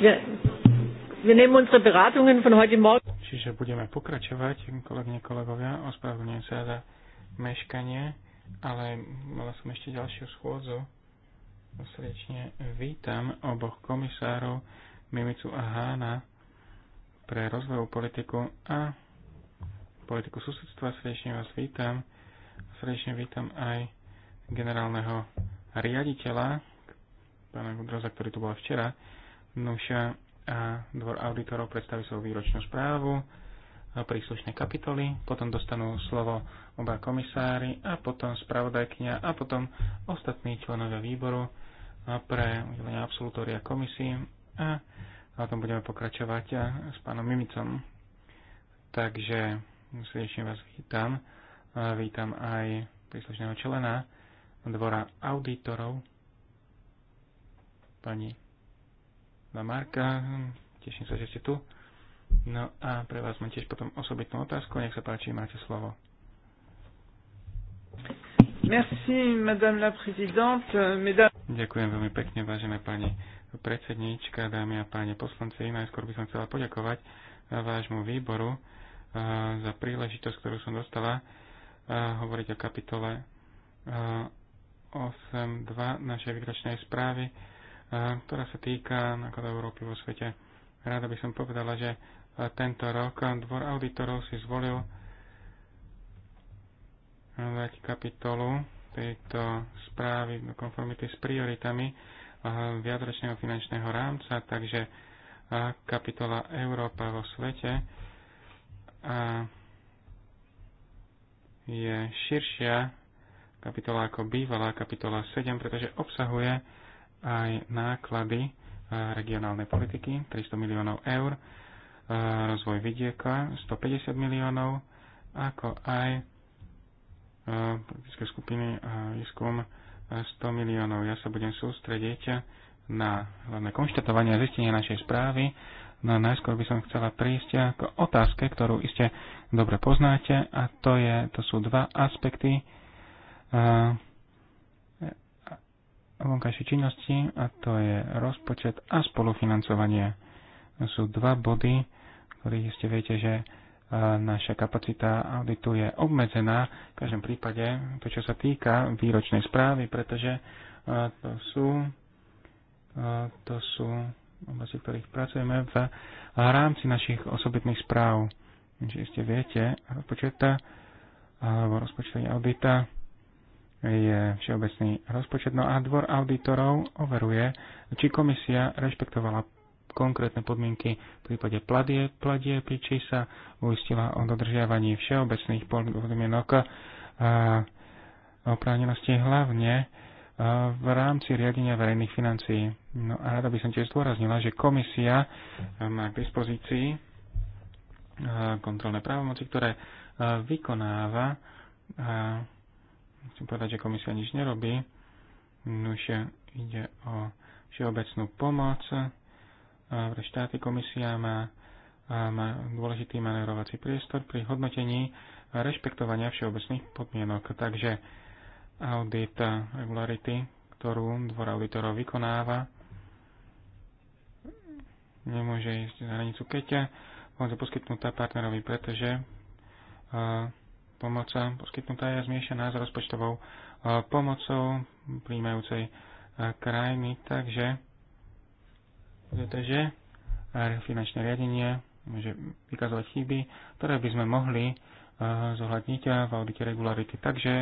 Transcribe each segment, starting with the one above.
Čiže budeme pokračovať, kolegyne, kolegovia, ospravedlňujem sa za meškanie, ale mala som ešte ďalšiu schôdzu. Srdečne vítam oboch komisárov Mimicu a Hána pre rozvojovú politiku a politiku susedstva. Srdečne vás vítam. Srdečne vítam aj generálneho riaditeľa, pána Gudroza, ktorý tu bol včera Nuša a dvor auditorov predstaví svoju výročnú správu, príslušné kapitoly, potom dostanú slovo oba komisári a potom spravodajkňa a potom ostatní členovia výboru pre udelenie absolutória komisii a na tom budeme pokračovať s pánom Mimicom. Takže srdečne vás vítam. Vítam aj príslušného člena dvora auditorov, pani na Marka. Teším sa, že ste tu. No a pre vás mám tiež potom osobitnú otázku. Nech sa páči, máte slovo. Merci, madame la présidente. Mesdames... Ďakujem veľmi pekne, vážené pani predsedníčka, dámy a páni poslanci. Najskôr by som chcela poďakovať eh, vášmu výboru eh, za príležitosť, ktorú som dostala eh, hovoriť o kapitole 8.2 našej výročnej správy ktorá sa týka nákladov Európy vo svete. Rada by som povedala, že e, tento rok dvor auditorov si zvolil dať kapitolu tejto správy do konformity s prioritami e, viadročného finančného rámca, takže e, kapitola Európa vo svete a je širšia kapitola ako bývalá kapitola 7, pretože obsahuje aj náklady e, regionálnej politiky 300 miliónov eur, e, rozvoj vidieka 150 miliónov, ako aj e, politické skupiny a výskum 100 miliónov. Ja sa budem sústrediť na hlavné konštatovanie a zistenie našej správy. No najskôr by som chcela prísť k otázke, ktorú iste dobre poznáte, a to, je, to sú dva aspekty vonkajšej činnosti a to je rozpočet a spolufinancovanie. Sú dva body, ktorých ste viete, že e, naša kapacita auditu je obmedzená. V každom prípade to, čo sa týka výročnej správy, pretože e, to sú, e, to sú oblasti, v ktorých pracujeme v rámci našich osobitných správ. Čiže ste viete, rozpočet alebo rozpočtový audita je všeobecný rozpočet. No a dvor auditorov overuje, či komisia rešpektovala konkrétne podmienky v prípade pladie, pladie či sa uistila o dodržiavaní všeobecných podmienok a oprávnenosti hlavne v rámci riadenia verejných financií. No a rada by som tiež zdôraznila, že komisia má k dispozícii kontrolné právomoci, ktoré vykonáva Chcem povedať, že komisia nič nerobí. Nuž ide o všeobecnú pomoc. Pre štáty komisia má, má dôležitý manevrovací priestor pri hodnotení a rešpektovania všeobecných podmienok. Takže audit regularity, ktorú dvor auditorov vykonáva, nemôže ísť za hranicu, keťa. môže poskytnutá partnerovi, pretože uh, pomoc poskytnutá je zmiešaná s rozpočtovou e, pomocou príjmajúcej e, krajiny, takže, pretože e, finančné riadenie môže vykazovať chyby, ktoré by sme mohli zohľadniť v audite regularity. Takže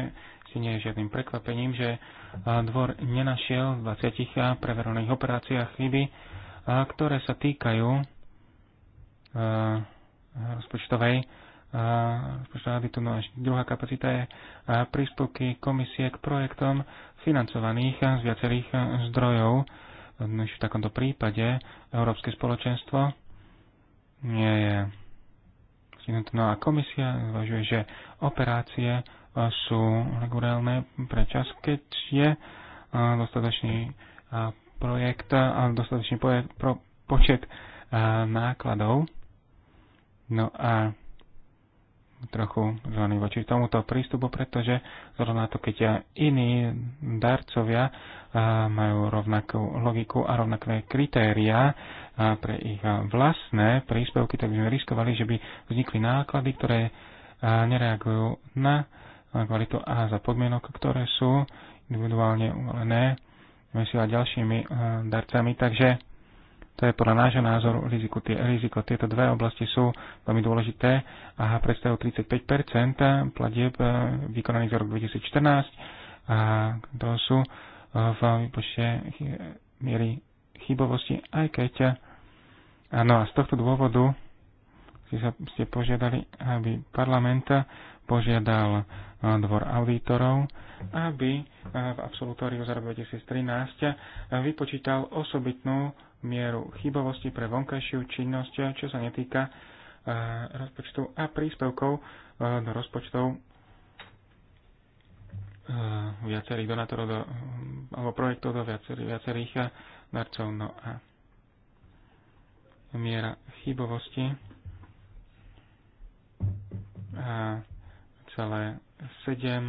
si nie je žiadnym prekvapením, že dvor nenašiel v 20 preverených operáciách chyby, ktoré sa týkajú rozpočtovej rozpočtová rady tu druhá kapacita je príspevky komisie k projektom financovaných z viacerých e, zdrojov. ešte no, v takomto prípade Európske spoločenstvo nie je No a komisia zvažuje, že operácie e, sú regulárne pre čas, keď je e, dostatočný projekt a dostatočný počet nákladov. No a trochu zelený voči tomuto prístupu, pretože zrovna to, keď ja iní darcovia majú rovnakú logiku a rovnaké kritériá pre ich vlastné príspevky, tak by sme riskovali, že by vznikli náklady, ktoré nereagujú na kvalitu a za podmienok, ktoré sú individuálne uvolené a ďalšími darcami. Takže to je podľa nášho názoru riziko. Tie, riziko. Tieto dve oblasti sú veľmi dôležité a predstavujú 35 platieb eh, vykonaných za rok 2014 a to sú eh, v výpočte miery chybovosti, aj keď no a z tohto dôvodu si sa, ste požiadali, aby parlamenta požiadal dvor auditorov, aby v absolutóriu za rok 2013 vypočítal osobitnú mieru chybovosti pre vonkajšiu činnosť, čo sa netýka eh, rozpočtov a príspevkov eh, do rozpočtov eh, viacerých donátorov do, alebo projektov do viacerých, viacerých darcov. No a miera chybovosti a celé 7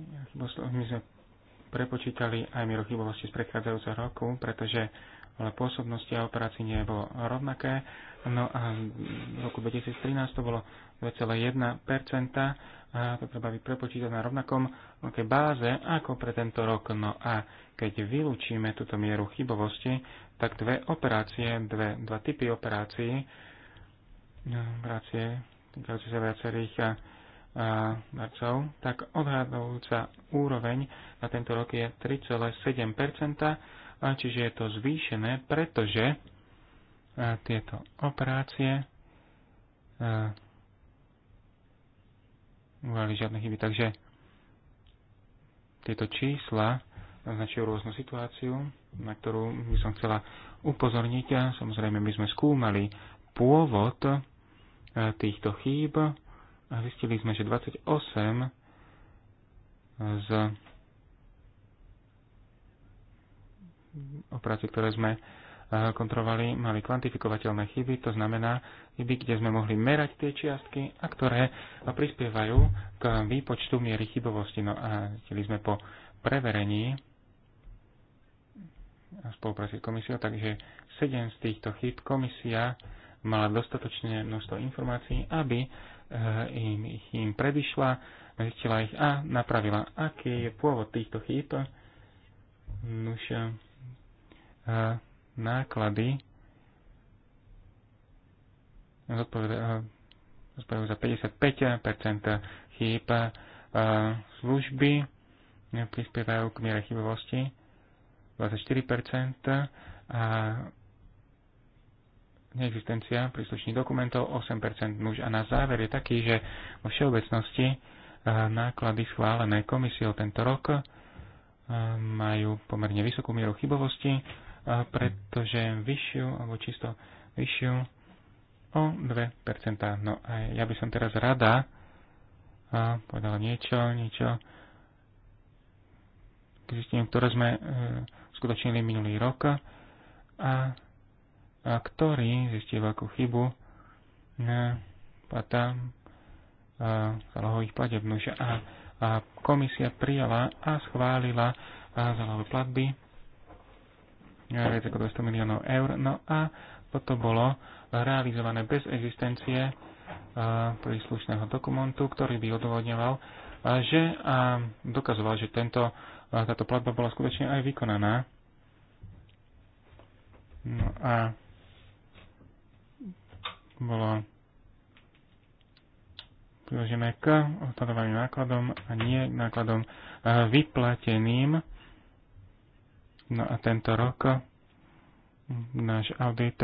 my sme prepočítali aj mieru chybovosti z predchádzajúceho roku, pretože ale pôsobnosti a operácií nie bolo rovnaké. No a v roku 2013 to bolo 2,1% a to treba byť prepočítať na rovnakom okay, báze ako pre tento rok. No a keď vylúčime túto mieru chybovosti, tak dve operácie, dve, dva typy operácií, no, operácie týkajúce sa viacerých darcov, tak odhadujúca úroveň na tento rok je 3,7%, čiže je to zvýšené, pretože tieto operácie uvali žiadne chyby. Takže tieto čísla naznačujú rôznu situáciu, na ktorú by som chcela upozorniť. Samozrejme, my sme skúmali pôvod týchto chýb, zistili sme, že 28 z operácií, ktoré sme eh, kontrolovali, mali kvantifikovateľné chyby, to znamená chyby, kde sme mohli merať tie čiastky a ktoré prispievajú k výpočtu miery chybovosti. No a zistili sme po preverení a spolupráci s komisiou, takže 7 z týchto chyb komisia mala dostatočne množstvo informácií, aby Eh, im, ich im predišla, zistila ich a napravila, aký je pôvod týchto chýb. Nuž eh, náklady eh, zodpovedajú za 55% chýb služby, prispievajú k miere chybovosti 24% a neexistencia príslušných dokumentov 8% nuž. A na záver je taký, že vo všeobecnosti eh, náklady schválené komisiou tento rok eh, majú pomerne vysokú mieru chybovosti, eh, pretože vyššiu, alebo čisto vyššiu o 2%. No a ja by som teraz rada povedala niečo, niečo k zisteniu, ktoré sme skutočnili minulý rok a a ktorý zistil veľkú chybu na plata zálohových plateb. No, a komisia prijala a schválila zálohové platby viac ako 200 miliónov eur. No a toto bolo realizované bez existencie príslušného dokumentu, ktorý by odôvodňoval, že a dokazoval, že tento, táto platba bola skutočne aj vykonaná. No a bolo priložené k odpadovým nákladom a nie nákladom eh, vyplateným. No a tento rok hm, náš audit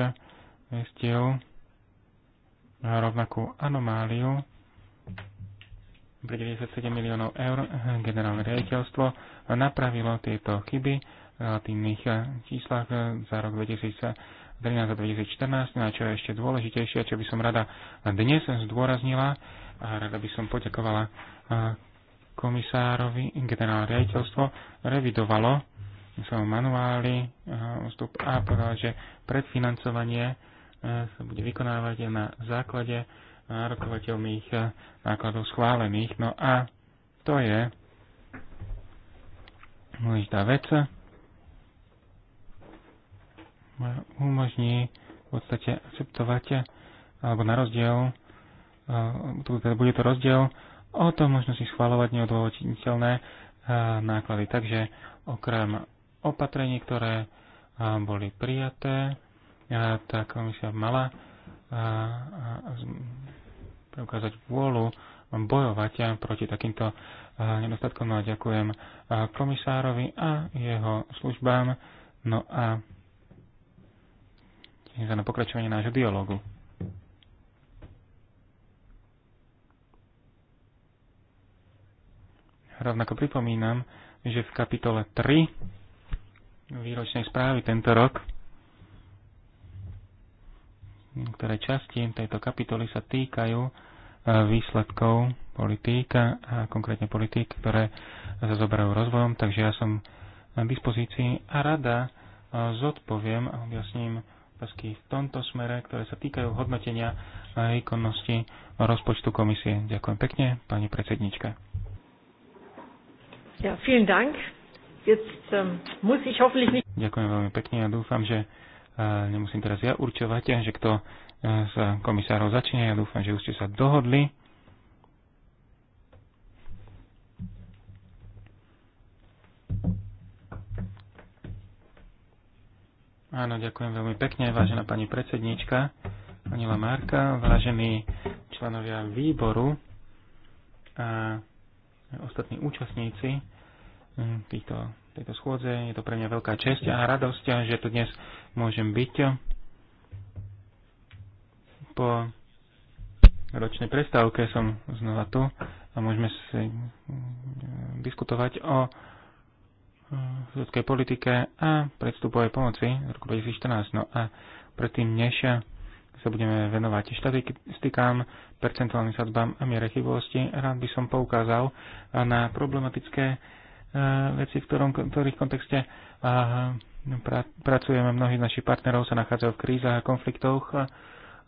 vestil eh, rovnakú anomáliu pre 97 miliónov eur eh, generálne riaditeľstvo napravilo tieto chyby v relatívnych číslach za rok 2000 za 2014. No a čo je ešte dôležitejšie, čo by som rada dnes zdôraznila, a rada by som poďakovala komisárovi, generálne riaditeľstvo revidovalo svojom manuáli ústup a povedal, že predfinancovanie sa bude vykonávať na základe nárokovateľných nákladov schválených. No a to je dôležitá vec umožní v podstate akceptovať, alebo na rozdiel, eh, teda bude to rozdiel o to možnosti schváľovať neodôvodniteľné eh, náklady. Takže okrem opatrení, ktoré eh, boli prijaté, tá komisia mala preukázať vôľu bojovať proti takýmto nedostatkom. No a ďakujem komisárovi a jeho službám. No a za pokračovanie nášho dialogu. Rovnako pripomínam, že v kapitole 3 výročnej správy tento rok, ktoré časti tejto kapitoly sa týkajú e, výsledkov politíka a konkrétne politík, ktoré sa zoberajú rozvojom, takže ja som na dispozícii a rada e, zodpoviem a objasním otázky v tomto smere, ktoré sa týkajú hodnotenia výkonnosti rozpočtu komisie. Ďakujem pekne, pani predsednička. Ja, vielen Dank. Jetzt, um, muss ich hoffentlich nicht... Ďakujem veľmi pekne a ja dúfam, že uh, nemusím teraz ja určovať, že kto uh, e, sa komisárov začne. Ja dúfam, že už ste sa dohodli. Áno, ďakujem veľmi pekne, vážená pani predsedníčka, Anila Marka, vážení členovia výboru a ostatní účastníci hm, týchto, tejto schôdze. Je to pre mňa veľká česť a radosť, že tu dnes môžem byť po ročnej prestávke som znova tu a môžeme si hm, diskutovať o v ľudskej politike a predstupovej pomoci v roku 2014. No a predtým, než sa budeme venovať štatistikám, percentuálnym sadzbám a miere chybovosti, rád by som poukázal na problematické e, veci, v ktorom, ktorých kontexte no, pracujeme. Mnohí z našich partnerov sa nachádzajú v krízach a konfliktoch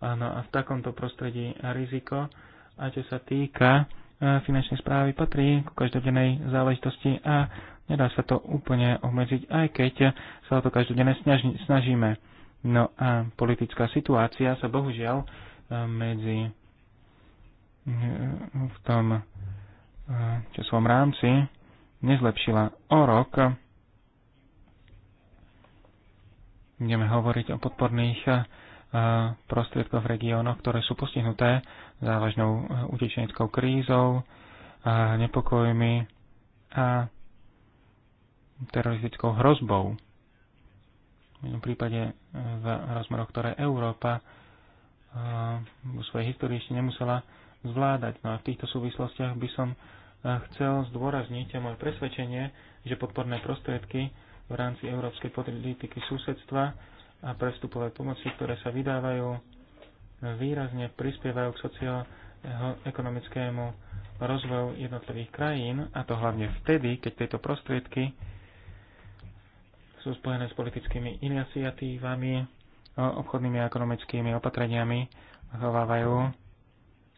no a v takomto prostredí riziko. A čo sa týka e, finančnej správy, patrí k každodennej záležitosti a Nedá sa to úplne obmedziť, aj keď sa o to každodenne snažíme. No a politická situácia sa bohužiaľ eh, medzi eh, v tom eh, časovom rámci nezlepšila o rok. Budeme hovoriť o podporných prostriedkoch v regiónoch, ktoré sú postihnuté závažnou utečeneckou krízou, nepokojmi a teroristickou hrozbou. V jednom prípade eh, v rozmeroch, ktoré Európa eh, vo svojej histórii ešte nemusela zvládať. No a v týchto súvislostiach by som eh, chcel zdôrazniť a moje presvedčenie, že podporné prostriedky v rámci európskej politiky susedstva a prestupovej pomoci, ktoré sa vydávajú, výrazne prispievajú k socioekonomickému rozvoju jednotlivých krajín, a to hlavne vtedy, keď tieto prostriedky sú spojené s politickými iniciatívami, obchodnými a ekonomickými opatreniami, zachovávajú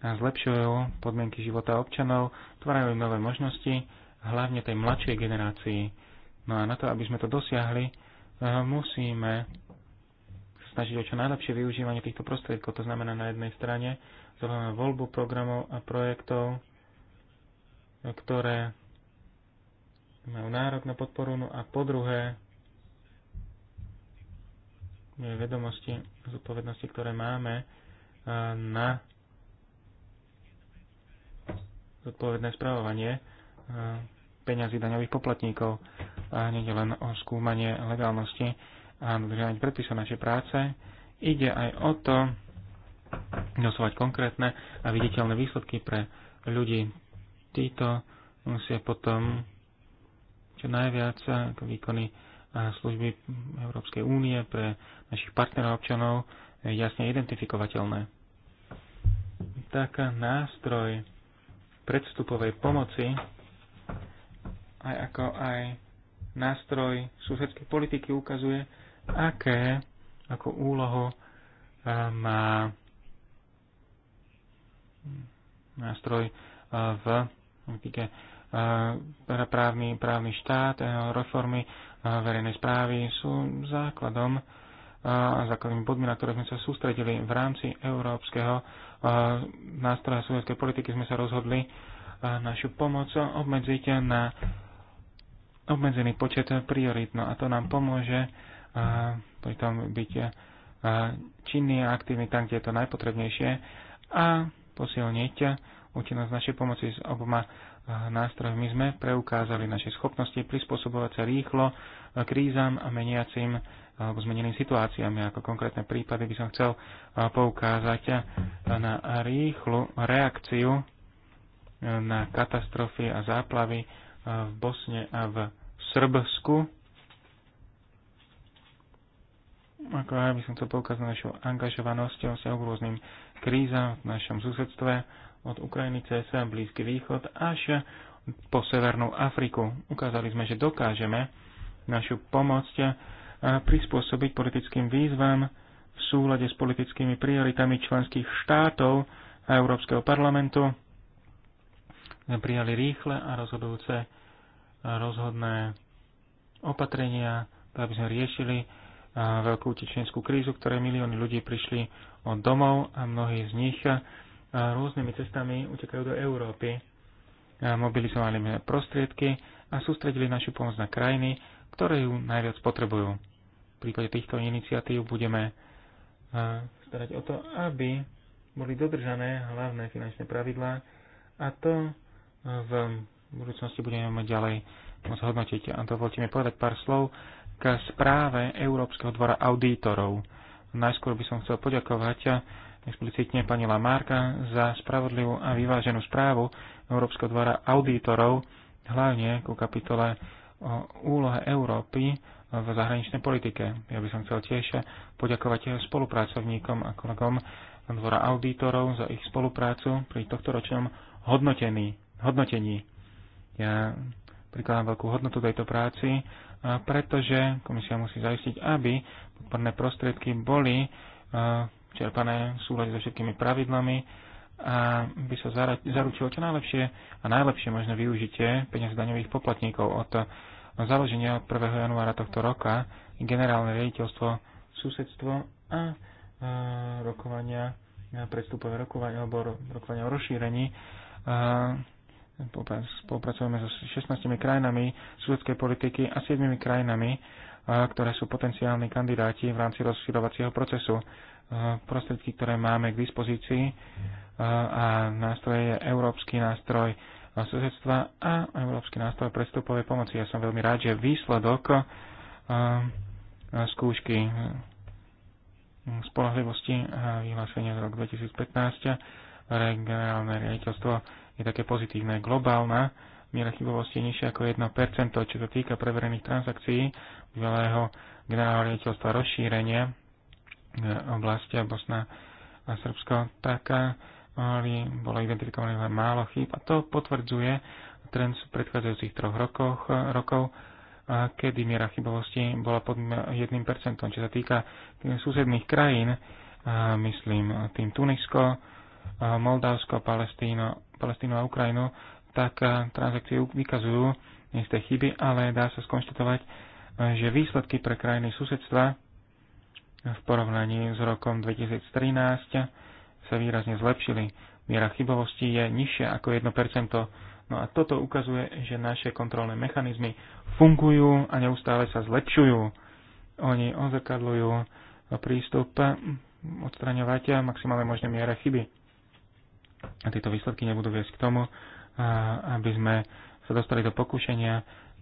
a zlepšujú podmienky života občanov, tvárajú nové možnosti, hlavne tej mladšej generácii. No a na to, aby sme to dosiahli, e, musíme snažiť o čo najlepšie využívanie týchto prostriedkov. To znamená na jednej strane zohľadná voľbu programov a projektov, e, ktoré majú nárok na podporu, no a po druhé vedomosti, zodpovednosti, ktoré máme na zodpovedné spravovanie peňazí daňových poplatníkov. A nie len o skúmanie legálnosti a dodržiavanie predpisov našej práce. Ide aj o to dosovať konkrétne a viditeľné výsledky pre ľudí. Títo musia potom čo najviac ako výkony služby Európskej únie pre našich partnerov občanov jasne identifikovateľné. Tak nástroj predstupovej pomoci aj ako aj nástroj susedskej politiky ukazuje, aké ako úlohu má nástroj v v teda právny, právny štát, reformy verejnej správy sú základom a základnými bodmi, na ktoré sme sa sústredili v rámci európskeho nástroja súvedskej politiky, sme sa rozhodli našu pomoc obmedziť na obmedzený počet priorít. No a to nám pomôže pritom byť činný a aktívny tam, kde je to najpotrebnejšie a posilniť účinnosť našej pomoci s oboma nástrojoch my sme preukázali naše schopnosti prispôsobovať sa rýchlo krízam a meniacim alebo zmeneným situáciám. Ako konkrétne prípady by som chcel poukázať na rýchlu reakciu e, na katastrofy a záplavy e, v Bosne a v Srbsku. Ako ja by som chcel poukázať na našu angažovanosť a rôznym krízam v našom susedstve od Ukrajiny cez Blízky východ až po Severnú Afriku. Ukázali sme, že dokážeme našu pomoc eh, prispôsobiť politickým výzvam v súlade s politickými prioritami členských štátov a Európskeho parlamentu. prijali rýchle a rozhodujúce eh, rozhodné opatrenia, aby sme riešili eh, veľkú utečenskú krízu, ktoré milióny ľudí prišli od domov a mnohí z nich rôznymi cestami utekajú do Európy. Mobilizovali sme prostriedky a sústredili našu pomoc na krajiny, ktoré ju najviac potrebujú. V prípade týchto iniciatív budeme starať o to, aby boli dodržané hlavné finančné pravidlá a to v budúcnosti budeme mať ďalej môcť hodnotiť. A dovolte mi povedať pár slov k správe Európskeho dvora auditorov. Najskôr by som chcel poďakovať explicitne pani Lamárka za spravodlivú a vyváženú správu Európskeho dvora auditorov, hlavne ku kapitole o úlohe Európy v zahraničnej politike. Ja by som chcel tiež poďakovať spolupracovníkom a kolegom dvora auditorov za ich spoluprácu pri tohto ročnom hodnotení. hodnotení. Ja prikladám veľkú hodnotu tejto práci, pretože komisia musí zaistiť, aby podporné prostriedky boli čerpané v súhľade so všetkými pravidlami a by sa zaručilo čo najlepšie a najlepšie možné využitie peniaz daňových poplatníkov. Od založenia 1. januára tohto roka generálne riaditeľstvo susedstvo a rokovania predstupové rokovania alebo rokovania o rozšírení spolupracujeme so 16 krajinami susedskej politiky a 7 krajinami ktoré sú potenciálni kandidáti v rámci rozširovacieho procesu. Prostriedky, ktoré máme k dispozícii a nástroje je Európsky nástroj susedstva a Európsky nástroj predstupovej pomoci. Ja som veľmi rád, že výsledok skúšky spolahlivosti a vyhlásenia z roku 2015 regionálne riaditeľstvo je také pozitívne. Globálna miera chybovosti je nižšia ako 1%, čo sa týka preverených transakcií bývalého generálneho riaditeľstva rozšírenie e, oblasti Bosna a Srbsko, tak e, bolo identifikované len málo chýb a to potvrdzuje trend v predchádzajúcich troch rokoch, e, rokov, kedy miera chybovosti bola pod 1%, čo sa týka susedných krajín, myslím tým Tunisko, Moldavsko, Palestíno, Palestínu a Ukrajinu, tak e, transakcie vykazujú isté chyby, ale dá sa skonštatovať, e, že výsledky pre krajiny susedstva v porovnaní s rokom 2013 sa výrazne zlepšili. Miera chybovosti je nižšia ako 1%. No a toto ukazuje, že naše kontrolné mechanizmy fungujú a neustále sa zlepšujú. Oni ozrkadľujú prístup odstraňovať maximálne možné miere chyby. A tieto výsledky nebudú viesť k tomu, aby sme sa dostali do pokušenia,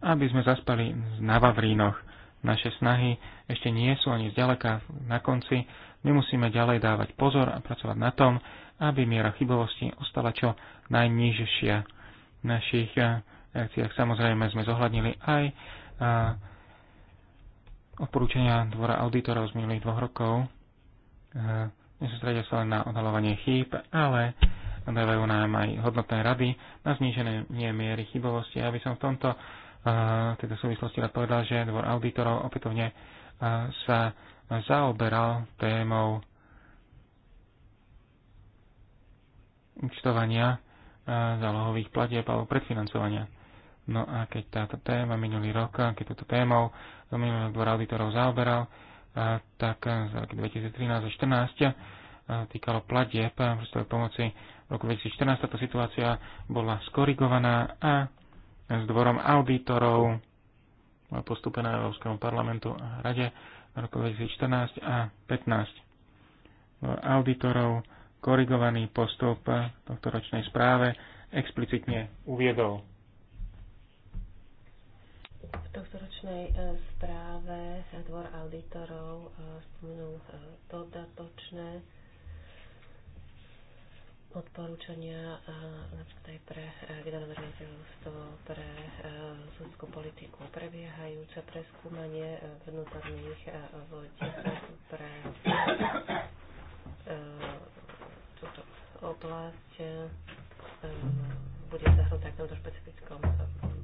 aby sme zaspali na Vavrínoch. Naše snahy ešte nie sú ani zďaleka na konci. My musíme ďalej dávať pozor a pracovať na tom, aby miera chybovosti ostala čo najnižšia. V našich reakciách eh, samozrejme sme zohľadnili aj eh, odporúčania Dvora auditorov z minulých dvoch rokov. Eh, Nesústredia sa len na odhalovanie chýb, ale dávajú nám aj hodnotné rady na nie miery chybovosti. Ja by som v tomto eh, tejto súvislosti rád povedal, že dvor auditorov opätovne eh, sa zaoberal témou účtovania eh, zálohových platieb alebo predfinancovania. No a keď táto téma minulý rok, keď túto témou minulý dvor auditorov zaoberal, tak za roky 2013 a 2014 týkalo platieb pomoci v roku 2014 táto situácia bola skorigovaná a s dvorom auditorov bola postupená Európskemu parlamentu a Rade v roku 2014 a 2015. auditorov korigovaný postup v tohto ročnej správe explicitne uviedol. V tohtoročnej e, správe dvor auditorov e, spomenul e, dodatočné odporúčania e, napríklad aj pre e, generálne pre e, súdskú politiku prebiehajúce preskúmanie vnútorných vodí pre túto oblasť bude zahrnutá v tomto špecifickom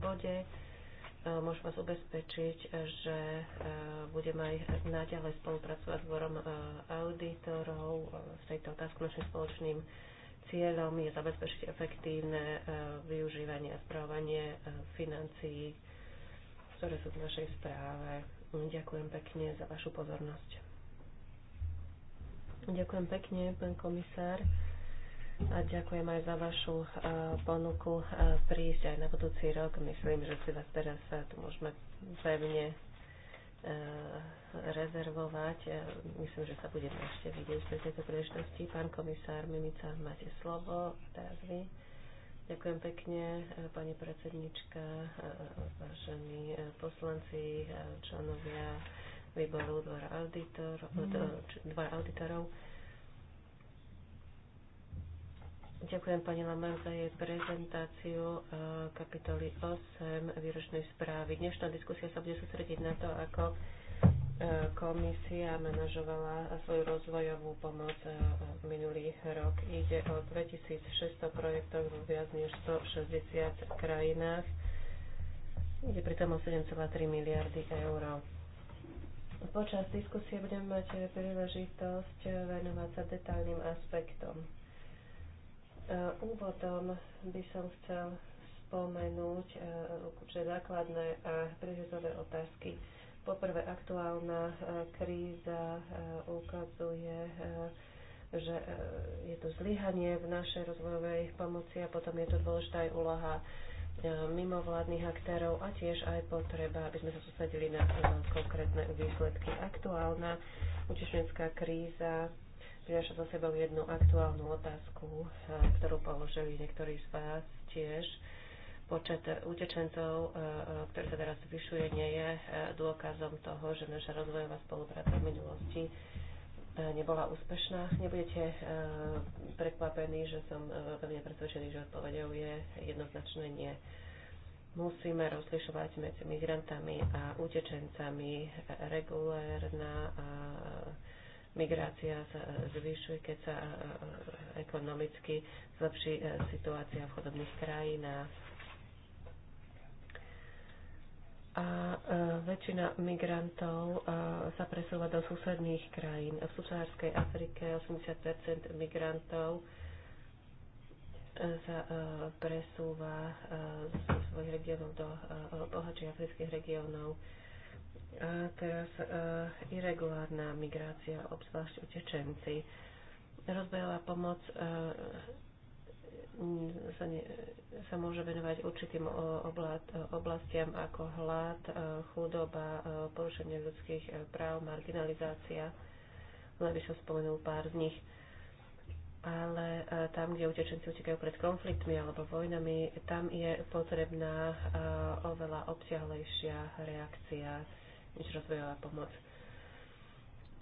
bode. Môžem vás ubezpečiť, že budem aj naďalej spolupracovať s dvorom auditorov v tejto otázke našim spoločným Cieľom je zabezpečiť efektívne e, využívanie a správanie e, financií, ktoré sú v našej správe. Ďakujem pekne za vašu pozornosť. Ďakujem pekne, pán komisár. A ďakujem aj za vašu e, ponuku prísť aj na budúci rok. Myslím, že si vás teraz tu môžeme pevne Eh, rezervovať. Eh, myslím, že sa budeme ešte vidieť pri tejto príležitosti. Pán komisár Mimica, máte slovo. Teraz vy. Ďakujem pekne, eh, pani predsednička, vážení poslanci, členovia výboru dvora auditor, mm. dvora auditorov. Ďakujem pani Lamar za jej prezentáciu eh, kapitoly 8 výročnej správy. Dnešná diskusia sa bude sústrediť na to, ako eh, komisia manažovala svoju rozvojovú pomoc eh, minulý rok. Ide o 2600 projektov v viac než 160 krajinách. Ide pritom o 7,3 miliardy eur. Počas diskusie budeme mať príležitosť venovať sa detailným aspektom E, úvodom by som chcel spomenúť určite základné a prežitové otázky. Poprvé, aktuálna e, kríza e, ukazuje, že je to zlyhanie v našej rozvojovej pomoci a potom je to dôležitá aj úloha mimovládnych aktérov a tiež aj potreba, aby sme sa sústredili na konkrétne výsledky. Aktuálna utečenská kríza prináša za sebou jednu aktuálnu otázku, eh, ktorú položili niektorí z vás tiež. Počet utečencov, eh, eh, ktorý sa teraz vyšuje, nie je dôkazom toho, že naša rozvojová spolupráca v minulosti nebola úspešná. Nebudete prekvapení, že som veľmi presvedčený, že odpovedou je jednoznačné nie musíme rozlišovať medzi migrantami a utečencami regulérna a migrácia sa e, zvyšuje, keď sa e, e, ekonomicky zlepší situácia v chudobných krajinách. A väčšina migrantov sa presúva do susedných krajín. V subsahárskej Afrike 80 migrantov sa presúva zo svojich regiónov do bohatších afrických regiónov. A teraz e, irregulárna migrácia, obzvlášť utečenci. Rozvojová pomoc e, sa, ne, sa môže venovať určitým oblad, e, oblastiam ako hlad, e, chudoba, e, porušenie ľudských e, práv, marginalizácia. by som spomenul pár z nich. Ale e, tam, kde utečenci utekajú pred konfliktmi alebo vojnami, tam je potrebná e, oveľa obsiahlejšia reakcia než rozvojová pomoc.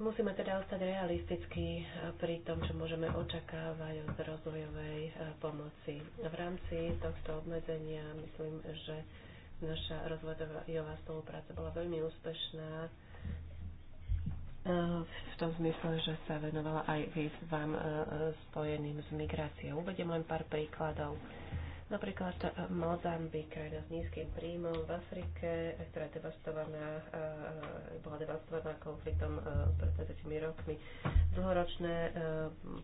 Musíme teda ostať realisticky pri tom, čo môžeme očakávať od rozvojovej e, pomoci. V rámci tohto obmedzenia myslím, že naša rozvojová spolupráca bola veľmi úspešná e, v tom zmysle, že sa venovala aj výzvam e, spojeným s migráciou. Uvediem len pár príkladov. Napríklad e, Mozambik, krajina s nízkym príjmom v Afrike, ktorá je devastovaná, e, e, bola devastovaná konfliktom pred 30 rokmi. Dlhoročné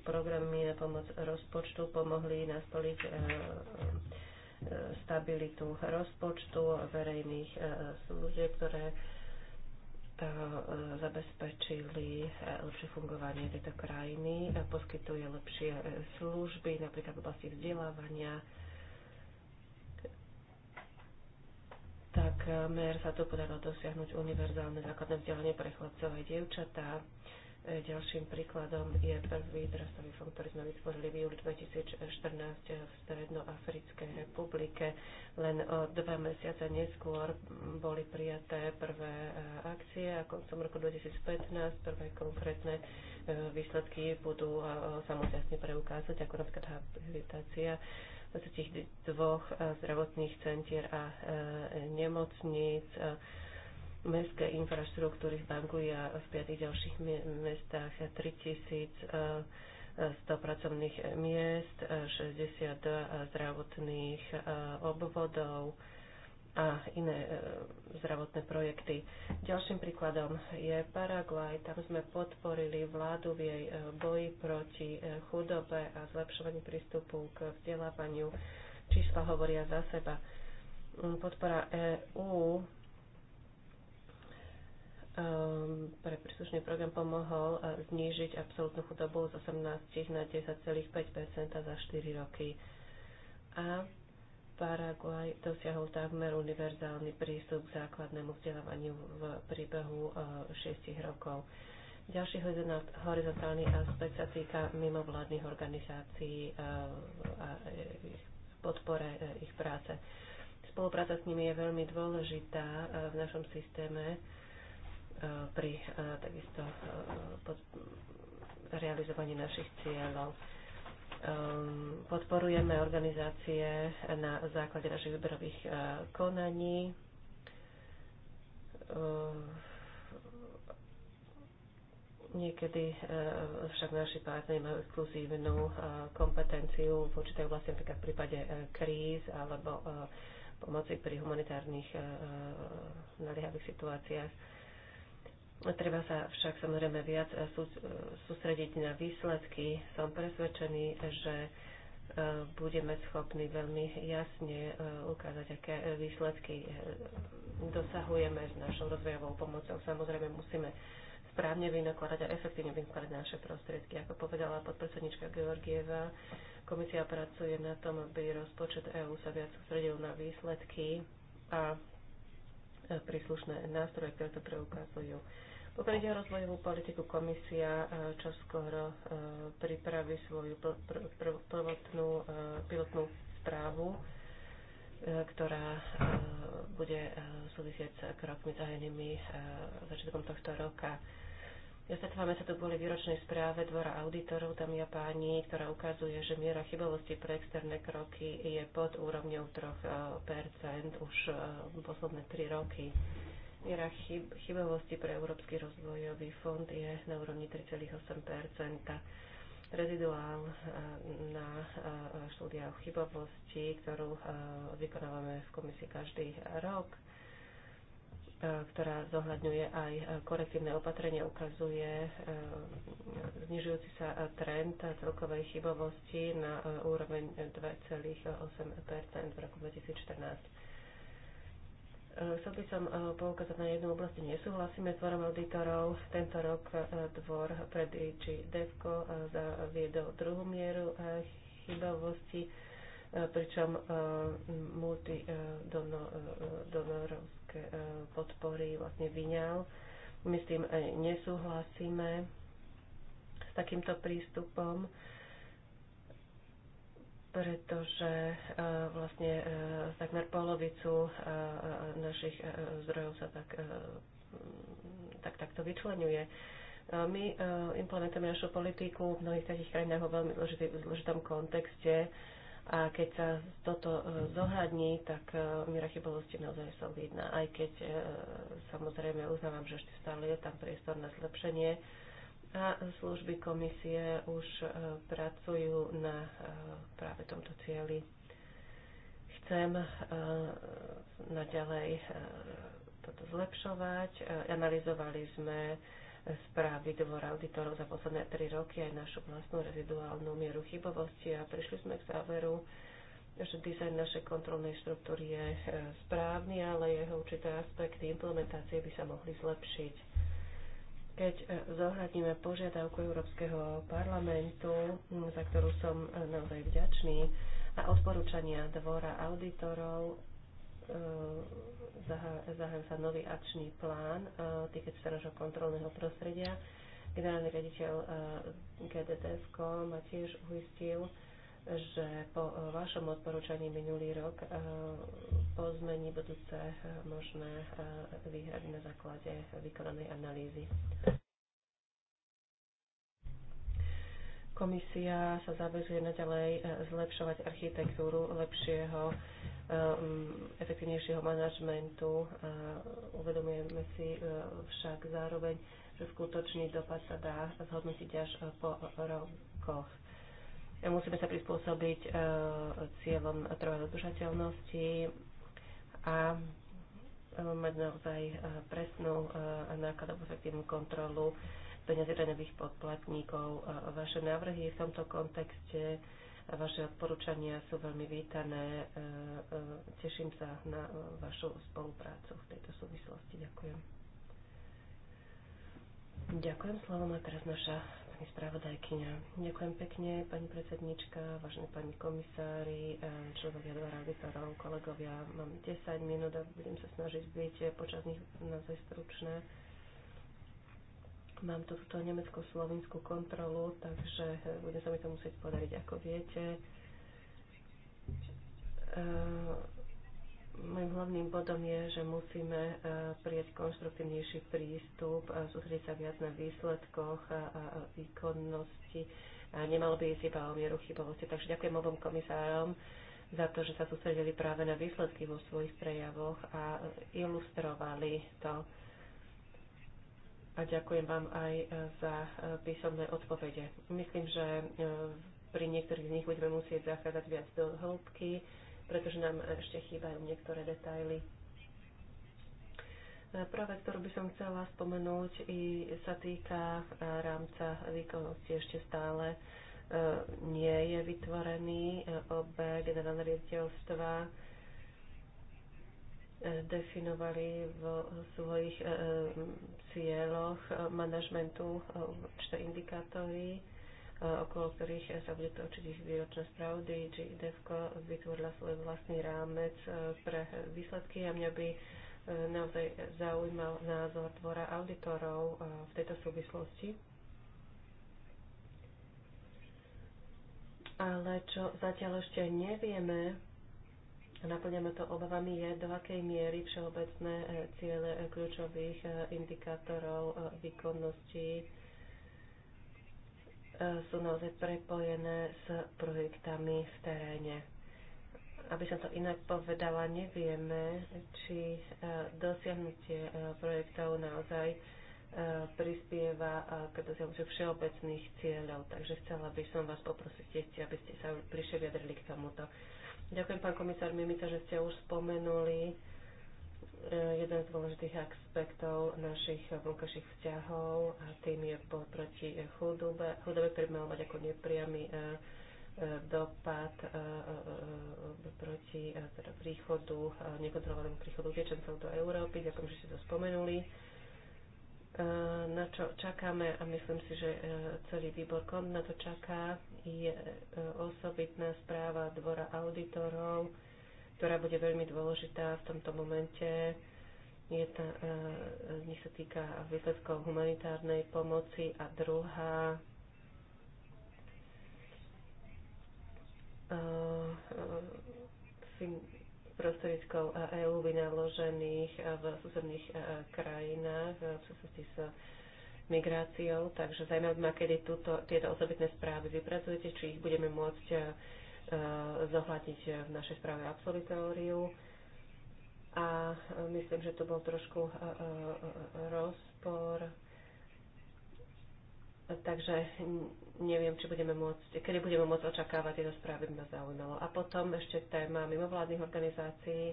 programy na pomoc rozpočtu pomohli nastoliť stabilitu rozpočtu verejných služieb, ktoré zabezpečili lepšie fungovanie tejto krajiny, poskytuje lepšie služby, napríklad v oblasti vzdelávania, takmer eh, sa to podarilo dosiahnuť univerzálne základné vzdelanie pre chlapcov aj dievčatá. Eh, ďalším príkladom je prvý drastový fond, ktorý sme vytvorili v júli 2014 eh, v Strednoafrickej republike. Len o dva mesiace neskôr mm, boli prijaté prvé akcie a koncom roku 2015 prvé konkrétne výsledky budú samozrejme preukázať, ako napríklad habilitácia tých eh, dvoch zdravotných centier a eh, nemocníc, eh, mestské infraštruktúry v Banguji a v piatých ďalších mestách 3100 pracovných miest, 62 zdravotných obvodov, a iné e, zdravotné projekty. Ďalším príkladom je Paraguaj. Tam sme podporili vládu v jej e, boji proti e, chudobe a zlepšovaní prístupu k vzdelávaniu. Čísla hovoria za seba. Mm, podpora EÚ pre príslušný program pomohol znížiť absolútnu chudobu z 18 na 10,5 za 4 roky. A Paraguaj dosiahol takmer univerzálny prístup k základnému vzdelávaniu v príbehu 6 e, rokov. Ďalší horizontálny aspekt sa týka mimovládnych organizácií e, a e, ich podpore ich práce. Spolupráca s nimi je veľmi dôležitá v našom systéme pri takisto realizovaní našich cieľov. Ehm, podporujeme organizácie na základe našich výberových eh, konaní. Ehm, niekedy eh, však naši partneri majú exkluzívnu eh, kompetenciu v určitej oblasti, napríklad v prípade kríz alebo pomoci pri humanitárnych naliehavých situáciách Treba sa však samozrejme viac eh, eh, sústrediť na výsledky. Som presvedčený, že eh, budeme schopní veľmi jasne ukázať, aké výsledky dosahujeme s našou rozvojovou pomocou. Samozrejme musíme správne vynakladať a efektívne vynakladať naše prostriedky. Ako povedala podpredsednička Georgieva, komisia pracuje na tom, aby rozpočet EÚ sa viac sústredil na výsledky a príslušné nástroje, ktoré to preukazujú. Pokiaľ ide o rozvojovú politiku, komisia eh, čoskoro eh, pripraví svoju prvotnú eh, pilotnú správu, ktorá bude súvisieť s krokmi zahajenými začiatkom tohto roka. Zatvárame sa tu kvôli výročnej správe Dvora auditorov, tam ja páni, ktorá ukazuje, že miera chybovosti pre externé kroky je pod úrovňou 3 už posledné 3 roky. Miera chybovosti pre Európsky rozvojový fond je na úrovni 3,8 Reziduál e, na e, štúdia o chybovosti, ktorú e, vykonávame v komisii každý rok, ktorá zohľadňuje aj korektívne opatrenie, ukazuje znižujúci sa trend celkovej chybovosti na úroveň 2,8 v roku 2014 Eh, chcel by som eh, poukázať na jednu oblasti. Nesúhlasíme s dvorom auditorov. Tento rok eh, dvor pred či DEVKO zaviedol druhú mieru chybovosti, pričom multidonorovské podpory vlastne vyňal. My s tým nesúhlasíme s takýmto prístupom pretože e, vlastne e, takmer polovicu e, našich zdrojov sa tak, tak takto vyčlenuje. My implementujeme našu politiku v mnohých takých krajinách vo veľmi zložitom kontexte a keď sa toto zohľadní, tak miera chybovosti naozaj sa vidná, aj keď samozrejme uznávam, že ešte stále je tam priestor na zlepšenie a služby komisie už e, pracujú na e, práve tomto cieli. Chcem e, naďalej toto zlepšovať. Analizovali sme správy dvora auditorov za posledné tri roky aj našu vlastnú reziduálnu mieru chybovosti a prišli sme k záveru, že dizajn našej kontrolnej štruktúry je správny, ale jeho určité aspekty implementácie by sa mohli zlepšiť keď e, zohľadníme požiadavku Európskeho parlamentu, za ktorú som e, naozaj vďačný, a odporúčania dvora auditorov, e, zahájil sa nový akčný plán týkať sa kontrolného prostredia. Generálny riaditeľ GDTSK ma tiež uistil, že po e, vašom odporúčaní minulý rok e, pozmení budúce e, možné výhrady na základe vykonanej analýzy. Komisia sa zabezuje naďalej zlepšovať architektúru lepšieho, efektívnejšieho manažmentu. Uvedomujeme si však zároveň, že skutočný dopad sa dá zhodnotiť až po rokoch Musíme sa prispôsobiť e, cieľom trvalej udržateľnosti a e, mať naozaj e, presnú a nákladovú efektívnu kontrolu peniazí daňových Uh, Vaše návrhy v tomto kontexte a vaše odporúčania sú veľmi vítané. Teším sa na vašu spoluprácu v tejto súvislosti. Ďakujem. Ďakujem. Slovo má teraz naša pani spravodajkyňa. Ďakujem pekne, pani predsednička, vážení pani komisári, eh, členovia rady auditorov, kolegovia. Mám 10 minút a budem sa snažiť byť eh, počas nich naozaj stručné. Mám tu túto nemecko-slovinskú kontrolu, takže eh, bude sa mi to musieť podariť, ako viete. Mojím hlavným bodom je, že musíme eh, prijať konštruktívnejší prístup, eh, sústrediť sa viac na výsledkoch a výkonnosti. a Nemalo by ísť iba o mieru chybovosti. Takže ďakujem obom komisárom za to, že sa sústredili práve na výsledky vo svojich prejavoch a eh, ilustrovali to. A ďakujem vám aj za písomné odpovede. Myslím, že pri niektorých z nich budeme musieť zachádzať viac do hĺbky pretože nám ešte chýbajú niektoré detaily. E, vec, ktorú by som chcela spomenúť, i sa týka e, rámca výkonnosti ešte stále e, nie je vytvorený. Obe generálne riaditeľstva definovali vo svojich cieľoch manažmentu určité indikátory E, okolo ktorých e, sa bude točiť ich výročná správa. DG Devko vytvorila svoj vlastný rámec e, pre výsledky a mňa by naozaj zaujímal názor dvora auditorov v tejto súvislosti. Ale čo zatiaľ ešte nevieme, a naplňame to obavami, je do akej miery všeobecné ciele kľúčových indikátorov výkonnosti Eh, sú naozaj prepojené s projektami v teréne. Aby som to inak povedala, nevieme, či eh, dosiahnutie eh, projektov naozaj prispieva k dosiahnutiu všeobecných cieľov. Takže chcela by som vás poprosiť aby ste sa prišli vyjadrili k tomuto. Ďakujem, pán komisár Mimica, že ste už spomenuli Eh, jeden z dôležitých aspektov našich vonkajších vzťahov a tým je boj proti eh, chudobe. Chudobe premalovať ako nepriamy eh, dopad proti teda príchodu, nekontrolovanému príchodu utečencov do Európy. Ďakujem, že ste to spomenuli. Na čo čakáme a myslím si, že celý výbor kont na to čaká, je osobitná správa Dvora auditorov, ktorá bude veľmi dôležitá v tomto momente. Je tá, e, e sa týka výsledkov humanitárnej pomoci a druhá e, e, prostriedkov EÚ vynaložených v susedných krajinách v súvislosti s migráciou. Takže zaujímavé ma, kedy túto, tieto osobitné správy vypracujete, či ich budeme môcť Eh, zohľadiť eh, v našej správe absolutóriu. A eh, myslím, že to bol trošku rozpor. Takže neviem, či budeme môcť, kedy budeme môcť očakávať tieto správy, by ma zaujímalo. A potom ešte téma mimovládnych organizácií.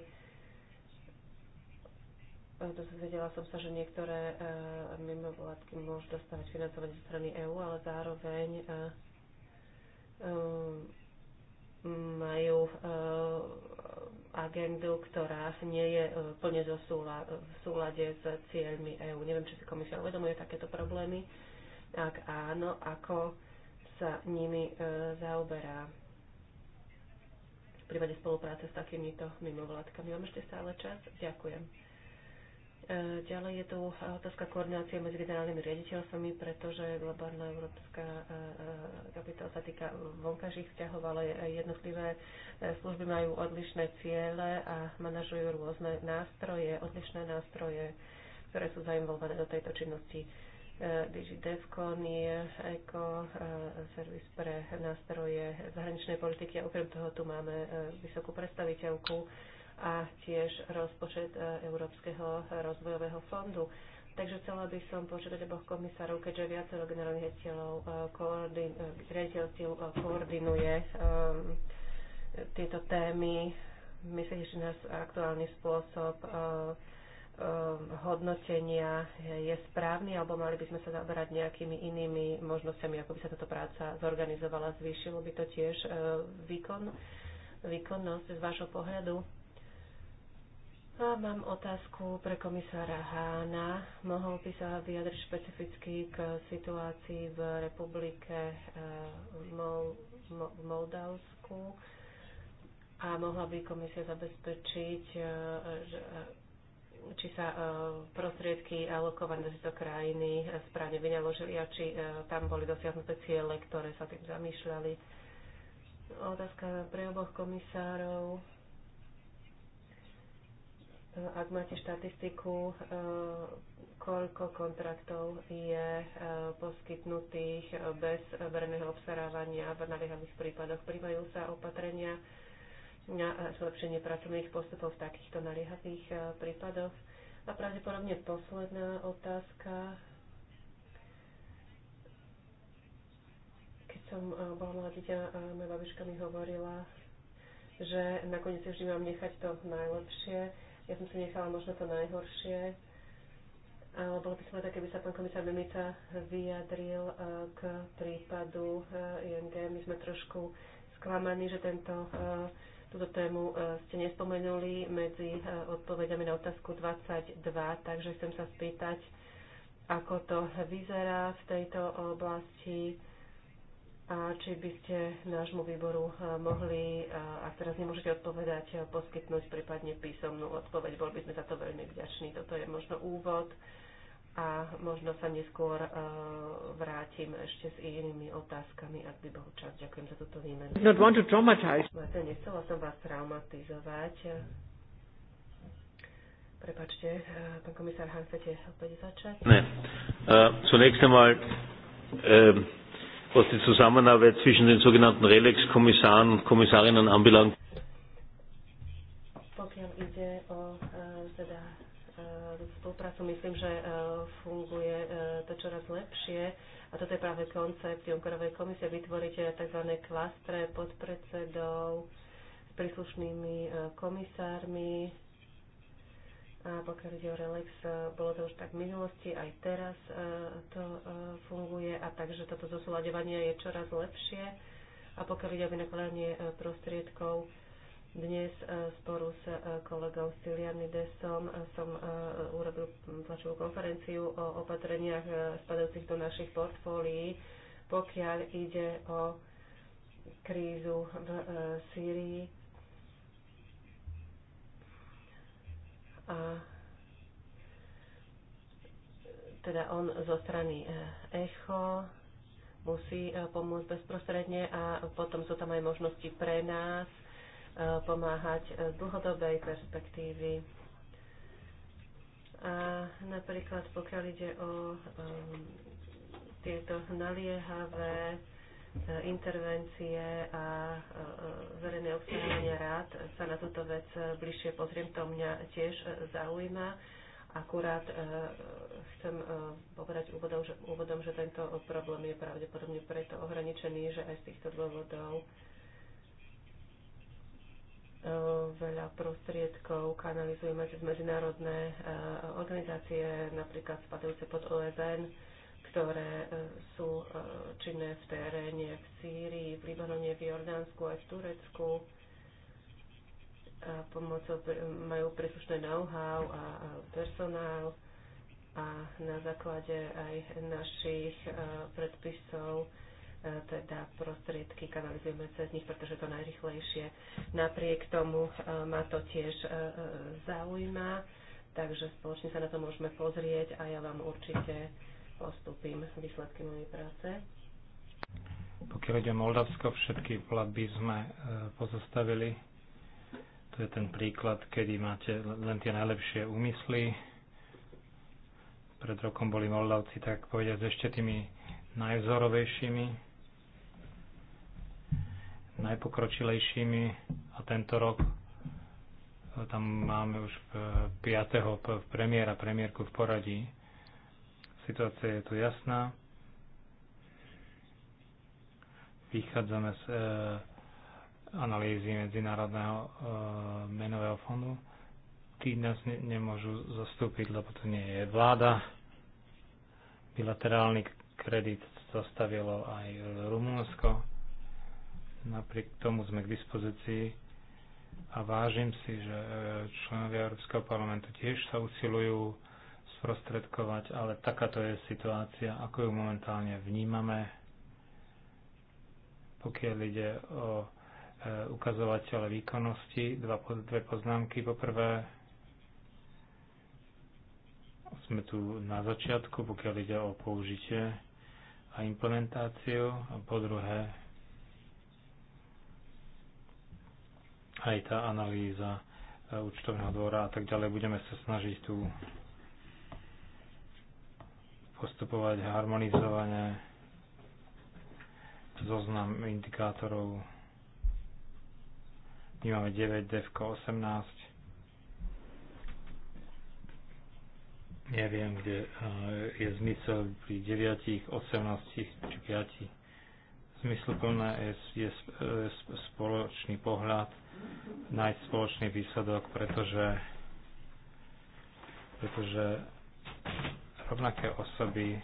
Dozvedela som sa, že niektoré mimovládky môžu dostávať financovanie zo strany EÚ, ale zároveň majú e, agendu, ktorá nie je e, plne v súlade s cieľmi EÚ. Neviem, či si komisia uvedomuje takéto problémy. Ak áno, ako sa nimi e, zaoberá v prípade spolupráce s takýmito mimovládkami. Mám ešte stále čas? Ďakujem. Ďalej je tu otázka koordinácie medzi generálnymi riaditeľstvami, pretože globálna európska eh, kapitola sa týka vonkajších vzťahov, ale jednotlivé eh, služby majú odlišné ciele a manažujú rôzne nástroje, odlišné nástroje, ktoré sú zainvolované do tejto činnosti. Eh, DigiDevCon je ako servis pre nástroje zahraničnej politiky a okrem toho tu máme vysokú predstaviteľku a tiež rozpočet e, Európskeho rozvojového fondu. Takže chcela by som požiadať oboch komisárov, keďže viacero generálnych riaditeľov e, koordin, e, koordinuje um, tieto témy. Myslím, že náš aktuálny spôsob um, um, hodnotenia je správny, alebo mali by sme sa zaoberať nejakými inými možnosťami, ako by sa táto práca zorganizovala, zvýšilo by to tiež uh, výkon, výkonnosť z vášho pohľadu? A mám otázku pre komisára Hána. Mohol by sa vyjadriť špecificky k situácii v republike eh, v Moldavsku a mohla by komisia zabezpečiť, eh, eh, či sa prostriedky alokované do tejto krajiny správne vynaložili a či tam boli dosiahnuté ciele, ktoré sa tým zamýšľali. Otázka pre oboch komisárov Eh, ak máte štatistiku, eh, koľko kontraktov je eh, poskytnutých bez verejného obstarávania v naliehavých prípadoch, príjmajú sa opatrenia na zlepšenie pracovných postupov v takýchto naliehavých prípadoch. A pravdepodobne posledná otázka. Keď som bola mladá dieťa, moja babička mi hovorila, že nakoniec vždy mám nechať to najlepšie ja som si nechala možno to najhoršie, ale bolo by som také, keby sa pán komisár Mimica vyjadril e, k prípadu e, ING. My sme trošku sklamaní, že tento, e, túto tému ste nespomenuli medzi odpovediami na otázku 22, takže chcem sa spýtať, ako to vyzerá v tejto oblasti a či by ste nášmu výboru e, mohli, e, ak teraz nemôžete odpovedať, e, poskytnúť prípadne písomnú odpoveď. Boli by sme za to veľmi vďační. Toto je možno úvod a možno sa neskôr vrátim ešte s inými otázkami, ak by bol čas. Ďakujem za túto výmenu. Not want to traumatize. Máte, no, nechcela som vás traumatizovať. Prepačte, pán komisár Han, chcete opäť začať? Ne. Uh, zunächst einmal, uh, was die Zusammenarbeit zwischen den sogenannten Relex-Kommissaren und Kommissarinnen anbelangt. E, teda, e, spoluprácu, myslím, že e, funguje to čoraz lepšie. A toto je práve koncept Junckerovej komisie vytvoriť tzv. klastre podpredsedov s príslušnými komisármi, a pokiaľ ide o Relax, e, bolo to už tak v minulosti, aj teraz e, to e, funguje a takže toto zosúľadovanie je čoraz lepšie. A pokiaľ ide o vynakladanie prostriedkov, dnes sporu s kolegou Silianidesom som urobil tlačovú konferenciu o opatreniach spadajúcich do našich portfólií, pokiaľ ide o krízu v Sýrii a teda on zo strany e, ECHO musí e, pomôcť bezprostredne a potom sú tam aj možnosti pre nás e, pomáhať z dlhodobej perspektívy. A napríklad pokiaľ ide o um, tieto naliehavé intervencie a e, verejné obstarávania rád sa na túto vec bližšie pozriem, to mňa tiež zaujíma. Akurát e, chcem e, povedať úvodom že, úvodom, že tento problém je pravdepodobne preto ohraničený, že aj z týchto dôvodov veľa prostriedkov kanalizujeme cez medzinárodné organizácie, napríklad spadajúce pod OSN, ktoré e, sú e, činné v teréne v Sýrii, v Libanone, v Jordánsku aj v Turecku. A pomocou e, majú príslušné know-how a personál a na základe aj našich predpisov teda prostriedky kanalizujeme cez nich, pretože to najrychlejšie. Napriek tomu ma to tiež zaujíma, takže spoločne sa na to môžeme pozrieť a ja vám určite postupím výsledky mojej práce. Pokiaľ ide o Moldavsko, všetky platby sme e, pozastavili. To je ten príklad, kedy máte len tie najlepšie úmysly. Pred rokom boli Moldavci, tak povediať, ešte tými najvzorovejšími, najpokročilejšími a tento rok e, tam máme už 5. E, premiéra, premiérku v poradí Situácia je tu jasná. Vychádzame z e, analýzy Medzinárodného e, menového fondu. Tí nás ne, nemôžu zastúpiť, lebo to nie je vláda. Bilaterálny kredit zastavilo aj Rumunsko. Napriek tomu sme k dispozícii a vážim si, že e, členovia Európskeho parlamentu tiež sa usilujú sprostredkovať, ale takáto je situácia, ako ju momentálne vnímame. Pokiaľ ide o e, ukazovateľe výkonnosti, dva, dve poznámky. Poprvé, sme tu na začiatku, pokiaľ ide o použitie a implementáciu. A po druhé, aj tá analýza e, účtovného dvora a tak ďalej. Budeme sa snažiť tu postupovať harmonizovane zoznam indikátorov. My máme 9, devko 18. Neviem, kde je zmysel pri 9, 18 či 5. Zmysluplné je, je e, spoločný pohľad, nájsť spoločný výsledok, pretože pretože rovnaké osoby e,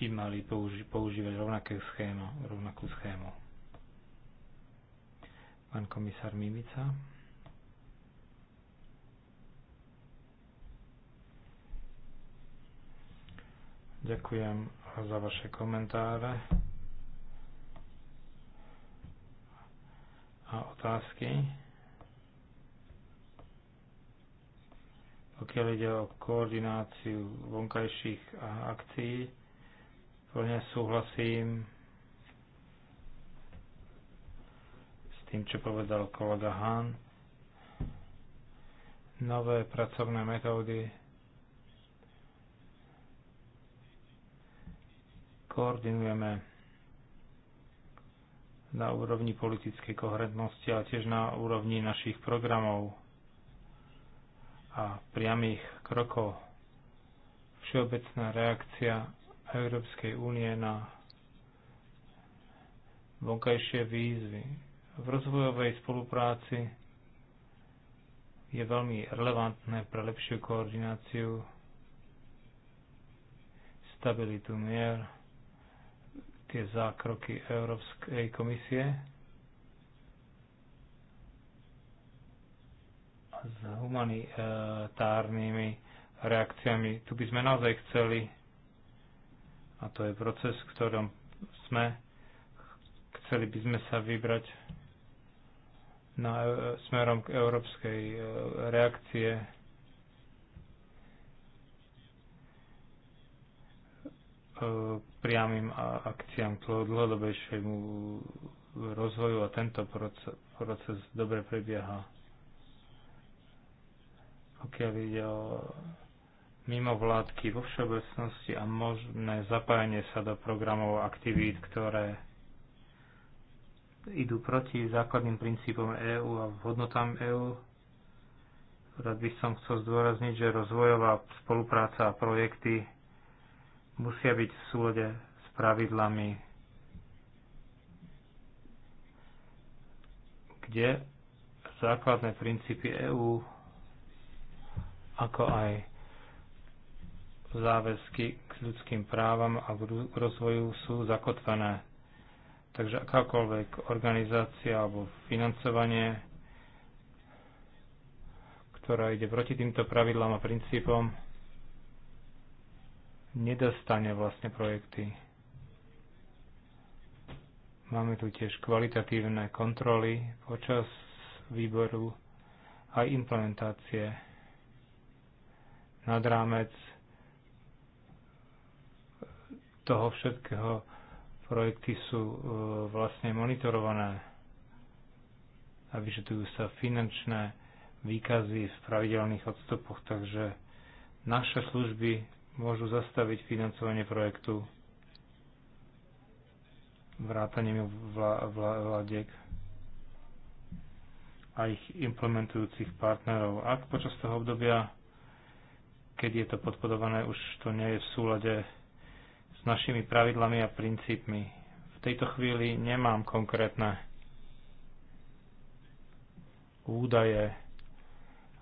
by mali použi- používať rovnaké schému, rovnakú schému. Pán komisár Mimica. Ďakujem za vaše komentáre a otázky. Pokiaľ ide o koordináciu vonkajších akcií, plne súhlasím s tým, čo povedal kolega Hahn. Nové pracovné metódy koordinujeme na úrovni politickej koherentnosti, ale tiež na úrovni našich programov a priamých krokov. Všeobecná reakcia Európskej únie na vonkajšie výzvy. V rozvojovej spolupráci je veľmi relevantné pre lepšiu koordináciu, stabilitu mier, tie zákroky Európskej komisie s humanitárnymi e, reakciami. Tu by sme naozaj chceli, a to je proces, v ktorom sme, chceli by sme sa vybrať na, e, smerom k európskej e, reakcie. priamým akciám k dlhodobejšiemu rozvoju a tento proces, proces dobre prebieha pokiaľ ide o mimovládky vo všeobecnosti a možné zapájanie sa do programov aktivít, ktoré idú proti základným princípom EÚ a hodnotám EÚ. Rád by som chcel zdôrazniť, že rozvojová spolupráca a projekty musia byť v súlade s pravidlami, kde základné princípy EÚ ako aj záväzky k ľudským právam a rozvoju sú zakotvené. Takže akákoľvek organizácia alebo financovanie, ktorá ide proti týmto pravidlám a princípom, nedostane vlastne projekty. Máme tu tiež kvalitatívne kontroly počas výboru a implementácie nad rámec toho všetkého projekty sú e, vlastne monitorované a vyžadujú sa finančné výkazy v pravidelných odstupoch, takže naše služby môžu zastaviť financovanie projektu vrátaním vlá, a ich implementujúcich partnerov. Ak počas toho obdobia keď je to podporované, už to nie je v súlade s našimi pravidlami a princípmi. V tejto chvíli nemám konkrétne údaje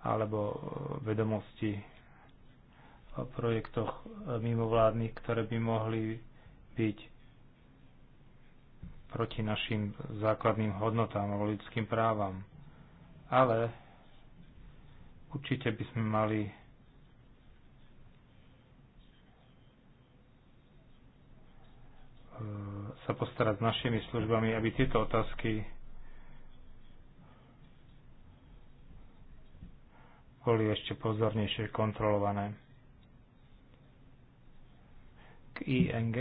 alebo e, vedomosti o projektoch e, mimovládnych, ktoré by mohli byť proti našim základným hodnotám alebo ľudským právam. Ale určite by sme mali sa postarať s našimi službami, aby tieto otázky boli ešte pozornejšie kontrolované. K ING,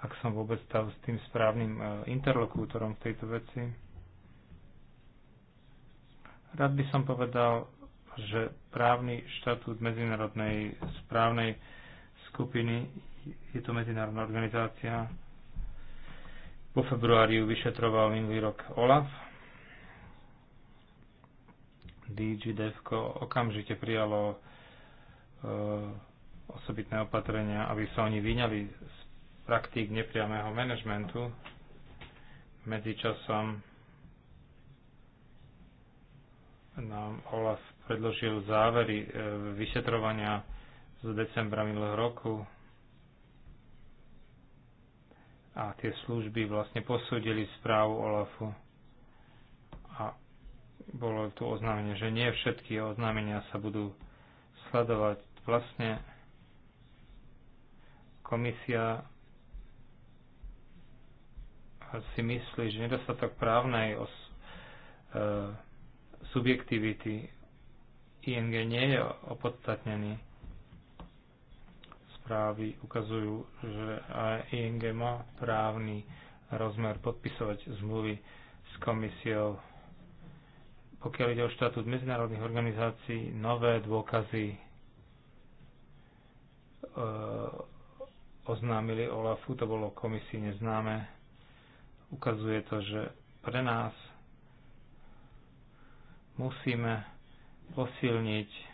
ak som vôbec stal s tým správnym e, interlokútorom v tejto veci, rád by som povedal, že právny štatút medzinárodnej správnej skupiny je to medzinárodná organizácia. Po februári ju vyšetroval minulý rok OLAF. DG DEVCO okamžite prijalo e, osobitné opatrenia, aby sa oni vyňali z praktík nepriamého manažmentu. Medzičasom nám OLAF predložil závery e, vyšetrovania z decembra minulého roku a tie služby vlastne posúdili správu OLAFu. A bolo tu oznámenie, že nie všetky oznámenia sa budú sledovať. Vlastne komisia si myslí, že nedostatok právnej os, e, subjektivity ING nie je opodstatnený správy ukazujú, že ING má právny rozmer podpisovať zmluvy s komisiou. Pokiaľ ide o štatút medzinárodných organizácií, nové dôkazy e, oznámili OLAFu, to bolo komisii neznáme. Ukazuje to, že pre nás musíme posilniť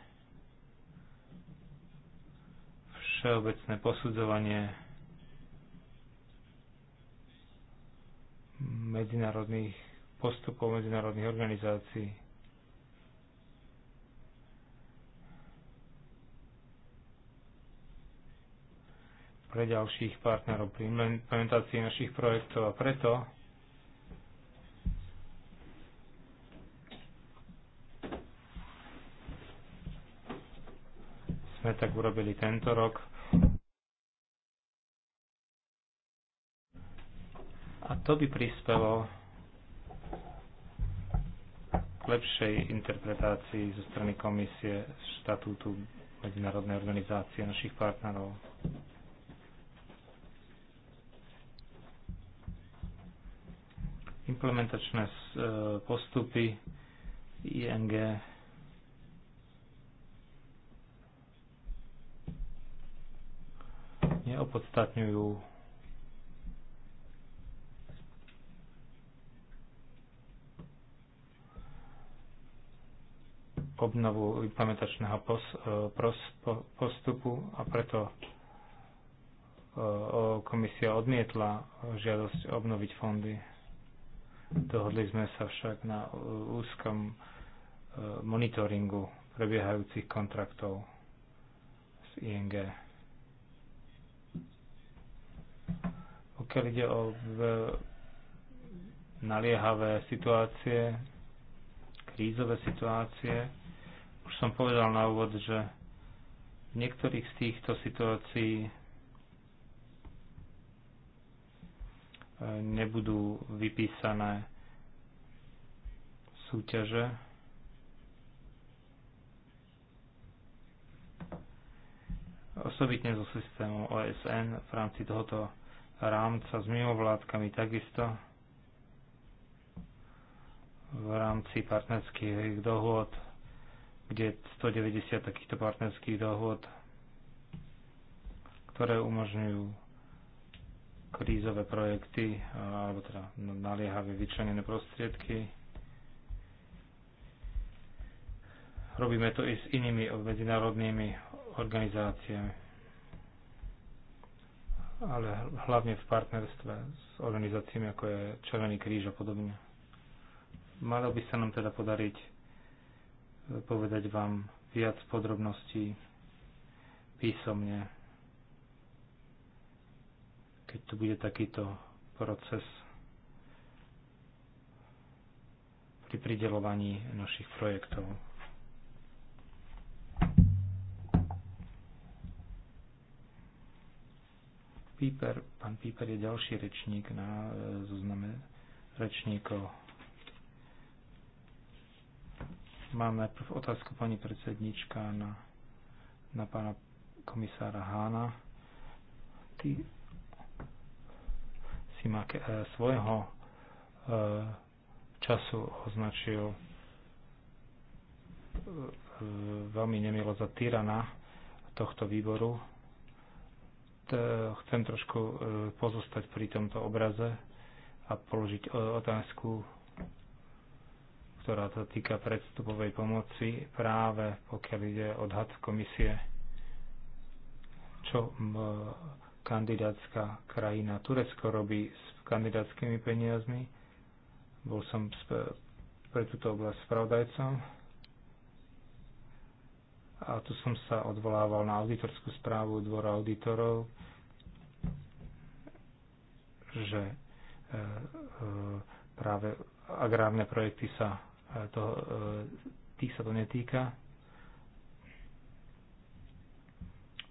všeobecné posudzovanie medzinárodných postupov medzinárodných organizácií. pre ďalších partnerov pri implementácii našich projektov a preto sme tak urobili tento rok. A to by prispelo k lepšej interpretácii zo strany komisie štatútu Medzinárodnej organizácie našich partnerov. Implementačné e, postupy ING neopodstatňujú. obnovu implementačného pos, e, pros, postupu a preto e, komisia odmietla žiadosť obnoviť fondy. Dohodli sme sa však na e, úzkom monitoringu prebiehajúcich kontraktov z ING. pokiaľ ide o naliehavé situácie, krízové situácie, už som povedal na úvod, že v niektorých z týchto situácií e, nebudú vypísané súťaže. Osobitne so systémom OSN v rámci tohoto rámca s mimovládkami takisto v rámci partnerských dohôd, kde 190 takýchto partnerských dohôd, ktoré umožňujú krízové projekty alebo teda naliehavé vyčlenené prostriedky. Robíme to i s inými medzinárodnými organizáciami ale hlavne v partnerstve s organizáciami ako je Červený kríž a podobne. Malo by sa nám teda podariť e, povedať vám viac podrobností písomne, keď tu bude takýto proces pri pridelovaní našich projektov. Píper, pán Píper je ďalší rečník na e, zozname rečníkov. Mám najprv otázku pani predsednička na, na pána komisára Hána. Ty si ma ke, e, svojho e, času označil e, veľmi nemilo za tyrana tohto výboru E, chcem trošku e, pozostať pri tomto obraze a položiť e, otázku, ktorá sa týka predstupovej pomoci práve pokiaľ ide odhad komisie, čo kandidátska krajina Turecko robí s kandidátskymi peniazmi. Bol som pre túto oblasť spravodajcom a tu som sa odvolával na auditorskú správu Dvora auditorov, že e, e, práve agrárne projekty sa e, toho, tých sa to netýka.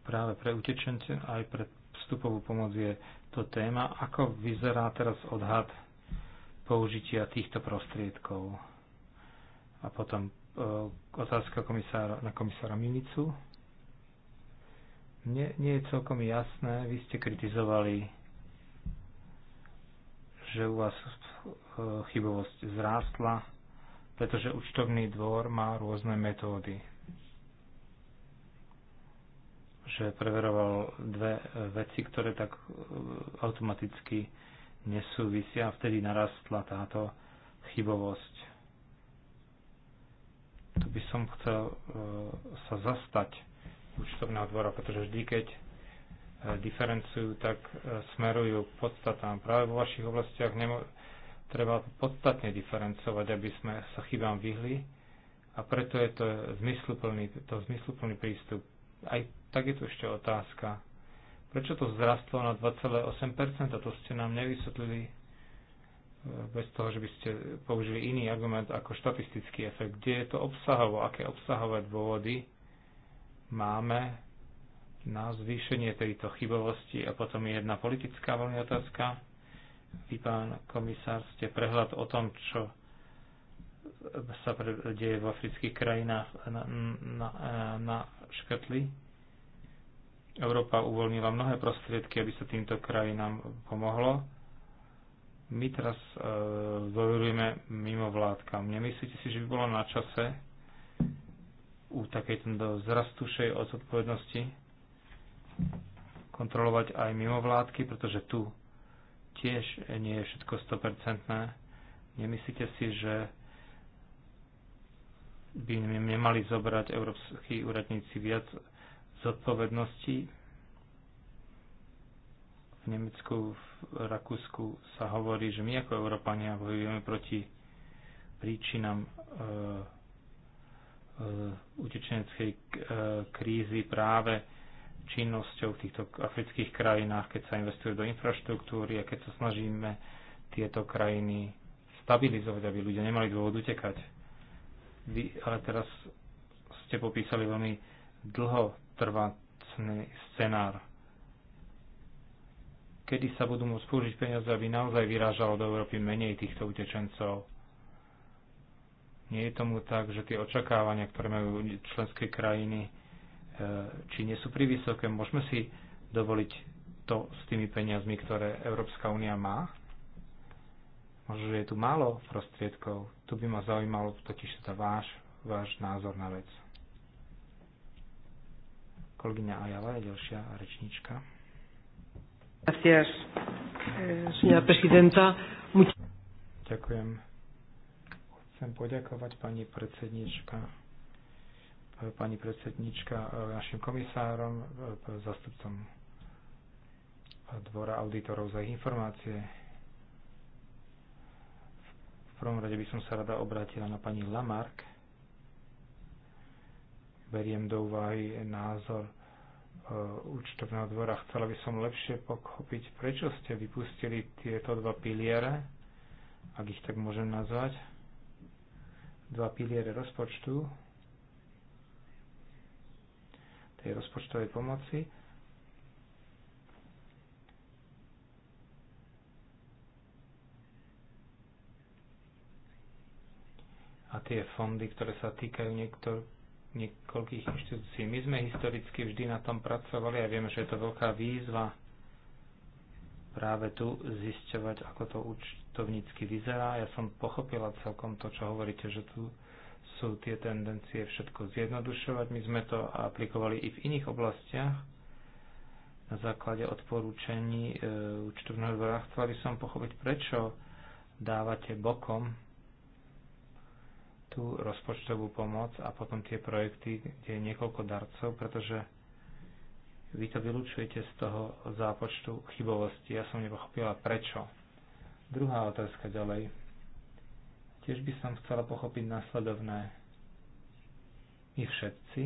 Práve pre utečence aj pre vstupovú pomoc je to téma. Ako vyzerá teraz odhad použitia týchto prostriedkov? A potom E, otázka komisára, na komisára Milicu. Nie, nie je celkom jasné, vy ste kritizovali, že u vás e, chybovosť zrástla, pretože účtovný dvor má rôzne metódy. Že preveroval dve e, veci, ktoré tak automaticky nesúvisia a vtedy narastla táto chybovosť tu by som chcel e, sa zastať účtovného dvora, pretože vždy, keď e, diferencujú, tak e, smerujú k podstatám. Práve vo vašich oblastiach nemo- treba podstatne diferencovať, aby sme sa chybám vyhli a preto je to zmysluplný, to zmysluplný prístup. Aj tak je tu ešte otázka. Prečo to vzrastlo na 2,8%? To ste nám nevysvetlili bez toho, že by ste použili iný argument ako štatistický efekt. Kde je to obsahovo? Aké obsahové dôvody máme na zvýšenie tejto chybovosti? A potom je jedna politická veľmi otázka. Vy, pán komisár, ste prehľad o tom, čo sa deje v afrických krajinách na, na, na škrtli. Európa uvoľnila mnohé prostriedky, aby sa týmto krajinám pomohlo my teraz e, dôverujeme mimo vládkam. Nemyslíte si, že by bolo na čase u takejto zrastušej odpovednosti kontrolovať aj mimovládky, pretože tu tiež nie je všetko 100%. Nemyslíte si, že by nemali zobrať európsky úradníci viac zodpovedností v Nemecku, v Rakúsku sa hovorí, že my ako Európania bojujeme proti príčinám e, e, utečeneckej e, krízy práve činnosťou v týchto afrických krajinách, keď sa investuje do infraštruktúry a keď sa snažíme tieto krajiny stabilizovať, aby ľudia nemali dôvod utekať. Vy ale teraz ste popísali veľmi dlho trvácný scenár kedy sa budú môcť použiť peniaze, aby naozaj vyrážalo do Európy menej týchto utečencov. Nie je tomu tak, že tie očakávania, ktoré majú členské krajiny, e, či nie sú pri vysoké, môžeme si dovoliť to s tými peniazmi, ktoré Európska únia má? Možno, že je tu málo prostriedkov. Tu by ma zaujímalo totiž teda váš, váš názor na vec. Kolegyňa Ajala je ďalšia rečnička. Gracias, eh, señora presidenta. Ďakujem. Chcem poďakovať pani predsednička eh, pani predsednička eh, našim komisárom, zastupcom dvora auditorov za ich informácie. V prvom rade by som sa rada obrátila na pani Lamark. Beriem do úvahy názor Eh, na dvora. Chcela by som lepšie pochopiť, prečo ste vypustili tieto dva piliere, ak ich tak môžem nazvať, dva piliere rozpočtu, tej rozpočtovej pomoci. A tie fondy, ktoré sa týkajú niektor- niekoľkých inštitúcií. My sme historicky vždy na tom pracovali a vieme, že je to veľká výzva práve tu zisťovať, ako to účtovnícky vyzerá. Ja som pochopila celkom to, čo hovoríte, že tu sú tie tendencie všetko zjednodušovať. My sme to aplikovali i v iných oblastiach na základe odporúčení e, účtovného dvora. Chceli som pochopiť, prečo dávate bokom tú rozpočtovú pomoc a potom tie projekty, kde je niekoľko darcov, pretože vy to vylúčujete z toho zápočtu chybovosti. Ja som nepochopila prečo. Druhá otázka ďalej. Tiež by som chcela pochopiť následovné. My všetci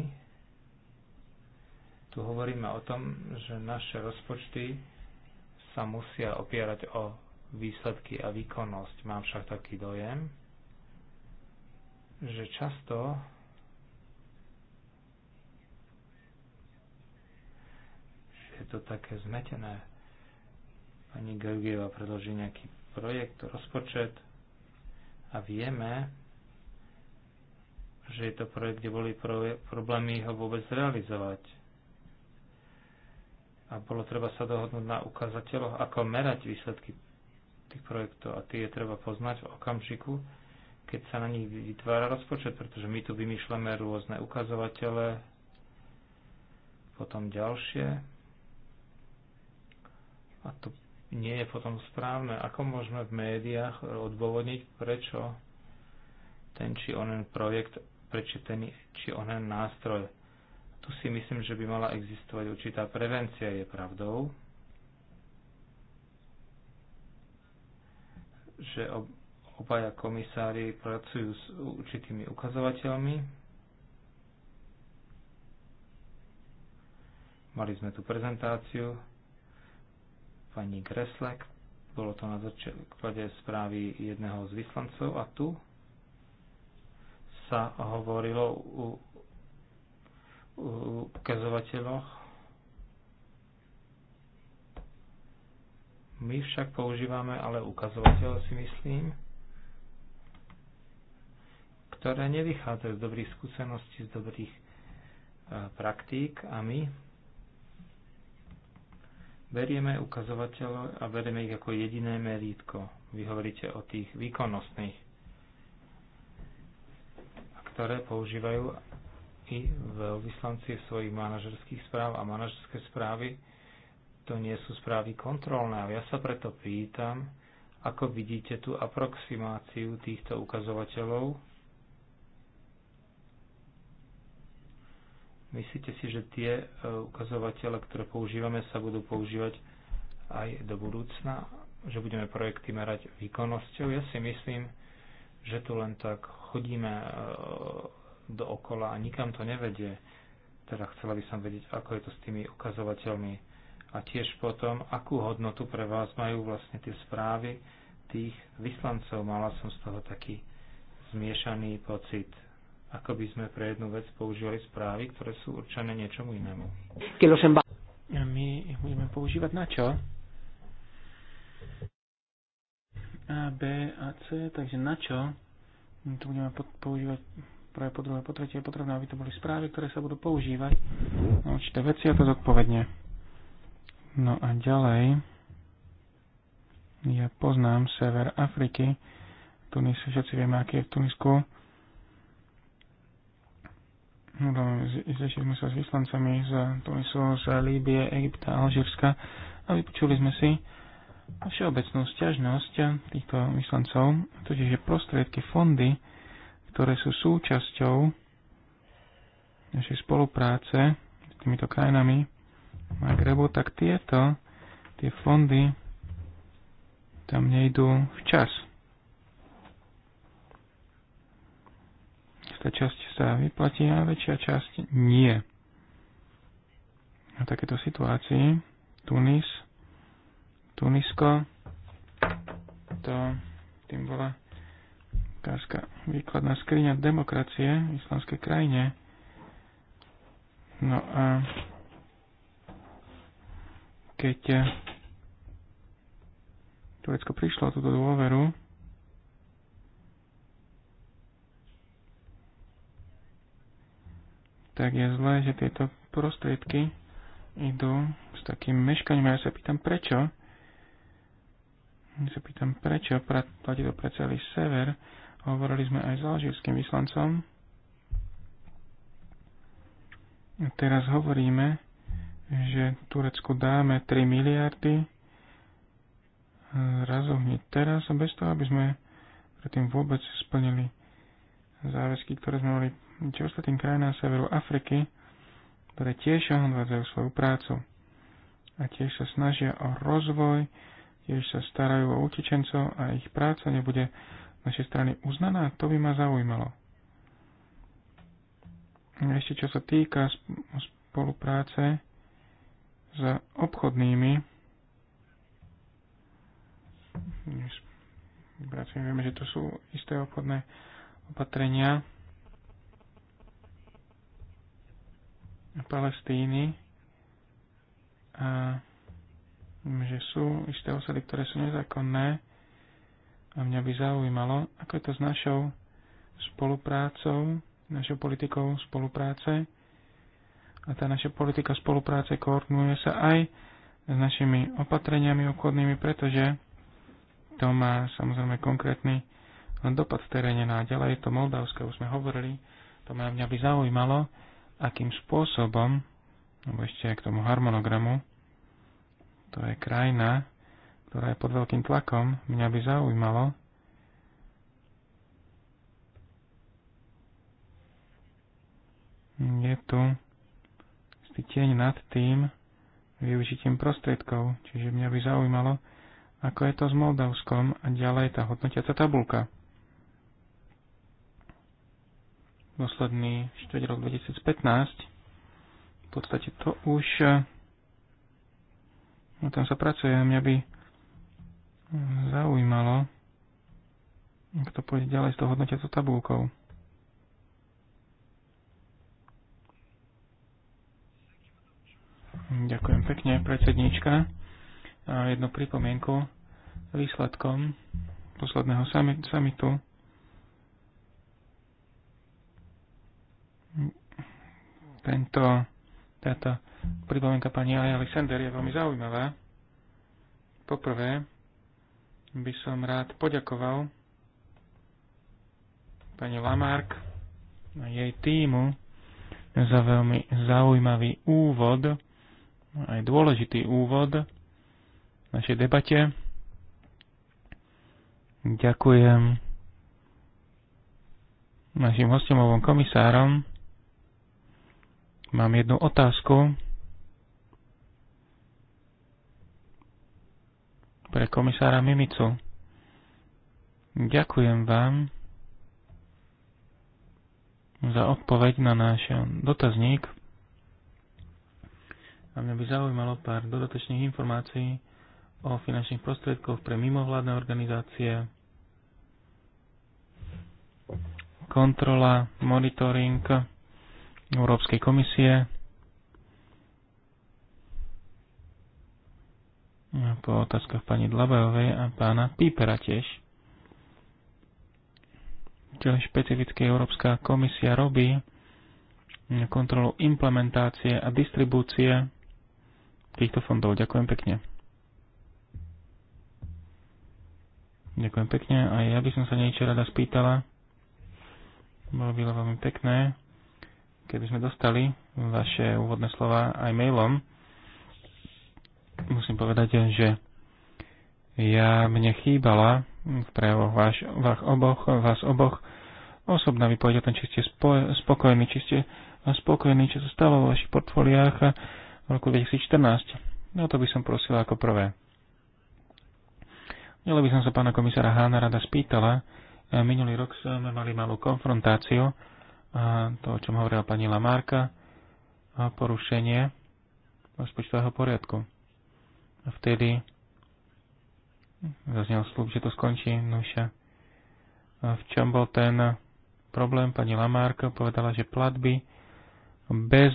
tu hovoríme o tom, že naše rozpočty sa musia opierať o výsledky a výkonnosť. Mám však taký dojem, že často je to také zmetené. Pani Georgieva predloží nejaký projekt, rozpočet a vieme, že je to projekt, kde boli problémy ho vôbec realizovať. A bolo treba sa dohodnúť na ukazateľoch, ako merať výsledky tých projektov a tie je treba poznať v okamžiku, keď sa na nich vytvára rozpočet, pretože my tu vymýšľame rôzne ukazovatele, potom ďalšie. A to nie je potom správne. Ako môžeme v médiách odôvodniť, prečo ten či onen projekt, prečo ten či onen nástroj. Tu si myslím, že by mala existovať určitá prevencia, je pravdou. Že ob Obaja komisári pracujú s určitými ukazovateľmi. Mali sme tu prezentáciu pani Greslek, bolo to na základe správy jedného z vyslancov a tu sa hovorilo o, ukazovateľoch. My však používame ale ukazovateľ si myslím ktoré nevychádzajú z dobrých skúseností, z dobrých e, praktík a my berieme ukazovateľov a berieme ich ako jediné merítko. Vy hovoríte o tých výkonnostných, ktoré používajú i veľvyslanci svojich manažerských správ a manažerské správy to nie sú správy kontrolné. A ja sa preto pýtam, ako vidíte tú aproximáciu týchto ukazovateľov Myslíte si, že tie e, ukazovatele, ktoré používame, sa budú používať aj do budúcna? Že budeme projekty merať výkonnosťou? Ja si myslím, že tu len tak chodíme e, do okola a nikam to nevedie. Teda chcela by som vedieť, ako je to s tými ukazovateľmi. A tiež potom, akú hodnotu pre vás majú vlastne tie správy tých vyslancov. Mala som z toho taký zmiešaný pocit ako by sme pre jednu vec používali správy, ktoré sú určené niečomu inému. A my ich budeme používať na čo? A, B a C, takže na čo? My to budeme používať prvé, po druhé, po tretie je potrebné, aby to boli správy, ktoré sa budú používať na určité veci a to zodpovedne. No a ďalej, ja poznám sever Afriky, Tunis, všetci vieme, aký je v Tunisku, No, sme sa s vyslancami z Tunisu, z Líbie, Egypta, Alžírska a vypočuli sme si všeobecnú stiažnosť týchto vyslancov, totiž je prostriedky fondy, ktoré sú súčasťou našej spolupráce s týmito krajinami Magrebu, tak tieto, tie fondy tam nejdú včas. Istá časť sa vyplatí a väčšia časť nie. Na takéto situácii Tunis, Tunisko, to tým bola otázka výkladná skriňa demokracie v islamskej krajine. No a keď Turecko prišlo túto dôveru, tak je zlé, že tieto prostriedky idú s takým meškaním. Ja sa pýtam, prečo? Ja sa pýtam, prečo? Platí to pre celý sever. Hovorili sme aj s alžírským vyslancom. A teraz hovoríme, že Turecku dáme 3 miliardy zrazu hneď teraz a bez toho, aby sme predtým vôbec splnili záväzky, ktoré sme mali či ostatným krajinám severu Afriky, ktoré tiež odvádzajú svoju prácu a tiež sa snažia o rozvoj, tiež sa starajú o utečencov a ich práca nebude z našej strany uznaná, to by ma zaujímalo. Ešte čo sa týka spolupráce s obchodnými, vieme, že to sú isté obchodné opatrenia, Palestíny, a, že sú isté osady, ktoré sú nezákonné. A mňa by zaujímalo, ako je to s našou spoluprácou, našou politikou spolupráce. A tá naša politika spolupráce koordinuje sa aj s našimi opatreniami obchodnými, pretože to má samozrejme konkrétny dopad v teréne na no ďalej. Je to Moldavské, už sme hovorili. To ma mňa by zaujímalo, akým spôsobom, alebo ešte aj k tomu harmonogramu, to je krajina, ktorá je pod veľkým tlakom, mňa by zaujímalo, je tu istý tieň nad tým využitím prostriedkov, čiže mňa by zaujímalo, ako je to s Moldavskom a ďalej tá hodnotiaca tabulka. posledný štvrť rok 2015, v podstate to už eh, no tam sa pracuje. Mňa by zaujímalo, ak to pôjde ďalej s tou hodnotiacou tabulkou. Ďakujem pekne, predsednička. A jednu pripomienku výsledkom posledného samitu Tento, táto pripomienka pani Aja Alexander je veľmi zaujímavá. Poprvé by som rád poďakoval pani Lamark a jej týmu za veľmi zaujímavý úvod, aj dôležitý úvod v našej debate. Ďakujem našim hostiomovom komisárom Mám jednu otázku pre komisára Mimicu. Ďakujem vám za odpoveď na náš dotazník. A mňa by zaujímalo pár dodatočných informácií o finančných prostriedkoch pre mimovládne organizácie, kontrola, monitoring, Európskej komisie po otázkach pani Dlabajovej a pána Pípera tiež. Čo špecifické Európska komisia robí kontrolu implementácie a distribúcie týchto fondov. Ďakujem pekne. Ďakujem pekne. A ja by som sa niečo rada spýtala. Bolo by veľmi pekné Keby sme dostali vaše úvodné slova aj mailom, musím povedať, že ja mne chýbala v prejavoch vás, vás oboch, vás oboch osobná vypoveď o tom, či ste spo, spokojní, či ste spokojní, čo sa stalo vo vašich portfóliách v roku 2014. No to by som prosila ako prvé. Ale by som sa pána komisára Hána rada spýtala. Minulý rok sme mali malú konfrontáciu a to, o čom hovorila pani Lamárka, a porušenie rozpočtového poriadku. A vtedy zaznel slúb, že to skončí. Nuša. A v čom bol ten problém? Pani Lamárka povedala, že platby bez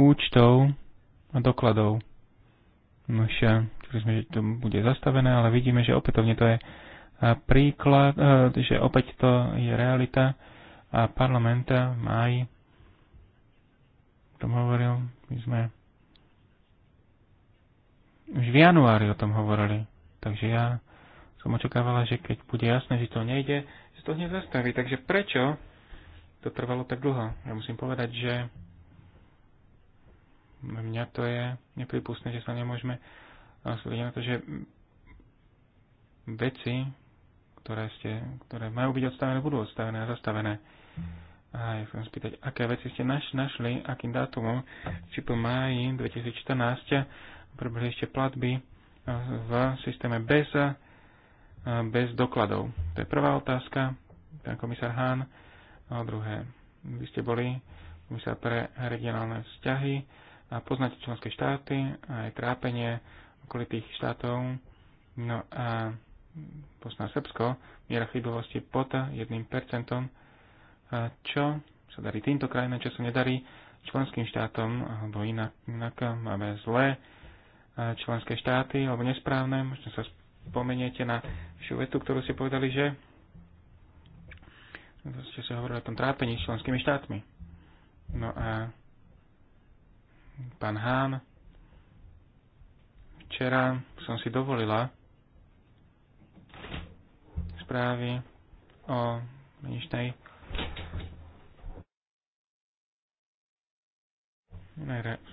účtov a dokladov. Nuša, čili sme, že to bude zastavené, ale vidíme, že opätovne to je príklad, e, že opäť to je realita a parlament v máji o tom hovoril, my sme už v januári o tom hovorili, takže ja som očakávala, že keď bude jasné, že to nejde, že to hneď zastaví. Takže prečo to trvalo tak dlho? Ja musím povedať, že mňa to je nepripustné, že sa nemôžeme súdiť na to, že veci ktoré, ste, ktoré majú byť odstavené, budú odstavené a zastavené. A ja chcem spýtať, aké veci ste naš, našli, akým dátumom, či po máji 2014 prebehli ešte platby v systéme bez, bez dokladov. To je prvá otázka, pán komisár Hahn. A druhé, vy ste boli komisár pre regionálne vzťahy a poznáte členské štáty a aj trápenie okolitých štátov. No a Bosna a Srbsko, miera chybovosti pod 1%, čo sa darí týmto krajinám, čo sa nedarí členským štátom, alebo inak, inak máme zlé členské štáty, alebo nesprávne, možno sa spomeniete na všu vetu, ktorú ste povedali, že ste sa hovorili o tom trápení s členskými štátmi. No a pán Hán, včera som si dovolila správy o dnešnej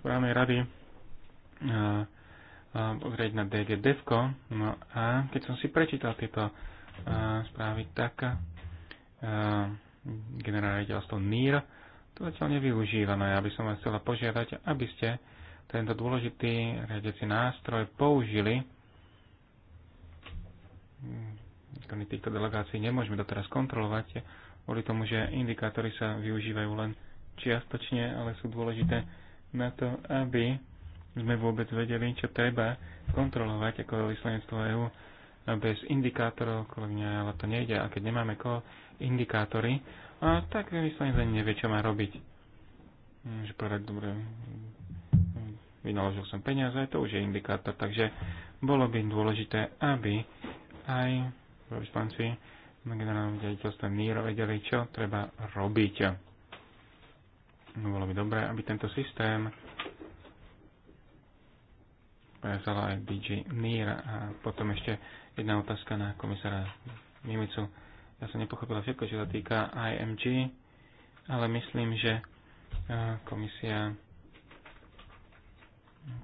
správnej rady a, a pozrieť na DG Devko. No a keď som si prečítal tieto a, správy, tak a, generálne ďalstvo NIR to zatiaľ nevyužíva. No ja by som vás chcela požiadať, aby ste tento dôležitý riadiaci nástroj použili výkony týchto delegácií nemôžeme doteraz kontrolovať, kvôli tomu, že indikátory sa využívajú len čiastočne, ale sú dôležité na to, aby sme vôbec vedeli, čo treba kontrolovať ako vyslanectvo EÚ bez indikátorov, kolegyňa, ale to nejde. A keď nemáme ko indikátory, a tak vyslanec ani nevie, čo má robiť. Môže hm, povedať, dobre, vynaložil som peniaze, to už je indikátor, takže bolo by dôležité, aby aj vyslanci na generálnom riaditeľstve NIR vedeli, čo treba robiť. No, bolo by dobré, aby tento systém prezala aj DG NIR a potom ešte jedna otázka na komisára Mimicu. Ja som nepochopila všetko, čo sa týka IMG, ale myslím, že e, komisia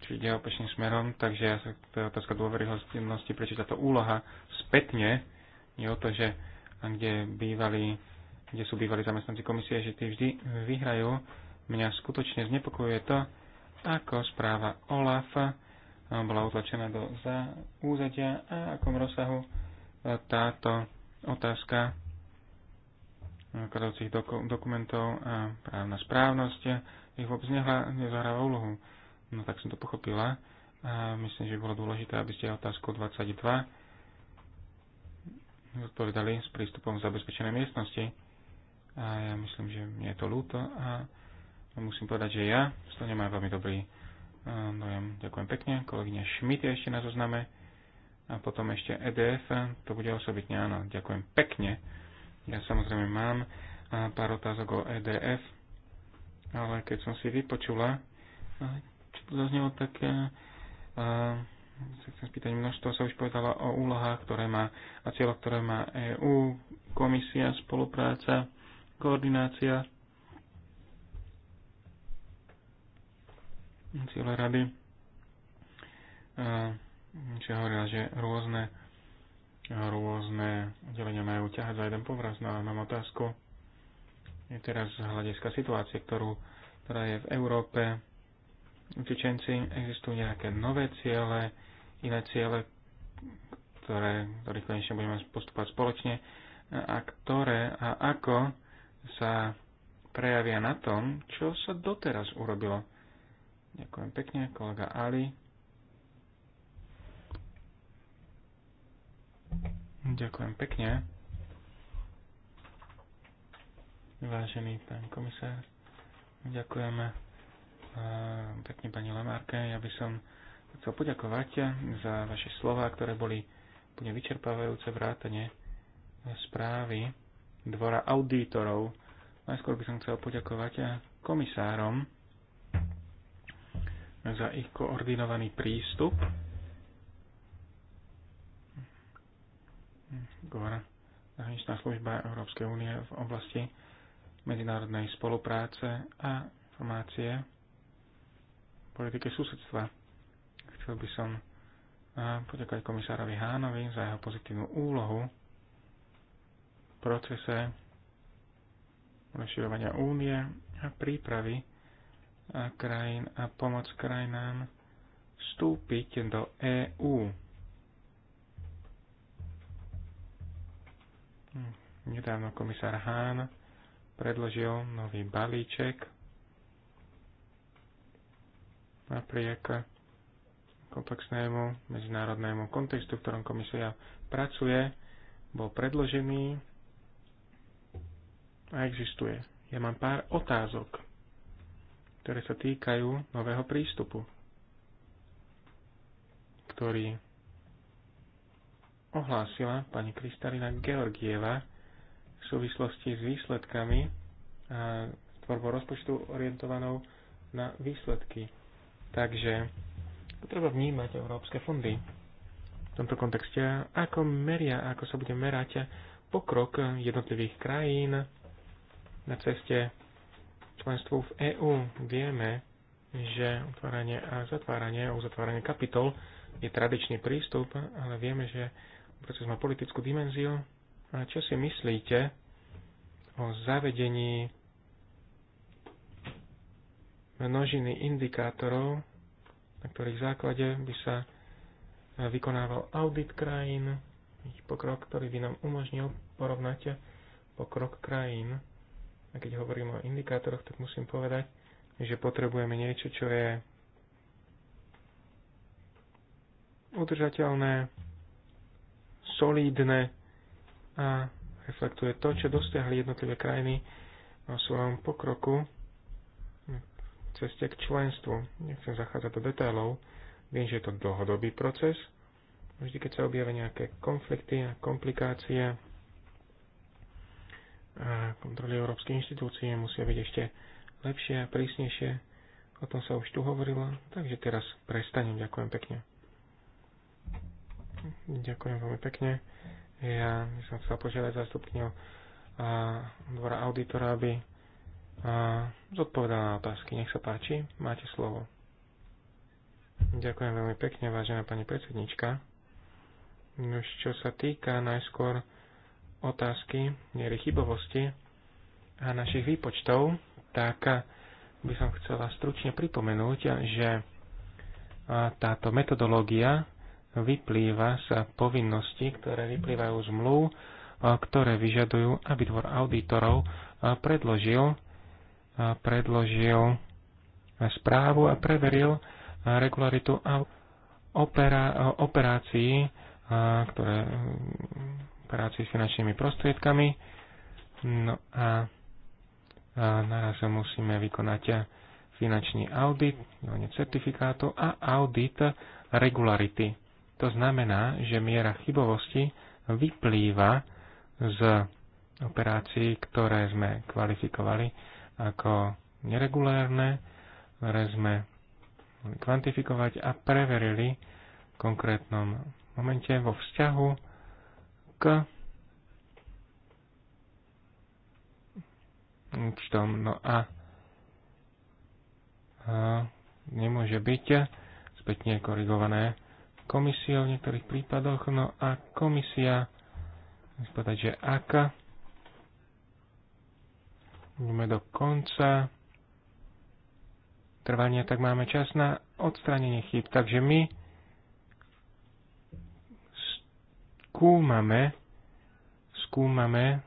či ide opačným smerom, takže ja sa to je otázka dôveryhodnosti, prečo táto úloha spätne je o to, že kde, bývali, kde sú bývali zamestnanci komisie, že tí vždy vyhrajú. Mňa skutočne znepokojuje to, ako správa OLAF eh, bola utlačená do za úzadia a akom rozsahu eh, táto otázka eh, kladúcich doku- dokumentov a právna správnosť ich vôbec nezahráva úlohu. No tak som to pochopila. A myslím, že bolo dôležité, aby ste otázku 22 zodpovedali s prístupom v zabezpečenej miestnosti. A ja myslím, že mne je to ľúto a musím povedať, že ja z toho nemám veľmi dobrý e, dojem. Ďakujem pekne. Kolegyňa Šmit je ešte na zozname. A potom ešte EDF, to bude osobitne, áno, ďakujem pekne. Ja samozrejme mám e, pár otázok o EDF, ale keď som si vypočula, e, čo to zaznelo, tak sa chcem spýtať, množstvo sa už povedala o úlohách, ktoré má a cieľoch, ktoré má EÚ, komisia, spolupráca, koordinácia, cieľe rady. Čiže hovorila, že rôzne rôzne oddelenia majú ťahať za jeden povraz. No a mám otázku je teraz z hľadiska situácie, ktorú, ktorá je v Európe, utečenci, existujú nejaké nové ciele, iné ciele, ktoré, ktoré konečne budeme postupovať spoločne a ktoré a ako sa prejavia na tom, čo sa doteraz urobilo. Ďakujem pekne, kolega Ali. Ďakujem pekne. Vážený pán komisár, ďakujeme Eh, pekne pani Lemárke. Ja by som chcel poďakovať za vaše slova, ktoré boli úplne vyčerpávajúce vrátane eh, správy dvora auditorov. Najskôr by som chcel poďakovať eh, komisárom za ich koordinovaný prístup. Gora, zahraničná služba Európskej únie v oblasti medzinárodnej spolupráce a informácie politike susedstva. Chcel by som eh, poďakovať komisárovi Hánovi za jeho pozitívnu úlohu v procese rozširovania únie a prípravy a eh, krajín a pomoc krajinám vstúpiť do EÚ. Hm, nedávno komisár Hán predložil nový balíček napriek komplexnému medzinárodnému kontextu, v ktorom komisia pracuje, bol predložený a existuje. Ja mám pár otázok, ktoré sa týkajú nového prístupu, ktorý ohlásila pani Kristalina Georgieva v súvislosti s výsledkami a tvorbou rozpočtu orientovanou na výsledky Takže treba vnímať európske fondy v tomto kontexte, ako meria, ako sa bude merať pokrok jednotlivých krajín na ceste členstvu v EÚ. Vieme, že otváranie a zatváranie, uzatváranie kapitol je tradičný prístup, ale vieme, že proces má politickú dimenziu. A čo si myslíte o zavedení množiny indikátorov, na ktorých základe by sa vykonával audit krajín, ich pokrok, ktorý by nám umožnil porovnať pokrok krajín. A keď hovorím o indikátoroch, tak musím povedať, že potrebujeme niečo, čo je udržateľné, solídne a reflektuje to, čo dosiahli jednotlivé krajiny o svojom pokroku ceste k členstvu. Nechcem zachádzať do detailov. Viem, že je to dlhodobý proces. Vždy, keď sa objavia nejaké konflikty a komplikácie, a kontroly európskej inštitúcie musia byť ešte lepšie a prísnejšie. O tom sa už tu hovorilo, takže teraz prestanem. Ďakujem pekne. Ďakujem veľmi pekne. Ja som chcel požiadať a dvora auditora, aby Zodpovedal na otázky. Nech sa páči, máte slovo. Ďakujem veľmi pekne, vážená pani predsednička. No, čo sa týka najskôr otázky miery chybovosti a našich výpočtov, tak by som chcela stručne pripomenúť, že táto metodológia vyplýva z povinností, ktoré vyplývajú z mluv, ktoré vyžadujú, aby dvor auditorov predložil predložil správu a preveril regularitu opera, operácií, ktoré operácií s finančnými prostriedkami. No a, naraz musíme vykonať finančný audit, certifikátu a audit regularity. To znamená, že miera chybovosti vyplýva z operácií, ktoré sme kvalifikovali ako neregulárne, ktoré sme mohli kvantifikovať a preverili v konkrétnom momente vo vzťahu k účtom. No a, a nemôže byť spätne korigované komisiou v niektorých prípadoch. No a komisia, musím povedať, že aká ideme do konca trvania, tak máme čas na odstránenie chyb. Takže my skúmame, skúmame e,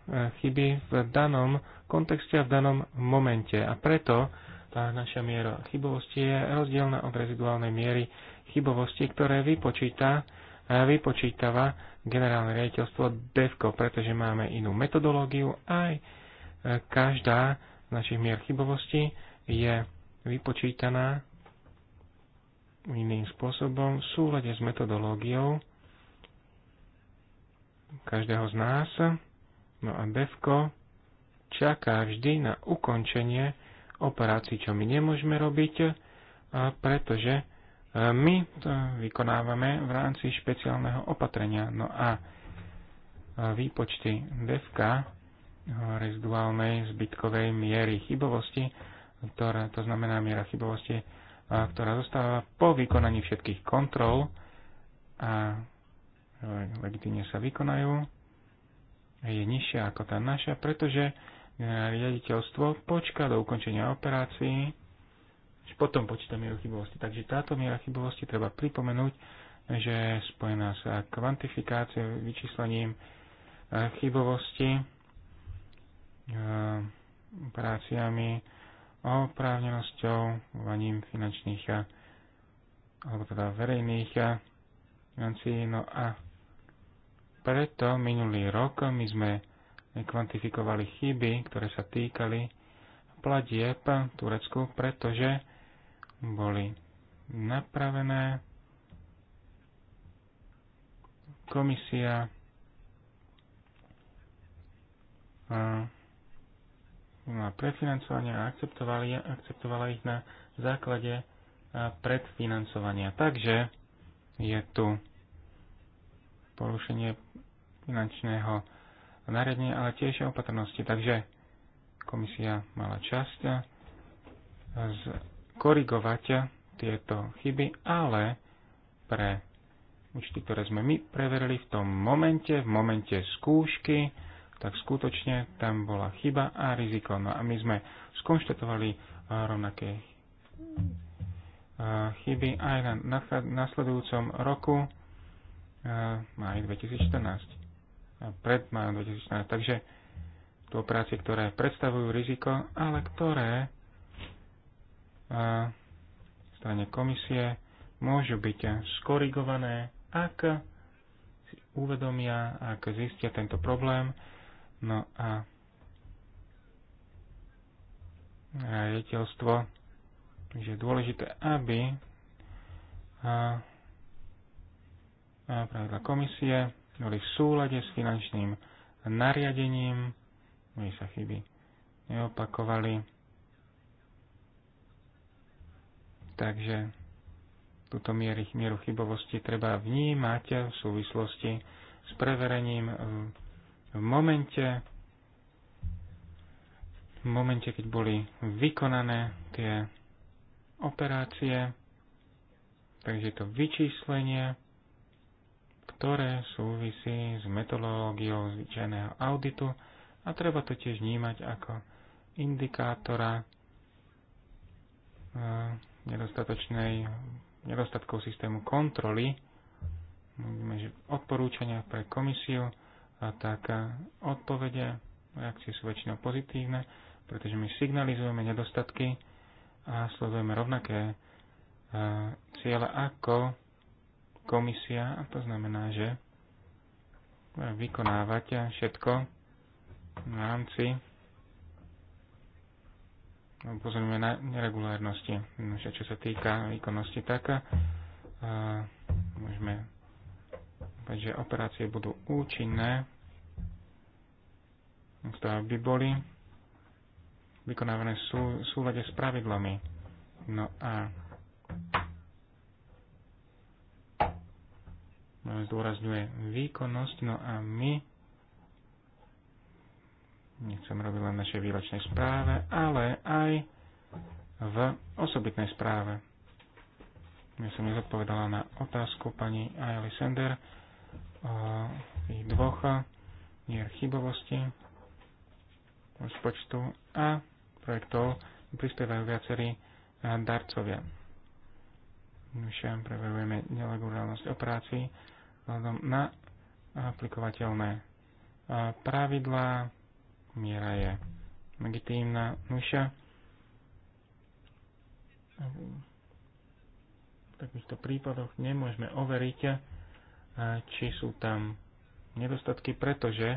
chyby v danom kontexte a v danom momente. A preto tá naša miera chybovosti je rozdielna od reziduálnej miery chybovosti, ktoré vypočíta, e, vypočítava generálne riaditeľstvo DEVCO, pretože máme inú metodológiu aj každá z našich mier chybovosti je vypočítaná iným spôsobom v súlade s metodológiou každého z nás. No a Bevko čaká vždy na ukončenie operácií, čo my nemôžeme robiť, pretože e, my to vykonávame v rámci špeciálneho opatrenia. No a e, výpočty DEFKA reziduálnej zbytkovej miery chybovosti, ktorá, to znamená miera chybovosti, ktorá zostáva po vykonaní všetkých kontrol a legitimne sa vykonajú, je nižšia ako tá naša, pretože e, riaditeľstvo počká do ukončenia operácií, až potom počíta mieru chybovosti. Takže táto miera chybovosti treba pripomenúť, že spojená sa kvantifikáciou, vyčíslením e, chybovosti, operáciami, eh, oprávnenosťou, vaním finančných eh, alebo teda verejných eh, financí. No a preto minulý rok my sme kvantifikovali chyby, ktoré sa týkali platieb Turecku, pretože boli napravené. Komisia na prefinancovanie a akceptovala ich na základe predfinancovania. Takže je tu porušenie finančného nariadenia, ale tiež opatrnosti. Takže komisia mala časť korigovať tieto chyby, ale pre účty, ktoré sme my preverili v tom momente, v momente skúšky, tak skutočne tam bola chyba a riziko. No a my sme skonštatovali eh, rovnaké eh, chyby aj na nasledujúcom roku, eh, maj 2014, pred majom 2014. Takže to operácie, ktoré predstavujú riziko, ale ktoré strane komisie môžu byť skorigované, ak si uvedomia, ak zistia tento problém, No a riaditeľstvo, že je dôležité, aby a, a pravidla komisie boli v súlade s finančným nariadením, aby sa chyby neopakovali. Takže túto mieru, mieru chybovosti treba vnímať v súvislosti s preverením v momente, v momente, keď boli vykonané tie operácie, takže to vyčíslenie, ktoré súvisí s metodológiou zvyčajného auditu a treba to tiež vnímať ako indikátora eh, nedostatočnej, nedostatkov systému kontroly. že odporúčania pre komisiu a tak odpovede, reakcie sú väčšinou pozitívne, pretože my signalizujeme nedostatky a sledujeme rovnaké e, cieľa ako komisia a to znamená, že vykonávať všetko v rámci upozorňujeme na neregulárnosti. No, čo sa týka výkonnosti, tak e, môžeme Takže operácie budú účinné, ktoré by boli vykonávané v sú, súlade s pravidlami. No a zdôrazňuje výkonnosť, no a my nechcem robiť len našej výročnej správe, ale aj v osobitnej správe. Ja som nezodpovedala na otázku pani Ailey Sender o tých dvoch mier chybovosti počtu a projektov prispievajú viacerí darcovia. Všem preverujeme nelegálnosť operácií vzhľadom na aplikovateľné pravidlá. Miera je legitímna. Nuša v takýchto prípadoch nemôžeme overiť, eh, či sú tam nedostatky, pretože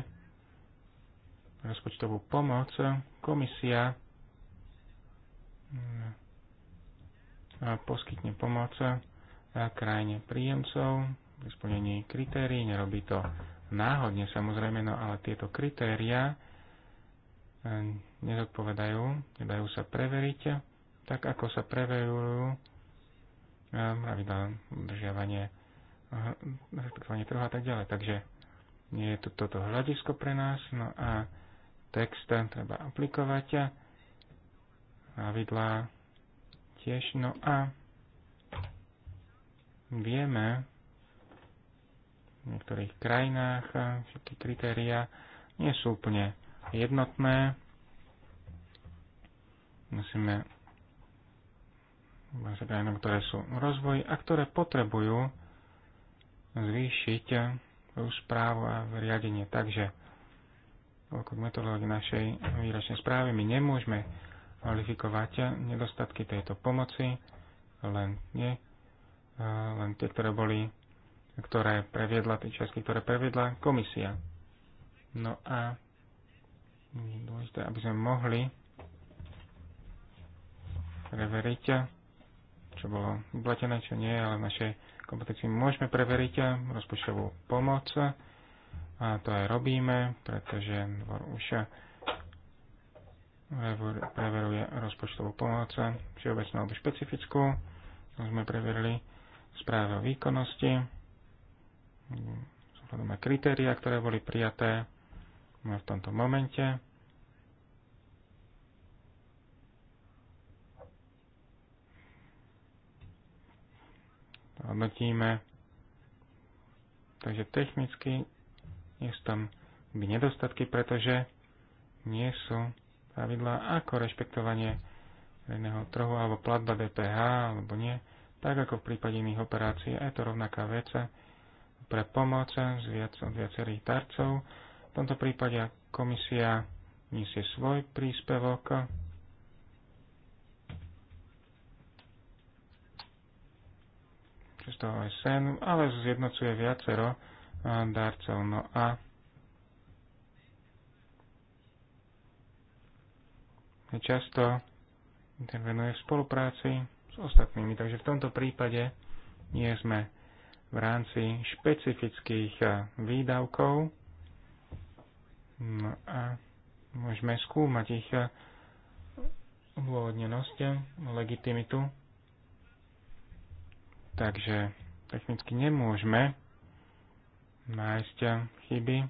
rozpočtovú pomoc komisia mm, poskytne pomoc eh, krajine príjemcov pri splnení kritérií. Nerobí to náhodne samozrejme, no ale tieto kritéria eh, nezodpovedajú, nedajú sa preveriť, tak ako sa preverujú pravidla ehm, udržiavanie, eh, respektovanie trhu a tak ďalej. Takže nie je to, toto hľadisko pre nás, no a text treba aplikovať a pravidlá tiež, no a vieme v niektorých krajinách všetky eh, kritéria nie sú úplne jednotné. Musíme s ktoré sú v rozvoji a ktoré potrebujú zvýšiť správu a riadenie. Takže ako metodológii našej výročnej správy my nemôžeme kvalifikovať nedostatky tejto pomoci, len, nie, len tie, ktoré boli, ktoré previedla, tie časky, ktoré previedla komisia. No a je dôležité, aby sme mohli preveriť čo bolo uplatené, čo nie, ale v našej kompetencii môžeme preveriť rozpočtovú pomoc a to aj robíme, pretože dvor už preveruje rozpočtovú pomoc, všeobecnú alebo špecifickú. Sme preverili správy o výkonnosti, sú kritéria, ktoré boli prijaté v tomto momente hodnotíme. Takže technicky nie sú tam by nedostatky, pretože nie sú pravidlá ako rešpektovanie verejného trhu alebo platba DPH alebo nie, tak ako v prípade iných operácií. Je to rovnaká vec pre pomoc z viac, od viacerých tarcov. V tomto prípade komisia nesie svoj príspevok cez to OSN, ale zjednocuje viacero eh, darcov. No a často intervenuje v spolupráci s ostatnými. Takže v tomto prípade nie sme v rámci špecifických eh, výdavkov no a môžeme skúmať ich eh, odôvodnenosť, legitimitu Takže technicky nemôžeme nájsť chyby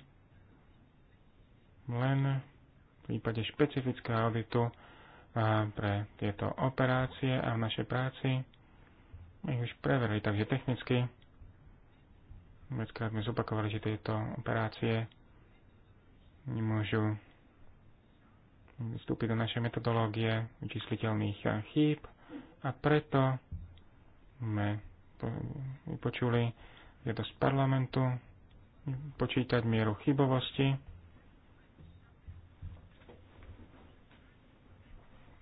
len v prípade špecifického auditu pre tieto operácie a v našej práci ich už preverili, takže technicky veckrát sme zopakovali, že tieto operácie nemôžu vstúpiť do našej metodológie vyčísliteľných chýb a preto sme vypočuli eh, jedno z parlamentu, počítať mieru chybovosti.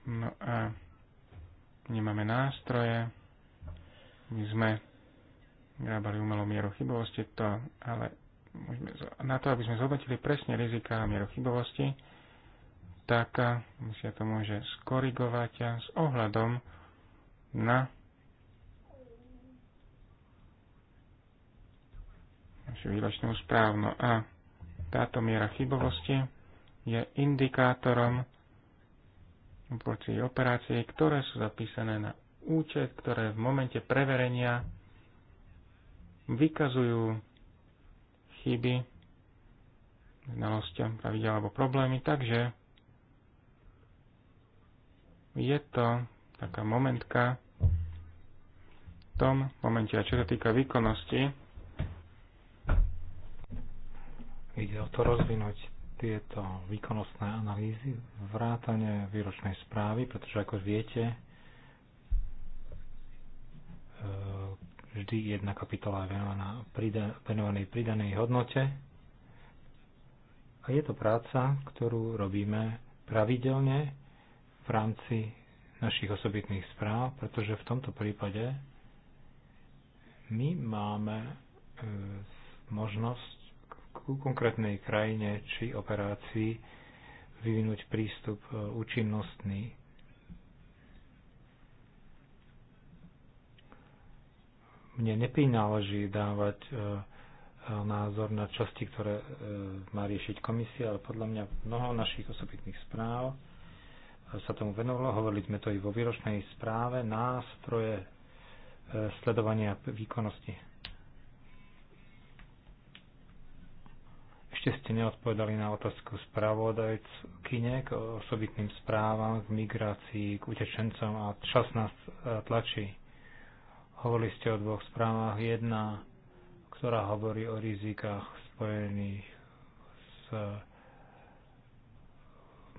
No a nemáme nástroje, my sme vyrábali umelú mieru chybovosti, to, ale môžeme, na to, aby sme zhodnotili presne rizika a mieru chybovosti, tak eh, musia to môže skorigovať eh, s ohľadom na že výročnú správno A táto miera chybovosti je indikátorom proporcií operácie, ktoré sú zapísané na účet, ktoré v momente preverenia vykazujú chyby, znalosťom pravidel alebo problémy, takže je to taká momentka v tom momente, a čo sa týka výkonnosti, Ide o to rozvinúť tieto výkonnostné analýzy, vrátane výročnej správy, pretože ako viete, e, vždy jedna kapitola je venovaná venovanej pridanej hodnote. A je to práca, ktorú robíme pravidelne v rámci našich osobitných správ, pretože v tomto prípade my máme e, možnosť ku konkrétnej krajine či operácii vyvinúť prístup e, účinnostný. Mne neprináleží dávať e, e, názor na časti, ktoré má riešiť komisia, ale podľa mňa mnoho našich osobitných správ sa tomu venovalo. Hovorili sme to i vo výročnej správe nástroje sledovania výkonnosti Ešte ste neodpovedali na otázku spravodajkyne k osobitným správam, k migrácii, k utečencom a čas nás e, tlačí. Hovorili ste o dvoch správach. Jedna, ktorá hovorí o rizikách spojených s e,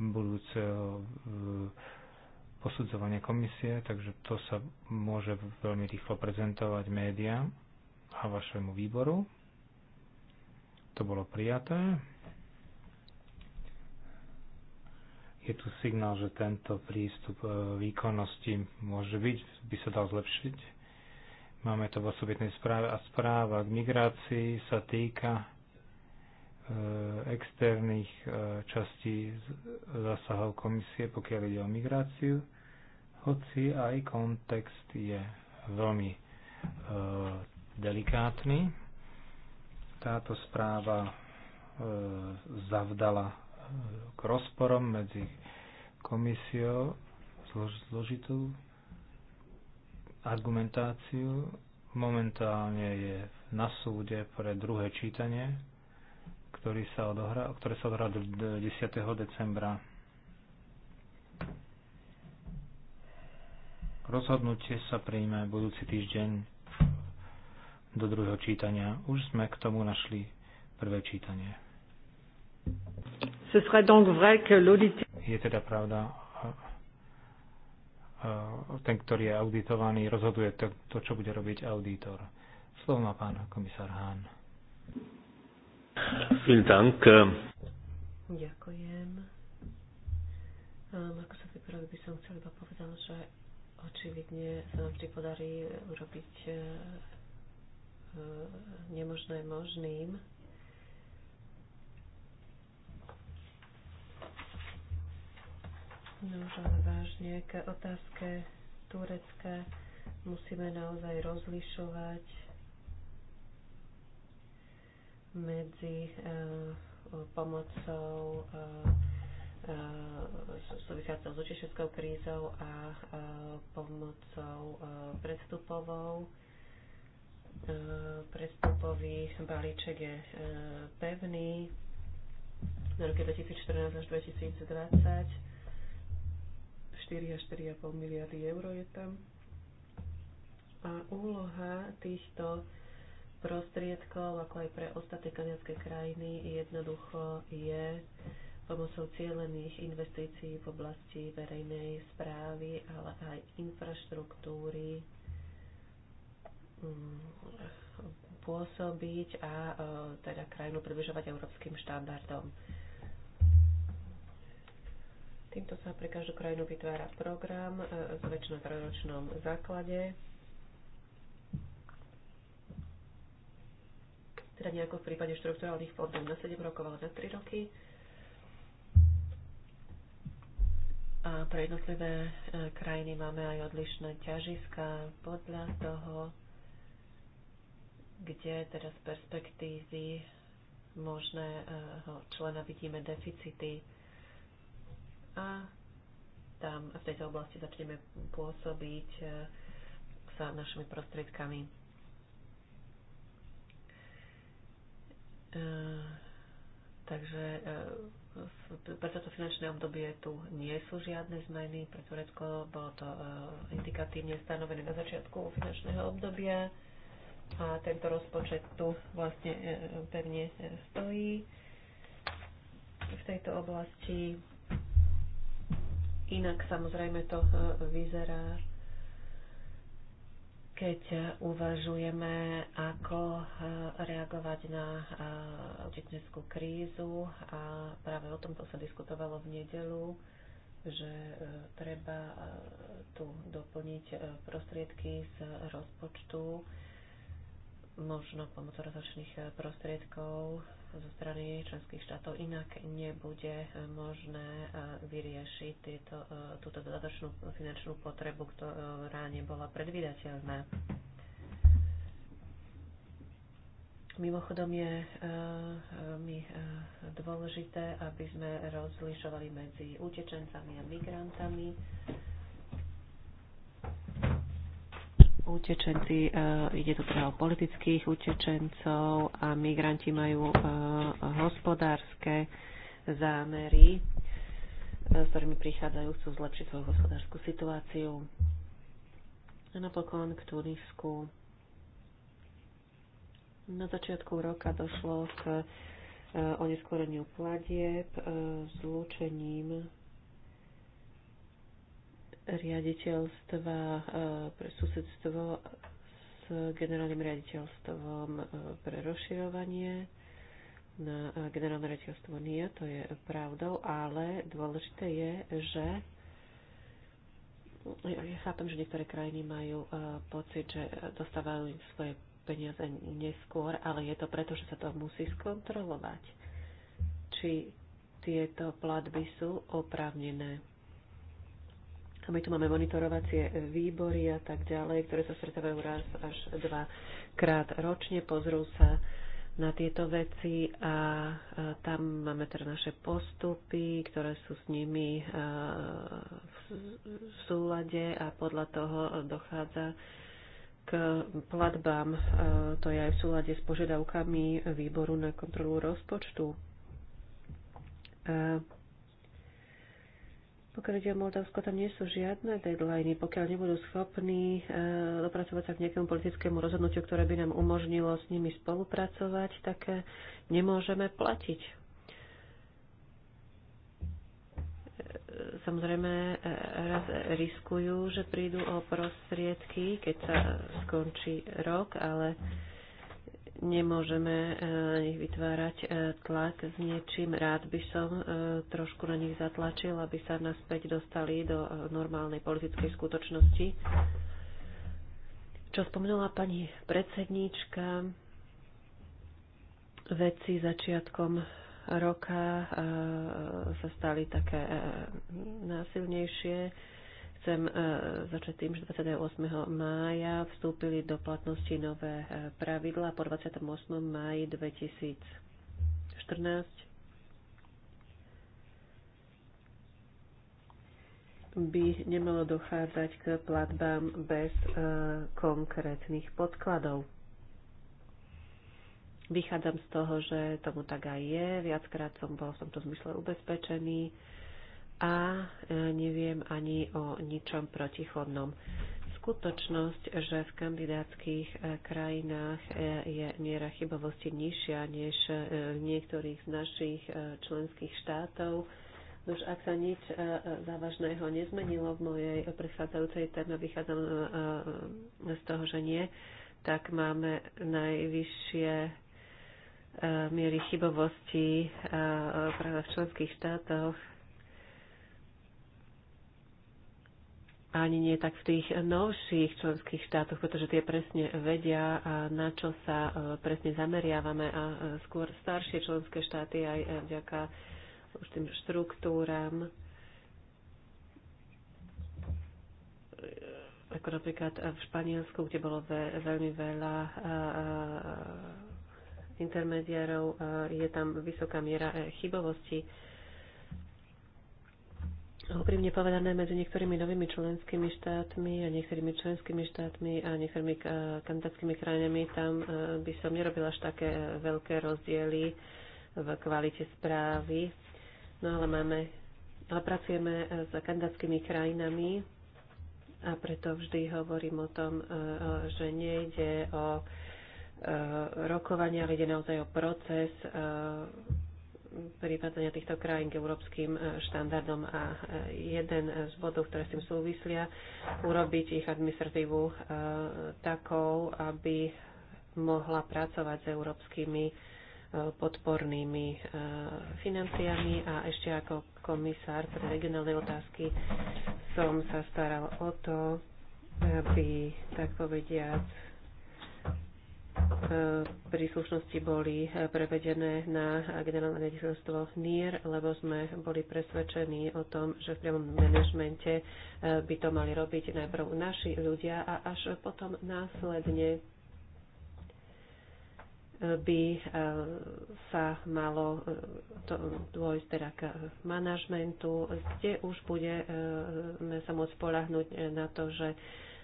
budúceho posudzovania komisie, takže to sa môže veľmi rýchlo prezentovať médiám a vašemu výboru. To bolo prijaté. Je tu signál, že tento prístup e, výkonnosti môže byť, by sa dal zlepšiť. Máme to v osobitnej správe a správa k migrácii sa týka e, externých e, častí zásahov komisie, pokiaľ ide o migráciu, hoci aj kontext je veľmi delikátny. Táto správa e, zavdala e, k rozporom medzi komisiou zložitú argumentáciu. Momentálne je na súde pre druhé čítanie, ktorý sa ktoré sa odohrá 10. decembra. Rozhodnutie sa príjme budúci týždeň do druhého čítania. Už sme k tomu našli prvé čítanie. Je teda pravda, ten, ktorý je auditovaný, rozhoduje to, to čo bude robiť auditor. Slovo má pán komisár Hahn. Ďakujem. Um, ako sa pripravil, by som chcel iba povedať, že očividne sa nám vždy podarí urobiť e, Eh, nemožné možným. No ale vážne, k otázke Turecka musíme naozaj rozlišovať medzi eh, pomocou eh, vychádzal s utečenskou krízou a pomocou predstupovou E, prestupový balíček je e, pevný na roky 2014 až 2020. 4 až 4,5 miliardy eur je tam. A úloha týchto prostriedkov, ako aj pre ostatné kanadské krajiny, jednoducho je pomocou cieľených investícií v oblasti verejnej správy, ale aj infraštruktúry, Mm, pôsobiť a e, teda krajinu približovať európskym štandardom. Týmto sa pre každú krajinu vytvára program e, s väčšinou trojročnom základe. Teda nejako v prípade štrukturálnych fondov na 7 rokov, ale na 3 roky. A pre jednotlivé e, krajiny máme aj odlišné ťažiska podľa toho, kde teraz z perspektívy možného eh, člena vidíme deficity a tam v tejto oblasti začneme pôsobiť eh, sa našimi prostriedkami. Eh, takže pre toto finančné obdobie tu nie sú žiadne zmeny. Pre Turecko bolo to indikatívne stanovené na začiatku finančného obdobia a tento rozpočet tu vlastne e, e, pevne e, stojí v tejto oblasti. Inak samozrejme to vyzerá, keď uvažujeme, ako reagovať na utečenskú krízu a práve o tomto sa diskutovalo v nedelu že treba tu doplniť prostriedky z rozpočtu možno pomocou rozličných eh, prostriedkov zo strany členských štátov. Inak nebude eh, možné eh, vyriešiť tieto, túto dodatočnú finančnú potrebu, ktorá nebola predvydateľná. Mimochodom je mi dôležité, aby sme rozlišovali medzi utečencami a migrantami utečenci, e, ide tu teda o politických utečencov a migranti majú e, hospodárske zámery, e, s ktorými prichádzajú, chcú zlepšiť svoju hospodárskú situáciu. A napokon k Tunisku. Na začiatku roka došlo k oneskoreniu platieb zlúčením riaditeľstva e, pre susedstvo s generálnym riaditeľstvom e, pre rozširovanie na e, generálne riaditeľstvo nie, to je pravdou, ale dôležité je, že ja chápem, že niektoré krajiny majú pocit, že dostávajú im svoje peniaze neskôr, ale je to preto, že sa to musí skontrolovať, či tieto platby sú oprávnené. A my tu máme monitorovacie výbory a tak ďalej, ktoré sa stretávajú raz až dva krát ročne, pozrú sa na tieto veci a tam máme teda naše postupy, ktoré sú s nimi v súlade a podľa toho dochádza k platbám. To je aj v súlade s požiadavkami výboru na kontrolu rozpočtu. Pokiaľ ide o Moldavsko, tam nie sú žiadne deadliny. Pokiaľ nebudú schopní eh, dopracovať sa k nejakému politickému rozhodnutiu, ktoré by nám umožnilo s nimi spolupracovať, tak eh, nemôžeme platiť. Eh, samozrejme, raz riskujú, že prídu o prostriedky, keď sa skončí rok, ale nemôžeme e, na nich vytvárať e, tlak s niečím. Rád by som e, trošku na nich zatlačil, aby sa naspäť dostali do normálnej politickej skutočnosti. Čo spomenula pani predsedníčka, veci začiatkom roka sa stali také násilnejšie Chcem e, začať tým, že 28. mája vstúpili do platnosti nové e, pravidla po 28. máji 2014 by nemalo dochádzať k platbám bez e, konkrétnych podkladov. Vychádzam z toho, že tomu tak aj je. Viackrát som bol v tomto zmysle ubezpečený a e, neviem ani o ničom protichodnom. Skutočnosť, že v kandidátskych e, krajinách e, je miera chybovosti nižšia než v niektorých z našich členských štátov, Už ak sa nič závažného nezmenilo v mojej predchádzajúcej téme, vychádzam z toho, že nie, tak máme najvyššie miery chybovosti práve v členských štátoch ani nie tak v tých novších členských štátoch, pretože tie presne vedia, na čo sa e, presne zameriavame a e, skôr staršie členské štáty aj e, vďaka už tým štruktúram, ako napríklad v Španielsku, kde bolo veľmi veľa intermediárov, je tam vysoká miera chybovosti úprimne povedané medzi niektorými novými členskými štátmi a niektorými členskými štátmi a niektorými e, kandidátskymi krajinami, tam e, by som nerobila až také veľké rozdiely v kvalite správy. No ale máme, ale pracujeme e, s kandidátskymi krajinami a preto vždy hovorím o tom, že nejde o rokovania, ale ide naozaj o proces prípadania týchto krajín k európskym e, štandardom a e, jeden z bodov, ktoré s tým súvislia, urobiť ich administratívu e, takou, aby mohla pracovať s európskymi podpornými financiami a ešte ako komisár pre regionálne otázky som sa staral o to, aby, tak povediať, E, príslušnosti boli e, prevedené na generálne riaditeľstvo NIR, lebo sme boli presvedčení o tom, že v priamom manažmente e, by to mali robiť najprv naši ľudia a až potom následne by sa malo dôjsť teda k manažmentu, kde už budeme sa môcť spolahnuť na to, že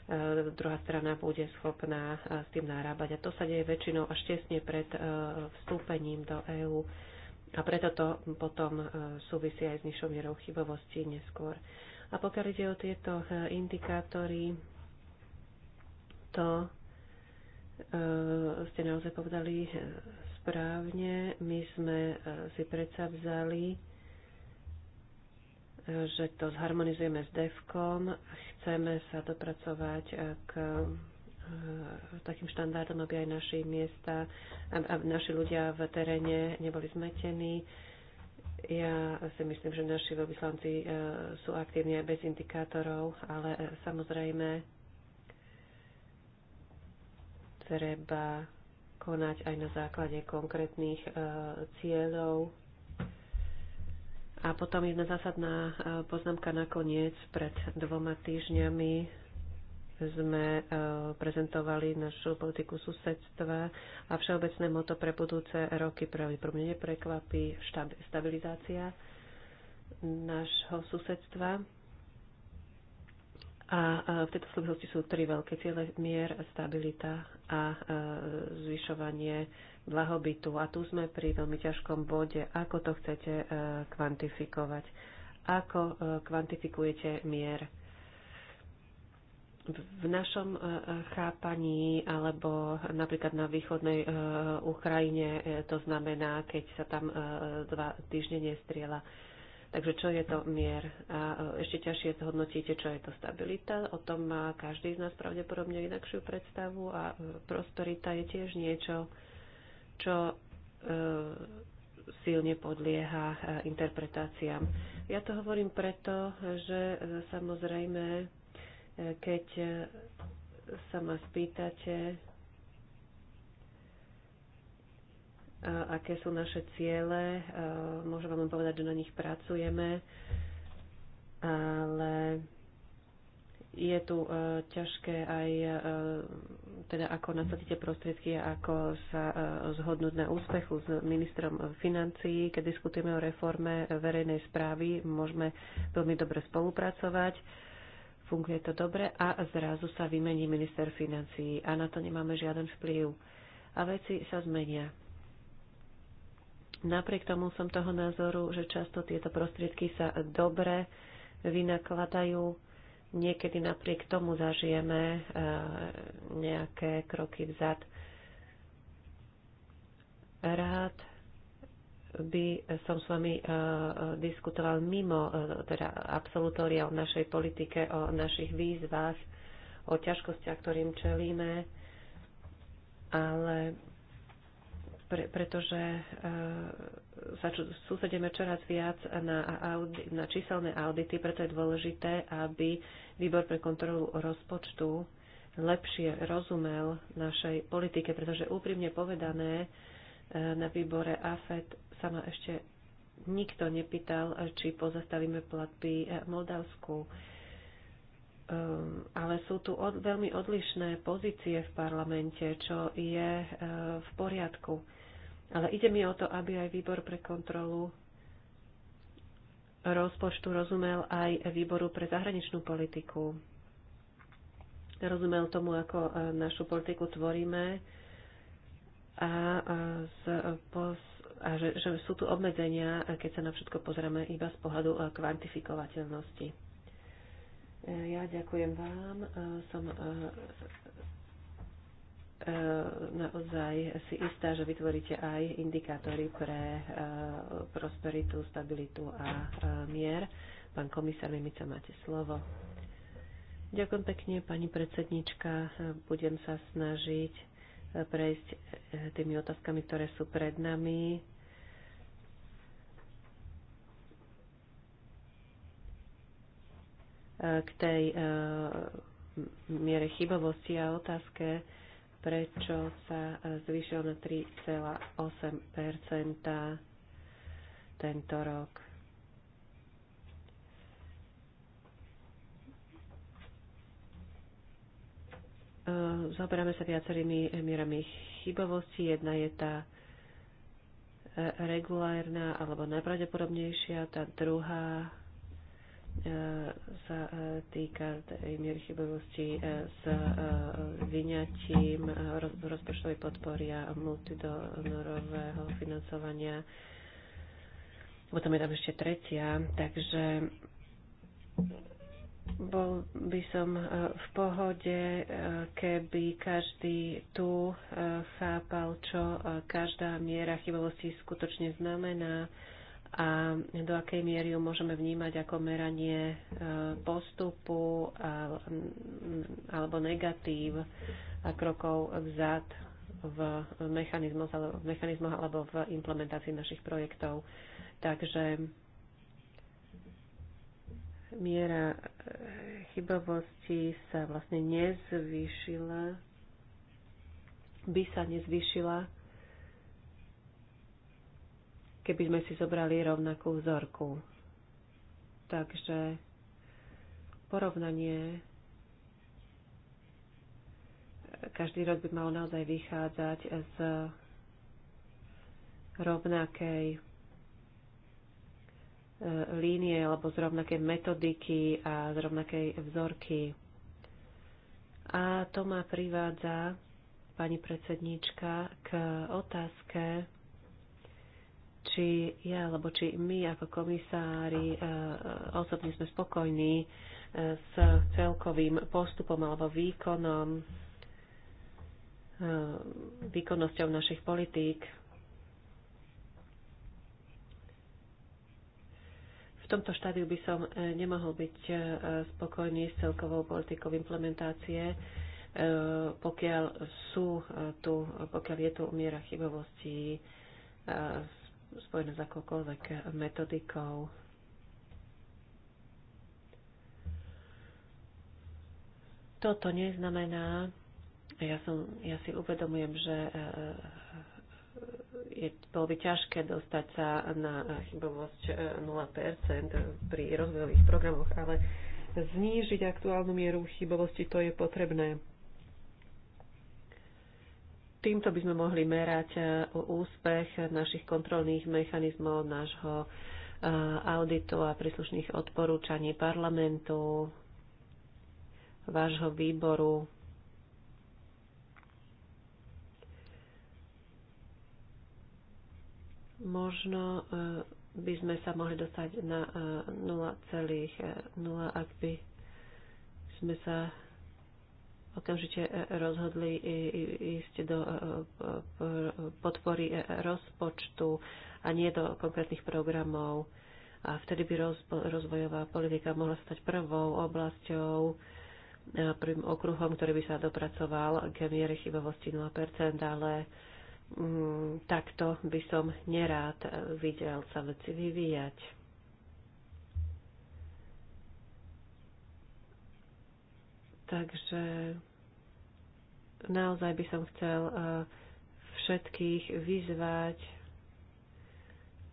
E, druhá strana bude schopná e, s tým nárábať. A to sa deje väčšinou až tesne pred e, vstúpením do EÚ. A preto to potom súvisí aj s nižšou mierou chybovosti neskôr. A pokiaľ ide o tieto indikátory, to ste naozaj povedali správne. My sme si predsa vzali, že to zharmonizujeme s DEVKom. Chceme sa dopracovať eh, k eh, takým štandardom, aby aj naši miesta, aby naši ľudia v teréne neboli zmetení. Ja si myslím, že naši veľvyslanci eh, sú aktívni aj bez indikátorov, ale samozrejme treba konať aj na základe konkrétnych cieľov a potom jedna zásadná e, poznámka nakoniec. Pred dvoma týždňami sme e, prezentovali našu politiku susedstva a všeobecné moto pre budúce roky pravdepodobne neprekvapí stabilizácia nášho susedstva. A e, v tejto súvislosti sú tri veľké ciele mier, stabilita a zvyšovanie blahobytu. A tu sme pri veľmi ťažkom bode, ako to chcete e, kvantifikovať. Ako e, kvantifikujete mier? V našom e, chápaní, alebo napríklad na východnej Ukrajine, to znamená, keď sa tam dva týždne nestriela. Takže čo je to mier? A ešte ťažšie zhodnotíte, čo je to stabilita. O tom má každý z nás pravdepodobne inakšiu predstavu a prosperita je tiež niečo, čo e, silne podlieha e, interpretáciám. Ja to hovorím preto, že e, samozrejme, keď sa ma spýtate, aké sú naše ciele, môžem vám povedať, že na nich pracujeme, ale je tu e, ťažké aj e, teda ako nasadíte prostriedky a ako sa e, zhodnúť na úspechu s ministrom financií. Keď diskutujeme o reforme verejnej správy, môžeme veľmi dobre spolupracovať. Funguje to dobre a zrazu sa vymení minister financií a na to nemáme žiaden vplyv. A veci sa zmenia. Napriek tomu som toho názoru, že často tieto prostriedky sa dobre vynakladajú niekedy napriek tomu zažijeme e, nejaké kroky vzad. Rád by som s vami e, e, diskutoval mimo teda absolutória o našej politike, o našich výzvach, o ťažkostiach, ktorým čelíme, ale pre, pretože e, sa sústredíme čoraz viac na, audi, na číselné audity, preto je dôležité, aby výbor pre kontrolu rozpočtu lepšie rozumel našej politike, pretože úprimne povedané e, na výbore AFED sa ma ešte nikto nepýtal, či pozastavíme platby e, Moldavsku. Um, ale sú tu od, veľmi odlišné pozície v parlamente, čo je uh, v poriadku. Ale ide mi o to, aby aj výbor pre kontrolu rozpočtu rozumel aj výboru pre zahraničnú politiku. Rozumel tomu, ako e, našu politiku tvoríme a, e, z, e, pos, a že, že sú tu obmedzenia, keď sa na všetko pozrieme iba z pohľadu kvantifikovateľnosti. Ja ďakujem vám. Som E, naozaj si istá, že vytvoríte aj indikátory pre e, prosperitu, stabilitu a e, mier. Pán komisár Mimica, máte slovo. Ďakujem pekne, pani predsednička. Budem sa snažiť prejsť tými otázkami, ktoré sú pred nami. K tej miere chybovosti a otázke, prečo sa e, zvyšil na 3,8 tento rok. E, Zoberáme sa viacerými mierami chybovosti. Jedna je tá e, regulárna alebo najpravdepodobnejšia, tá druhá E, sa e, týka miery chybovosti e, s vyňatím rozpočtovej podpory a multidonorového financovania. Potom je tam ešte tretia, takže bol by som v pohode, keby každý tu chápal, čo každá miera chybovosti skutočne znamená a do akej miery ju môžeme vnímať ako meranie e, postupu mm, alebo negatív a krokov vzad v mechanizmoch alebo, v mechanizmoch alebo v implementácii našich projektov. Takže miera e, chybovosti sa vlastne nezvýšila, by sa nezvýšila keby sme si zobrali rovnakú vzorku. Takže porovnanie každý rok by mal naozaj vychádzať z rovnakej e, línie alebo z rovnakej metodiky a z rovnakej vzorky. A to ma privádza, pani predsedníčka, k otázke či ja, alebo či my ako komisári e, e, osobne sme spokojní e, s celkovým postupom alebo výkonom, výkonnosťou našich politík. V tomto štádiu by som nemohol byť spokojný s celkovou politikou implementácie, pokiaľ, sú tu, pokiaľ je tu miera chybovosti spojené s akoukoľvek metodikou. Toto neznamená, ja, som, ja si uvedomujem, že e, e, je, bolo by ťažké dostať sa na chybovosť 0% e, pri rozvojových programoch, ale znížiť aktuálnu mieru chybovosti, to je potrebné. Týmto by sme mohli merať e, úspech našich kontrolných mechanizmov, nášho e, auditu a príslušných odporúčaní parlamentu, vášho výboru. Možno e, by sme sa mohli dostať na 0,0, ak by sme sa okamžite e, rozhodli ísť do e, e, podpory rozpočtu a nie do konkrétnych programov. A vtedy by rozvojová politika mohla stať prvou oblasťou, prvým okruhom, ktorý by sa dopracoval k miere chybovosti 0%, ale mm, takto by som nerád videl sa veci vyvíjať. Takže naozaj by som chcel eh, všetkých vyzvať,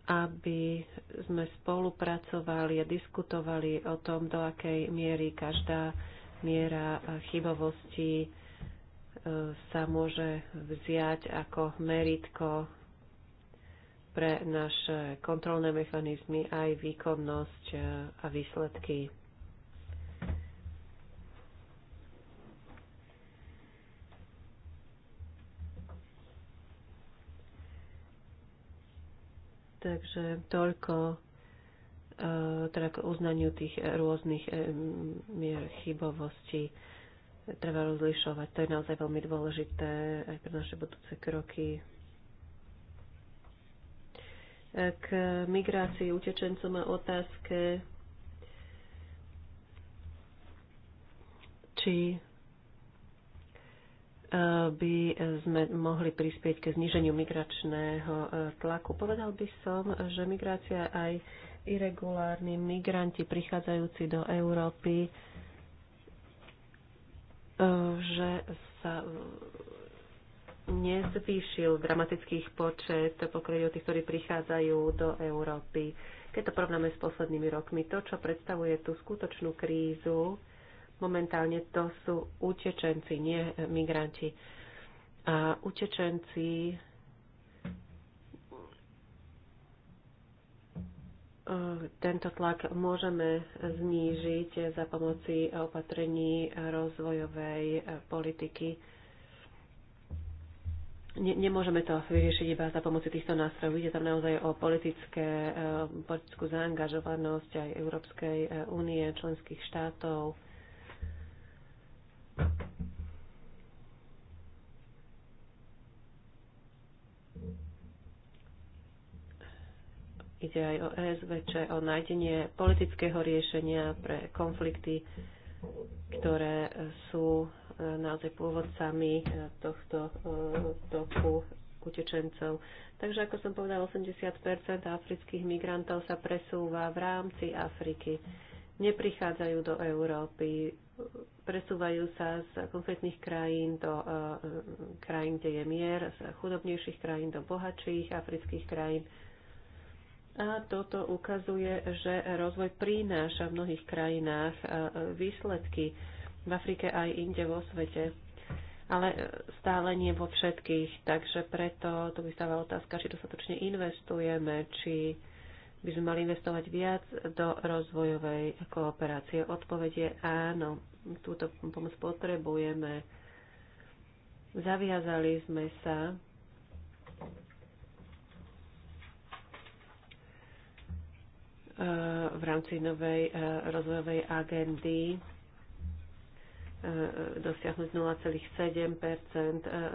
aby sme spolupracovali a diskutovali o tom, do akej miery každá miera eh, chybovosti eh, sa môže vziať ako meritko pre naše kontrolné mechanizmy aj výkonnosť a výsledky. Takže toľko e, teda k uznaniu tých rôznych e, mier chybovostí treba rozlišovať. To je naozaj veľmi dôležité aj pre naše budúce kroky. E, k migrácii utečencom a otázke, či by sme mohli prispieť ke zniženiu migračného e, tlaku. Povedal by som, že migrácia aj irregulárni migranti prichádzajúci do Európy, e, že sa nezvýšil dramatických počet pokryjú tých, ktorí prichádzajú do Európy. Keď to porovnáme s poslednými rokmi, to, čo predstavuje tú skutočnú krízu, Momentálne to sú utečenci, nie migranti. A utečenci tento tlak môžeme znížiť za pomoci opatrení rozvojovej politiky. Nemôžeme to vyriešiť iba za pomoci týchto nástrojov. Ide tam naozaj o politické, eh, politickú zaangažovanosť aj Európskej eh, únie, členských štátov. Ide aj o ESVČ, o nájdenie politického riešenia pre konflikty, ktoré sú e, naozaj pôvodcami e, tohto e, toku utečencov. Takže ako som povedal, 80 afrických migrantov sa presúva v rámci Afriky. Neprichádzajú do Európy, presúvajú sa z konfliktných krajín do e, krajín, kde je mier, z chudobnejších krajín do bohatších afrických krajín. A toto ukazuje, že rozvoj prináša v mnohých krajinách e, výsledky v Afrike aj inde vo svete. Ale stále nie vo všetkých, takže preto tu vystáva otázka, či dostatočne investujeme, či by sme mali investovať viac do rozvojovej kooperácie. Odpovedie áno, túto pomoc potrebujeme. Zaviazali sme sa v rámci novej eh, rozvojovej agendy dosiahnuť 0,7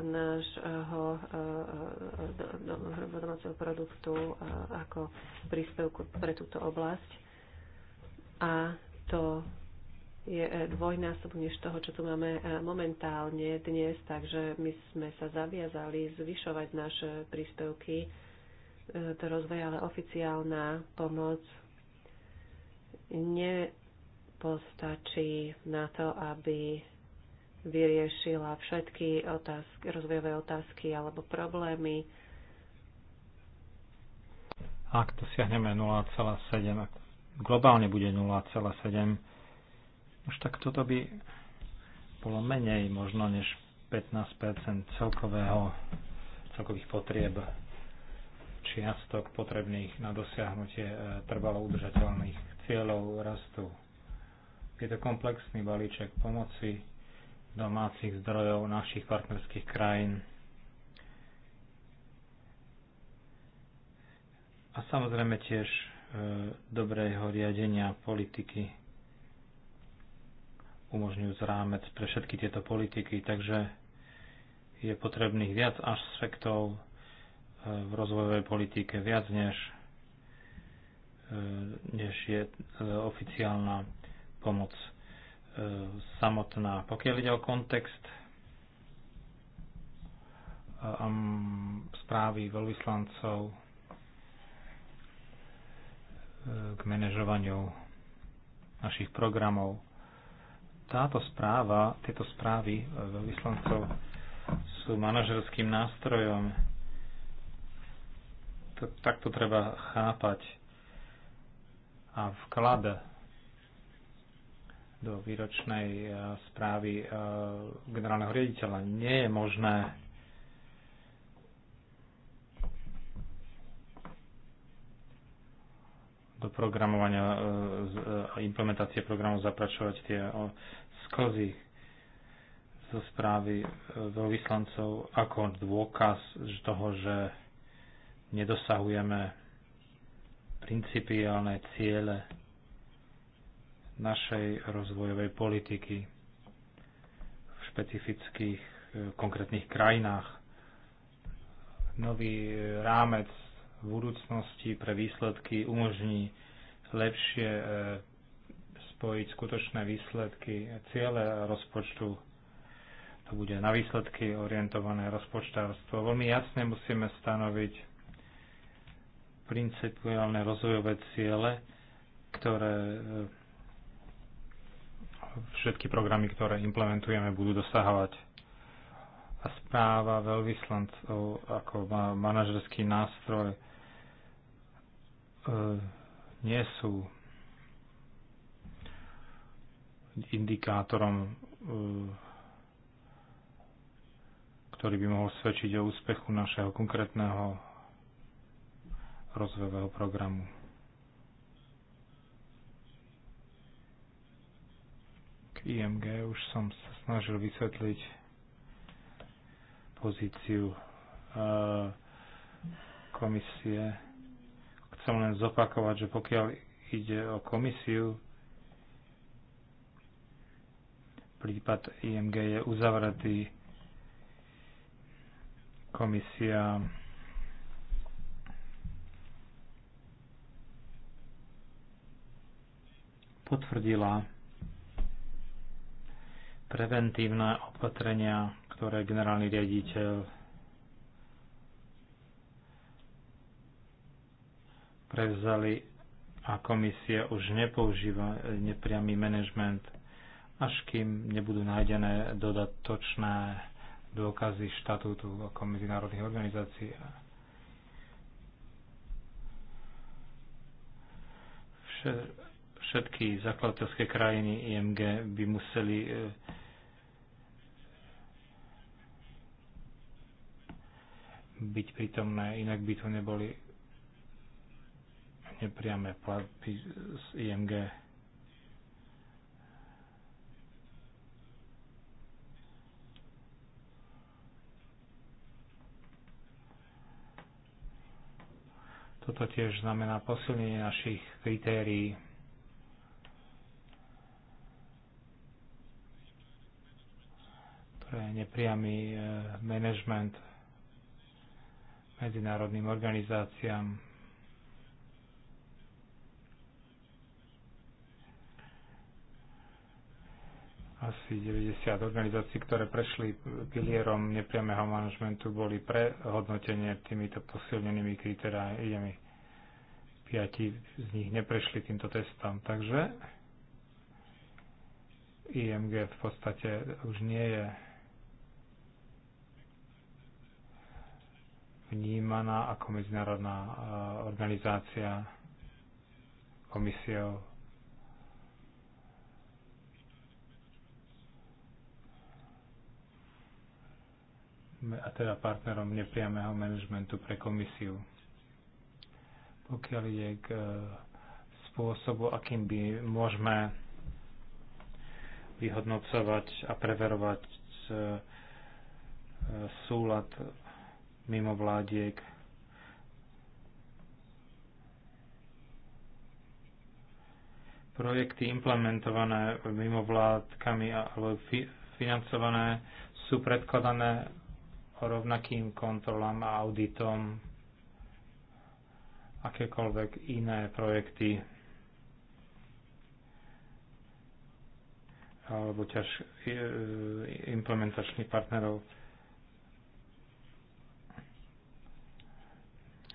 nášho eh, eh, domáceho produktu eh, ako príspevku pre túto oblasť. A to je dvojnásobne než toho, čo tu máme momentálne dnes, takže my sme sa zaviazali zvyšovať naše príspevky do rozvoja, ale oficiálna pomoc ne postačí na to, aby vyriešila všetky otázky, rozvojové otázky alebo problémy. Ak dosiahneme 0,7, ak globálne bude 0,7, už tak toto by bolo menej možno než 15 celkového, celkových potrieb čiastok potrebných na dosiahnutie e, trvalo udržateľných cieľov rastu je to komplexný balíček pomoci domácich zdrojov našich partnerských krajín. A samozrejme tiež e, dobrého riadenia politiky umožňujú zrámec pre všetky tieto politiky, takže je potrebných viac aspektov e, v rozvojovej politike, viac než, e, než je e, oficiálna pomoc e, samotná. Pokiaľ ide o kontext správy veľvyslancov e, k manažovaniu našich programov, táto správa, tieto správy e, veľvyslancov sú manažerským nástrojom. takto treba chápať a vklad do výročnej eh, správy eh, generálneho riaditeľa. Nie je možné do programovania a eh, implementácie programov zapračovať tie sklzy zo správy veľvyslancov ako dôkaz toho, že nedosahujeme principiálne ciele našej rozvojovej politiky v špecifických e, konkrétnych krajinách. Nový e, rámec v budúcnosti pre výsledky umožní lepšie e, spojiť skutočné výsledky, ciele rozpočtu. To bude na výsledky orientované rozpočtárstvo. Veľmi jasne musíme stanoviť principiálne rozvojové ciele, ktoré všetky programy, ktoré implementujeme, budú dosahovať. A správa veľvyslancov ako manažerský nástroj e, nie sú indikátorom, e, ktorý by mohol svedčiť o úspechu našeho konkrétneho rozvojového programu. IMG už som sa snažil vysvetliť pozíciu e, komisie. Chcem len zopakovať, že pokiaľ ide o komisiu, prípad IMG je uzavretý. Komisia potvrdila preventívne opatrenia, ktoré generálny riaditeľ prevzali a komisia už nepoužíva nepriamy manažment, až kým nebudú nájdené dodatočné dôkazy štatútu ako medzinárodných organizácií. Vše, všetky zakladateľské krajiny IMG by museli eh, byť prítomné, inak by tu neboli nepriame platby z IMG. Toto tiež znamená posilnenie našich kritérií pre nepriamy e, management medzinárodným organizáciám. Asi 90 organizácií, ktoré prešli pilierom nepriameho manažmentu, boli prehodnotenie týmito posilnenými kritériami. Piati z nich neprešli týmto testom. Takže IMG v podstate už nie je vnímaná ako medzinárodná e, organizácia komisiou a teda partnerom nepriamého manažmentu pre komisiu. Pokiaľ ide k e, spôsobu, akým by môžeme vyhodnocovať a preverovať e, súlad mimo vládiek. Projekty implementované mimo vládkami alebo fi- financované sú predkladané rovnakým kontrolám a auditom akékoľvek iné projekty alebo ťaž e, implementačných partnerov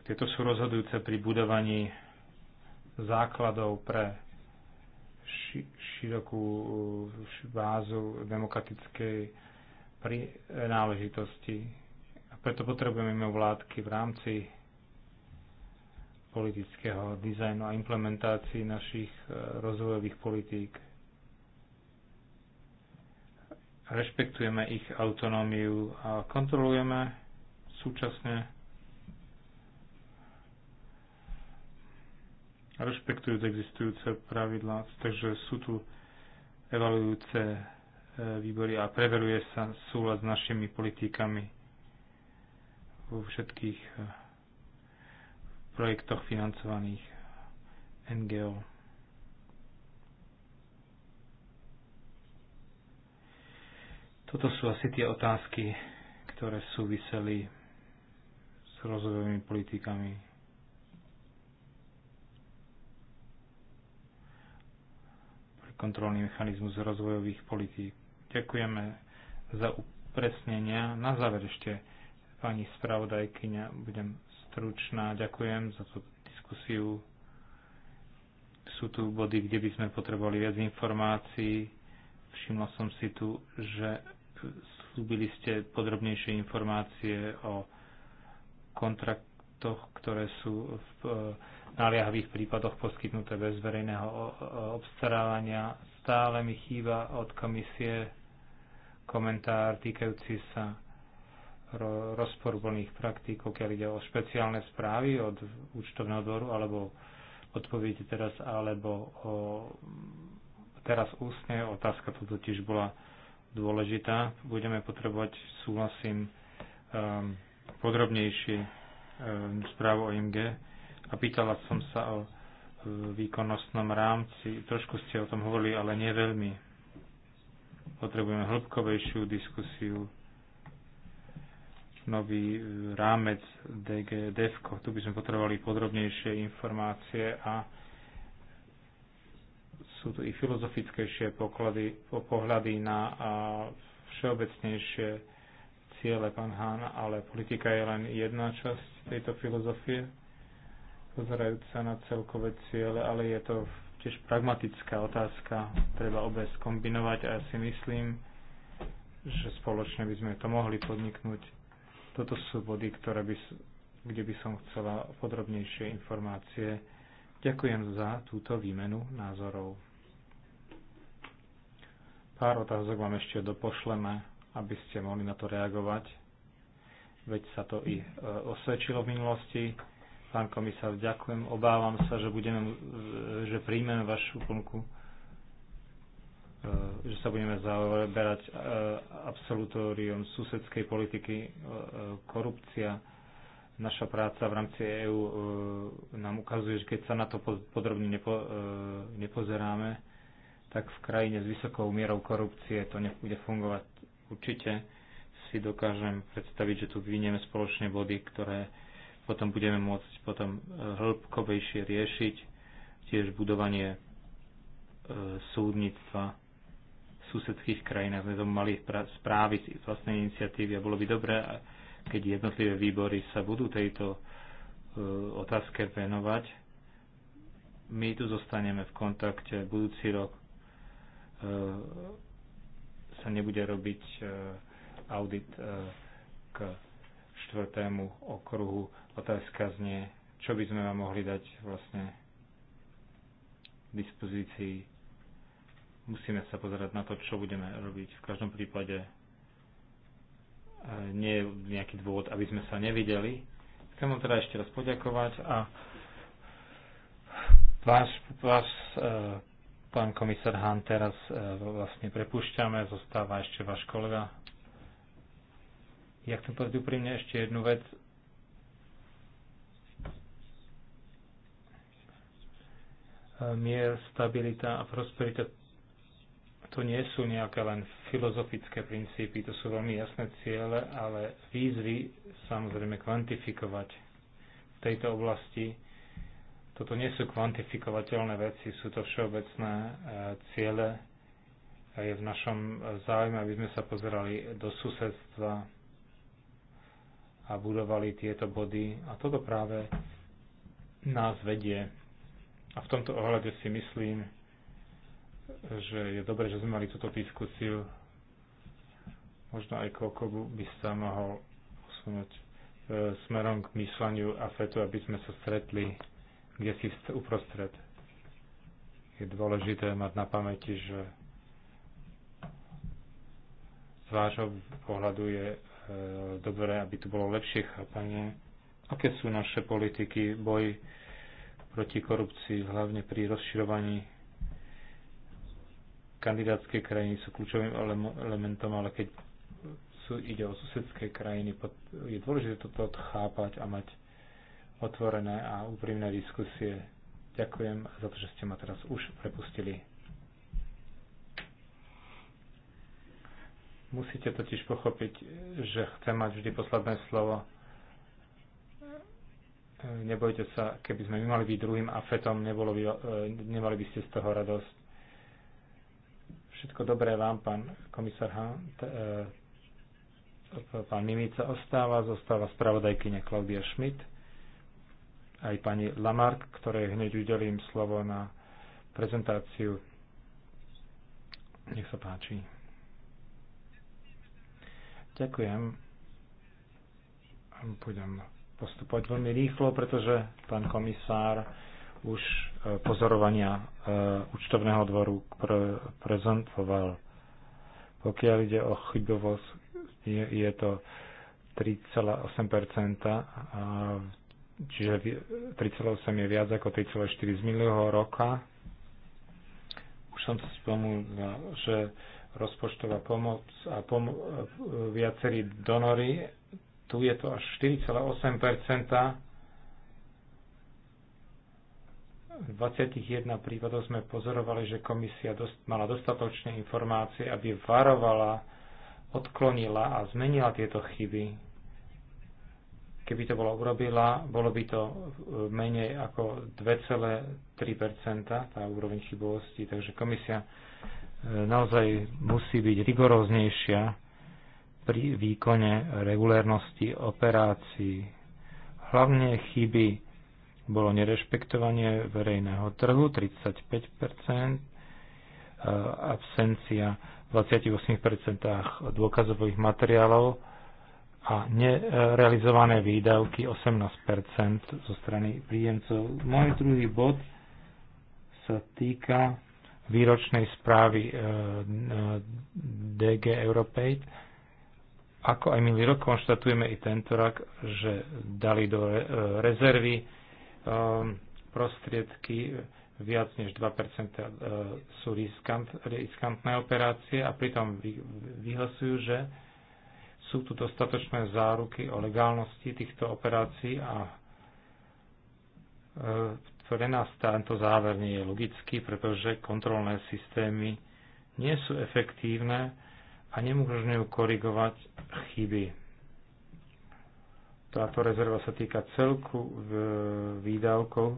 Tieto sú rozhodujúce pri budovaní základov pre ši- širokú uh, bázu demokratickej náležitosti. A preto potrebujeme vládky v rámci politického dizajnu a implementácii našich uh, rozvojových politík. Rešpektujeme ich autonómiu a kontrolujeme súčasne rešpektujúc existujúce pravidlá, takže sú tu evaluujúce e, výbory a preveruje sa súlad s našimi politikami vo všetkých e, projektoch financovaných NGO. Toto sú asi tie otázky, ktoré súviseli s rozvojovými politikami kontrolný mechanizmus rozvojových politík. Ďakujeme za upresnenia. Na záver ešte pani spravodajkyňa, budem stručná. Ďakujem za tú diskusiu. Sú tu body, kde by sme potrebovali viac informácií. Všimla som si tu, že slúbili ste podrobnejšie informácie o kontrakt to, ktoré sú v e, naliahavých prípadoch poskytnuté bez verejného obstarávania. Stále mi chýba od komisie komentár týkajúci sa rozporu plných praktík, pokiaľ ide o špeciálne správy od účtovného dvoru, alebo odpoviete teraz, alebo o, teraz ústne. Otázka to totiž bola dôležitá. Budeme potrebovať, súhlasím, um, podrobnejšie Ehm, správu o IMG a pýtala som sa o e, výkonnostnom rámci. Trošku ste o tom hovorili, ale nie veľmi. Potrebujeme hĺbkovejšiu diskusiu, nový e, rámec DG, DEFCO. Tu by sme potrebovali podrobnejšie informácie a sú tu i filozofickejšie poklady, pohľady na všeobecnejšie ciele, pán Hán, ale politika je len jedna časť tejto filozofie, pozerajúc sa na celkové ciele, ale je to tiež pragmatická otázka. Treba obe skombinovať a ja si myslím, že spoločne by sme to mohli podniknúť. Toto sú body, ktoré by, kde by som chcela podrobnejšie informácie. Ďakujem za túto výmenu názorov. Pár otázok vám ešte dopošleme aby ste mohli na to reagovať. Veď sa to i e, osvedčilo v minulosti. Pán komisár, ďakujem. Obávam sa, že, budeme, e, že príjmeme vašu ponuku, e, že sa budeme zaoberať absolutórium susedskej politiky, korupcia. Naša práca v rámci EÚ nám ukazuje, že keď sa na to podrobne nepo, nepozeráme, tak v krajine s vysokou mierou korupcie to nebude fungovať Určite si dokážem predstaviť, že tu vyvinieme spoločné body, ktoré potom budeme môcť potom e, hĺbkovejšie riešiť, tiež budovanie e, súdnictva v susedských krajinách. Sme to mali správy z vlastnej iniciatívy a bolo by dobré, keď jednotlivé výbory sa budú tejto e, otázke venovať. My tu zostaneme v kontakte budúci rok sa nebude robiť e, audit e, k štvrtému okruhu. Otázka znie, čo by sme vám mohli dať vlastne dispozícii. Musíme sa pozerať na to, čo budeme robiť. V každom prípade e, nie je nejaký dôvod, aby sme sa nevideli. Chcem vám teda ešte raz poďakovať a váš Pán komisár Hahn, teraz e, vlastne prepušťame, zostáva ešte váš kolega. Ja chcem povedať úprimne ešte jednu vec. E, mier, stabilita a prosperita to nie sú nejaké len filozofické princípy, to sú veľmi jasné ciele, ale výzvy samozrejme kvantifikovať v tejto oblasti toto nie sú kvantifikovateľné veci, sú to všeobecné e, ciele a je v našom e, záujme, aby sme sa pozerali do susedstva a budovali tieto body. A toto práve nás vedie. A v tomto ohľade si myslím, že je dobré, že sme mali túto diskusiu. Možno aj koľko by sa mohol usunúť e, smerom k mysleniu a fetu, aby sme sa stretli kde si uprostred. Je dôležité mať na pamäti, že z vášho pohľadu je e, dobré, aby tu bolo lepšie chápanie, aké sú naše politiky, boj proti korupcii, hlavne pri rozširovaní kandidátskej krajiny sú kľúčovým elementom, ale keď sú, ide o susedské krajiny, pod, je dôležité toto chápať a mať otvorené a úprimné diskusie. Ďakujem za to, že ste ma teraz už prepustili. Musíte totiž pochopiť, že chcem mať vždy posledné slovo. Nebojte sa, keby sme my mali byť druhým afetom, nebolo by, e, nemali by ste z toho radosť. Všetko dobré vám, pán komisár Hahn e, pán Mimica ostáva, zostáva spravodajkyňa Klaudia Schmidt aj pani Lamark, ktorej hneď udelím slovo na prezentáciu. Nech sa páči. Ďakujem. Budem postupovať veľmi rýchlo, pretože pán komisár už e, pozorovania e, účtovného dvoru pre, prezentoval. Pokiaľ ide o chybovosť, je, je to 3,8 a čiže 3,8 je viac ako 3,4 z minulého roka. Už som si spomínal, že rozpočtová pomoc a pom- viacerí donory, tu je to až 4,8 v 21 prípadoch sme pozorovali, že komisia dost, mala dostatočné informácie, aby varovala, odklonila a zmenila tieto chyby Keby to bola urobila, bolo by to e, menej ako 2,3 tá úroveň chybovosti. Takže komisia e, naozaj musí byť rigoróznejšia pri výkone regulérnosti operácií. Hlavne chyby bolo nerešpektovanie verejného trhu 35 e, absencia v 28 dôkazových materiálov a nerealizované výdavky 18 zo strany príjemcov. Môj druhý bod sa týka výročnej správy e, e, DG Europeit. Ako aj minulý rok konštatujeme i tento rok, že dali do e, rezervy prostriedky viac než 2 sú riskantné operácie a pritom vyhlasujú, že sú tu dostatočné záruky o legálnosti týchto operácií a pre nás tento záver nie je logický, pretože kontrolné systémy nie sú efektívne a nemôžu korigovať chyby. Táto rezerva sa týka celku výdavkov,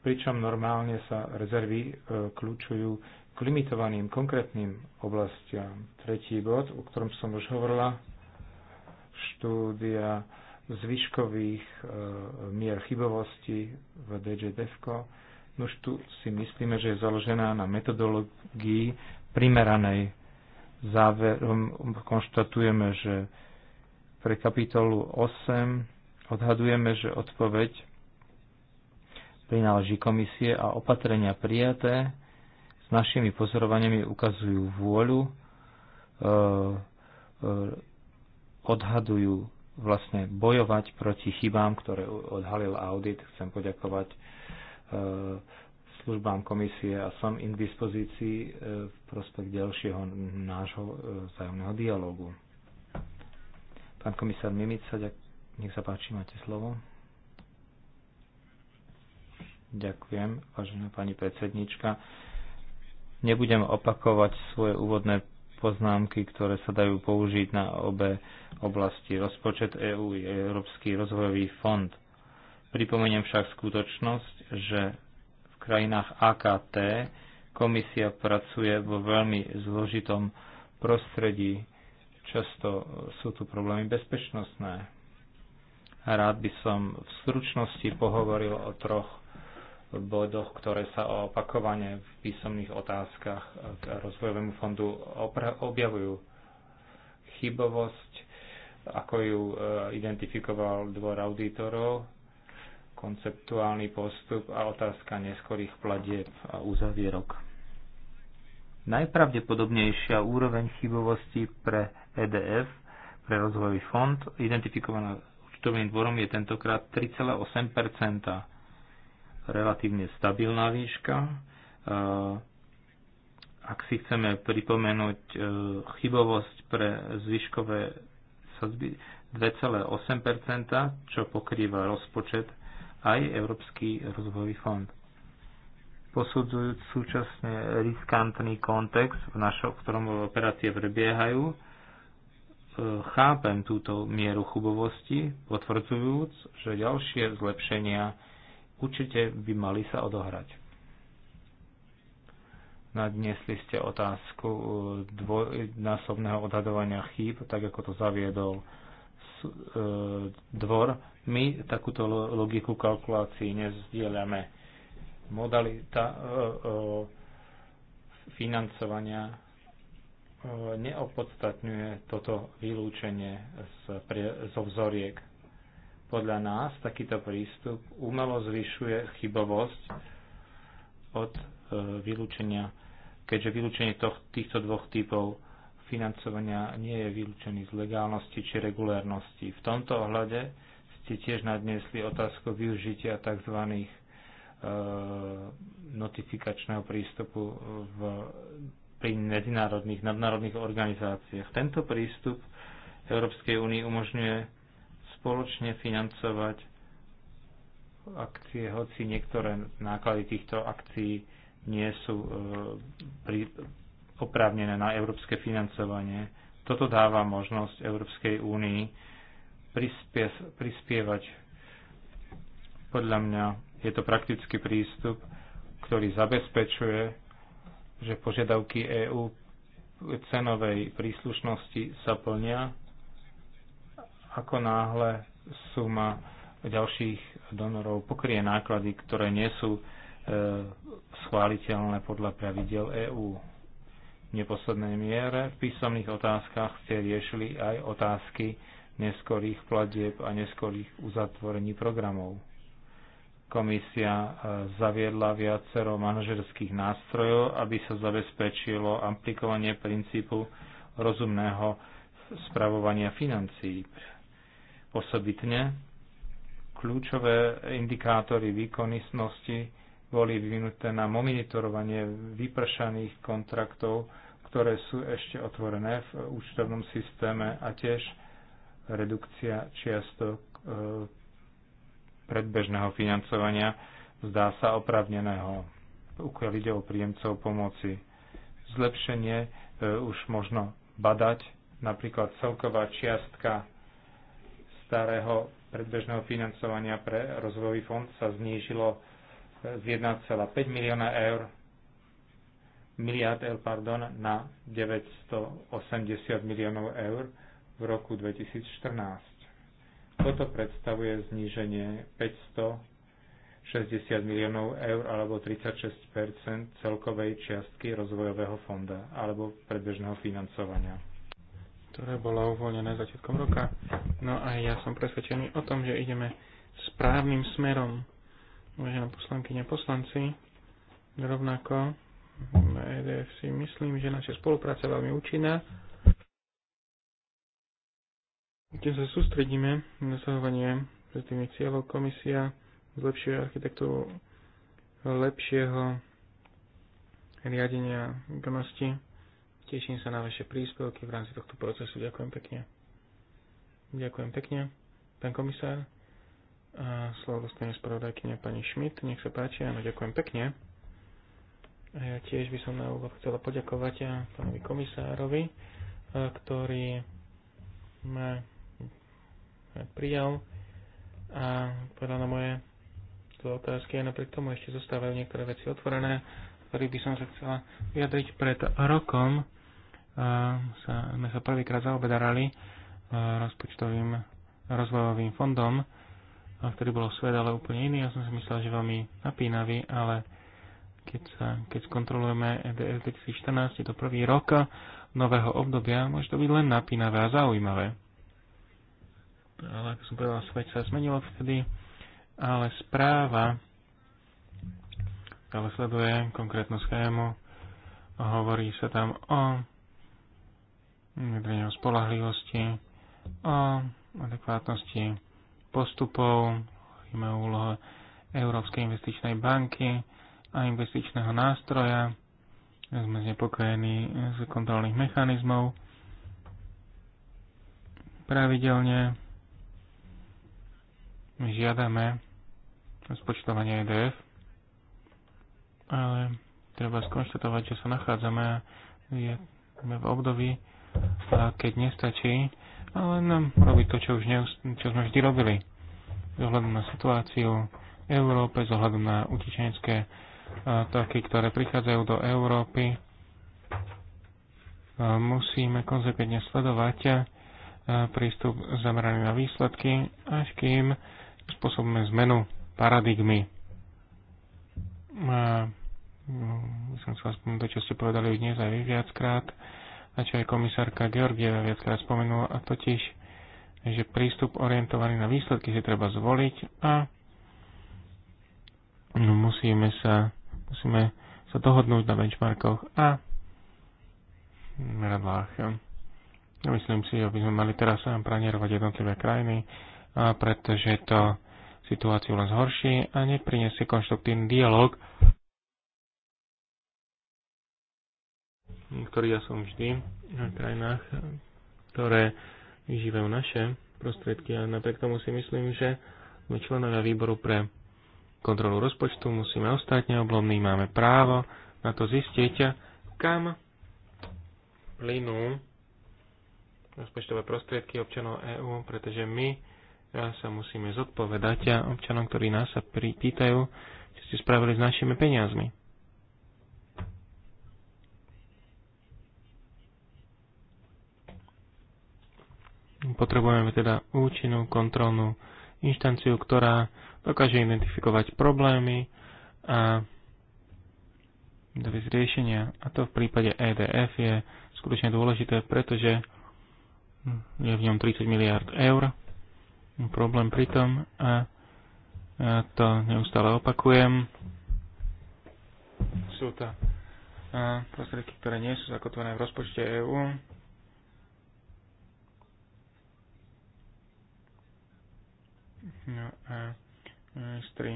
pričom normálne sa rezervy e, kľúčujú k limitovaným konkrétnym oblastiam. Tretí bod, o ktorom som už hovorila, štúdia zvyškových e, mier chybovosti v DJ DEFCO. už tu si myslíme, že je založená na metodológii primeranej. Záverom konštatujeme, že pre kapitolu 8 odhadujeme, že odpoveď prináleží komisie a opatrenia prijaté našimi pozorovaniami ukazujú vôľu, e, e, odhadujú vlastne bojovať proti chybám, ktoré odhalil audit. Chcem poďakovať e, službám komisie a som im k dispozícii v prospech ďalšieho nášho vzájomného dialogu. Pán komisár Mimica, nech sa páči, máte slovo. Ďakujem, vážená pani predsednička. Nebudem opakovať svoje úvodné poznámky, ktoré sa dajú použiť na obe oblasti rozpočet EÚ EU i Európsky rozvojový fond. Pripomeniem však skutočnosť, že v krajinách AKT komisia pracuje vo veľmi zložitom prostredí. Často sú tu problémy bezpečnostné. Rád by som v stručnosti pohovoril o troch bodoch, ktoré sa opakovane v písomných otázkach k rozvojovému fondu objavujú. Chybovosť, ako ju e, identifikoval dvor auditorov, konceptuálny postup a otázka neskorých platieb a uzavierok. Najpravdepodobnejšia úroveň chybovosti pre EDF, pre rozvojový fond, identifikovaná účtovým dvorom je tentokrát 3,8 relatívne stabilná výška. E, ak si chceme pripomenúť e, chybovosť pre zvyškové sadzby 2,8%, čo pokrýva rozpočet aj Európsky rozvojový fond. Posudzujúc súčasne riskantný kontext, v, našom, v ktorom operácie prebiehajú, e, chápem túto mieru chubovosti, potvrdzujúc, že ďalšie zlepšenia určite by mali sa odohrať. Nadniesli ste otázku e, dvojnásobného odhadovania chýb, tak ako to zaviedol e, dvor. My takúto logiku kalkulácií nezdieľame. Modalita e, financovania neopodstatňuje toto vylúčenie zo vzoriek podľa nás takýto prístup umelo zvyšuje chybovosť od e, vylúčenia, keďže vylúčenie týchto dvoch typov financovania nie je vylúčený z legálnosti či regulérnosti. V tomto ohľade ste tiež nadniesli otázku využitia tzv. E, notifikačného prístupu v, pri medzinárodných, nadnárodných organizáciách. Tento prístup Európskej únii umožňuje spoločne financovať akcie, hoci niektoré náklady týchto akcií nie sú e, oprávnené na európske financovanie. Toto dáva možnosť Európskej únii prispievať. Podľa mňa je to praktický prístup, ktorý zabezpečuje, že požiadavky EÚ cenovej príslušnosti sa plnia ako náhle suma ďalších donorov pokrie náklady, ktoré nie sú e, schváliteľné podľa pravidel EÚ. V neposlednej miere v písomných otázkach ste riešili aj otázky neskorých platieb a neskorých uzatvorení programov. Komisia e, zaviedla viacero manažerských nástrojov, aby sa zabezpečilo aplikovanie princípu rozumného spravovania financií Osobitne kľúčové indikátory výkonnosti boli vyvinuté na monitorovanie vypršaných kontraktov, ktoré sú ešte otvorené v účtovnom systéme a tiež redukcia čiastok e, predbežného financovania zdá sa opravneného, Ukiaľ ide o príjemcov pomoci. Zlepšenie e, už možno badať, napríklad celková čiastka starého predbežného financovania pre rozvojový fond sa znížilo e, z 1,5 milióna eur miliard eur, pardon, na 980 miliónov eur v roku 2014. Toto predstavuje zníženie 560 miliónov eur alebo 36 celkovej čiastky rozvojového fonda alebo predbežného financovania ktoré bolo uvoľnené začiatkom roka. No a ja som presvedčený o tom, že ideme správnym smerom. Vážená poslankyňa poslanci, rovnako na EDF si myslím, že naša spolupráca je veľmi účinná, kde sa sústredíme na dosahovanie pozitívnych cieľov. Komisia zlepšuje architektúru lepšieho riadenia gnosti. Teším sa na vaše príspevky v rámci tohto procesu. Ďakujem pekne. Ďakujem pekne. Pán komisár, a slovo dostane spravodajkynia pani Schmidt. Nech sa páči, áno, ďakujem pekne. A ja tiež by som na úvod chcela poďakovať pánovi komisárovi, ktorý ma prijal a povedal na moje otázky a napriek tomu ešte zostávajú niektoré veci otvorené, ktorých by som sa chcela vyjadriť pred rokom sa, sme sa prvýkrát zaoberali e, rozpočtovým rozvojovým fondom, ktorý bol svet ale úplne iný. Ja som si myslel, že veľmi napínavý, ale keď, sa, keď skontrolujeme EDF 2014, je to prvý rok nového obdobia, môže to byť len napínavé a zaujímavé. Ale ako som povedal, svet sa zmenil vtedy, ale správa ale sleduje konkrétnu schému, hovorí sa tam o vedenia o spolahlivosti, o adekvátnosti postupov, hovoríme o úlohe Európskej investičnej banky a investičného nástroja. Sme znepokojení z kontrolných mechanizmov. Pravidelne žiadame rozpočtovanie EDF, ale treba skonštatovať, že sa nachádzame v období, a keď nestačí ale nám robiť to, čo, už neust- čo sme vždy robili. Z na situáciu v Európe, z na utečenecké toky, ktoré prichádzajú do Európy, musíme konzekventne sledovať prístup zameraný na výsledky, až kým spôsobíme zmenu paradigmy. A, no, som chcel spomenúť to, čo ste povedali dnes aj viackrát a čo aj komisárka Georgieva viackrát spomenula, a totiž, že prístup orientovaný na výsledky si treba zvoliť a no, musíme, sa, musíme sa dohodnúť na benchmarkoch a meradlách. Myslím si, aby sme mali teraz pranierovať jednotlivé krajiny, pretože to situáciu len zhorší a nepriniesie konštruktívny dialog ktorý ja som vždy na krajinách, ktoré vyžívajú naše prostriedky a napriek tomu si myslím, že sme členovia výboru pre kontrolu rozpočtu, musíme ostať neoblomní, máme právo na to zistiť, kam plynú rozpočtové prostriedky občanov EÚ, pretože my sa musíme zodpovedať a občanom, ktorí nás sa pýtajú, čo ste spravili s našimi peniazmi. Potrebujeme teda účinnú kontrolnú inštanciu, ktorá dokáže identifikovať problémy a dovieť riešenia. A to v prípade EDF je skutočne dôležité, pretože je v ňom 30 miliard eur. Problém pritom a ja to neustále opakujem. Sú to prostriedky, ktoré nie sú zakotvené v rozpočte EÚ No a e, ministri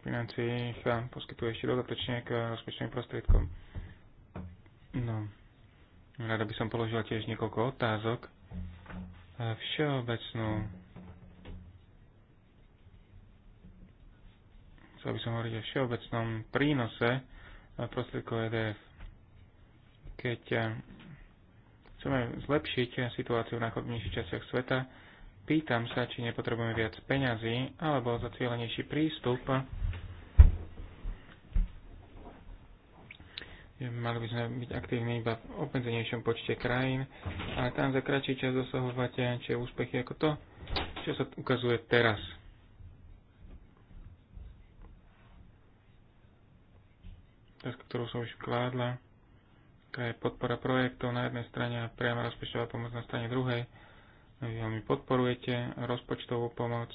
financí ich poskytuje ešte dodatočne k rozpočtovým prostriedkom. No, rada by som položila tiež niekoľko otázok. E, všeobecnú chcel by som hovoriť o všeobecnom prínose prostriedkov EDF. Keď e, chceme zlepšiť situáciu v najchodnejších častiach sveta, Pýtam sa, či nepotrebujeme viac peňazí alebo zacielenejší prístup. Mali by sme byť aktívni iba v obmedzenejšom počte krajín, ale tam za kratší čas dosahovať či úspechy ako to, čo sa ukazuje teraz. Teraz ktorú som už kládla, to je podpora projektov na jednej strane a priama rozpočtová pomoc na strane druhej veľmi podporujete rozpočtovú pomoc.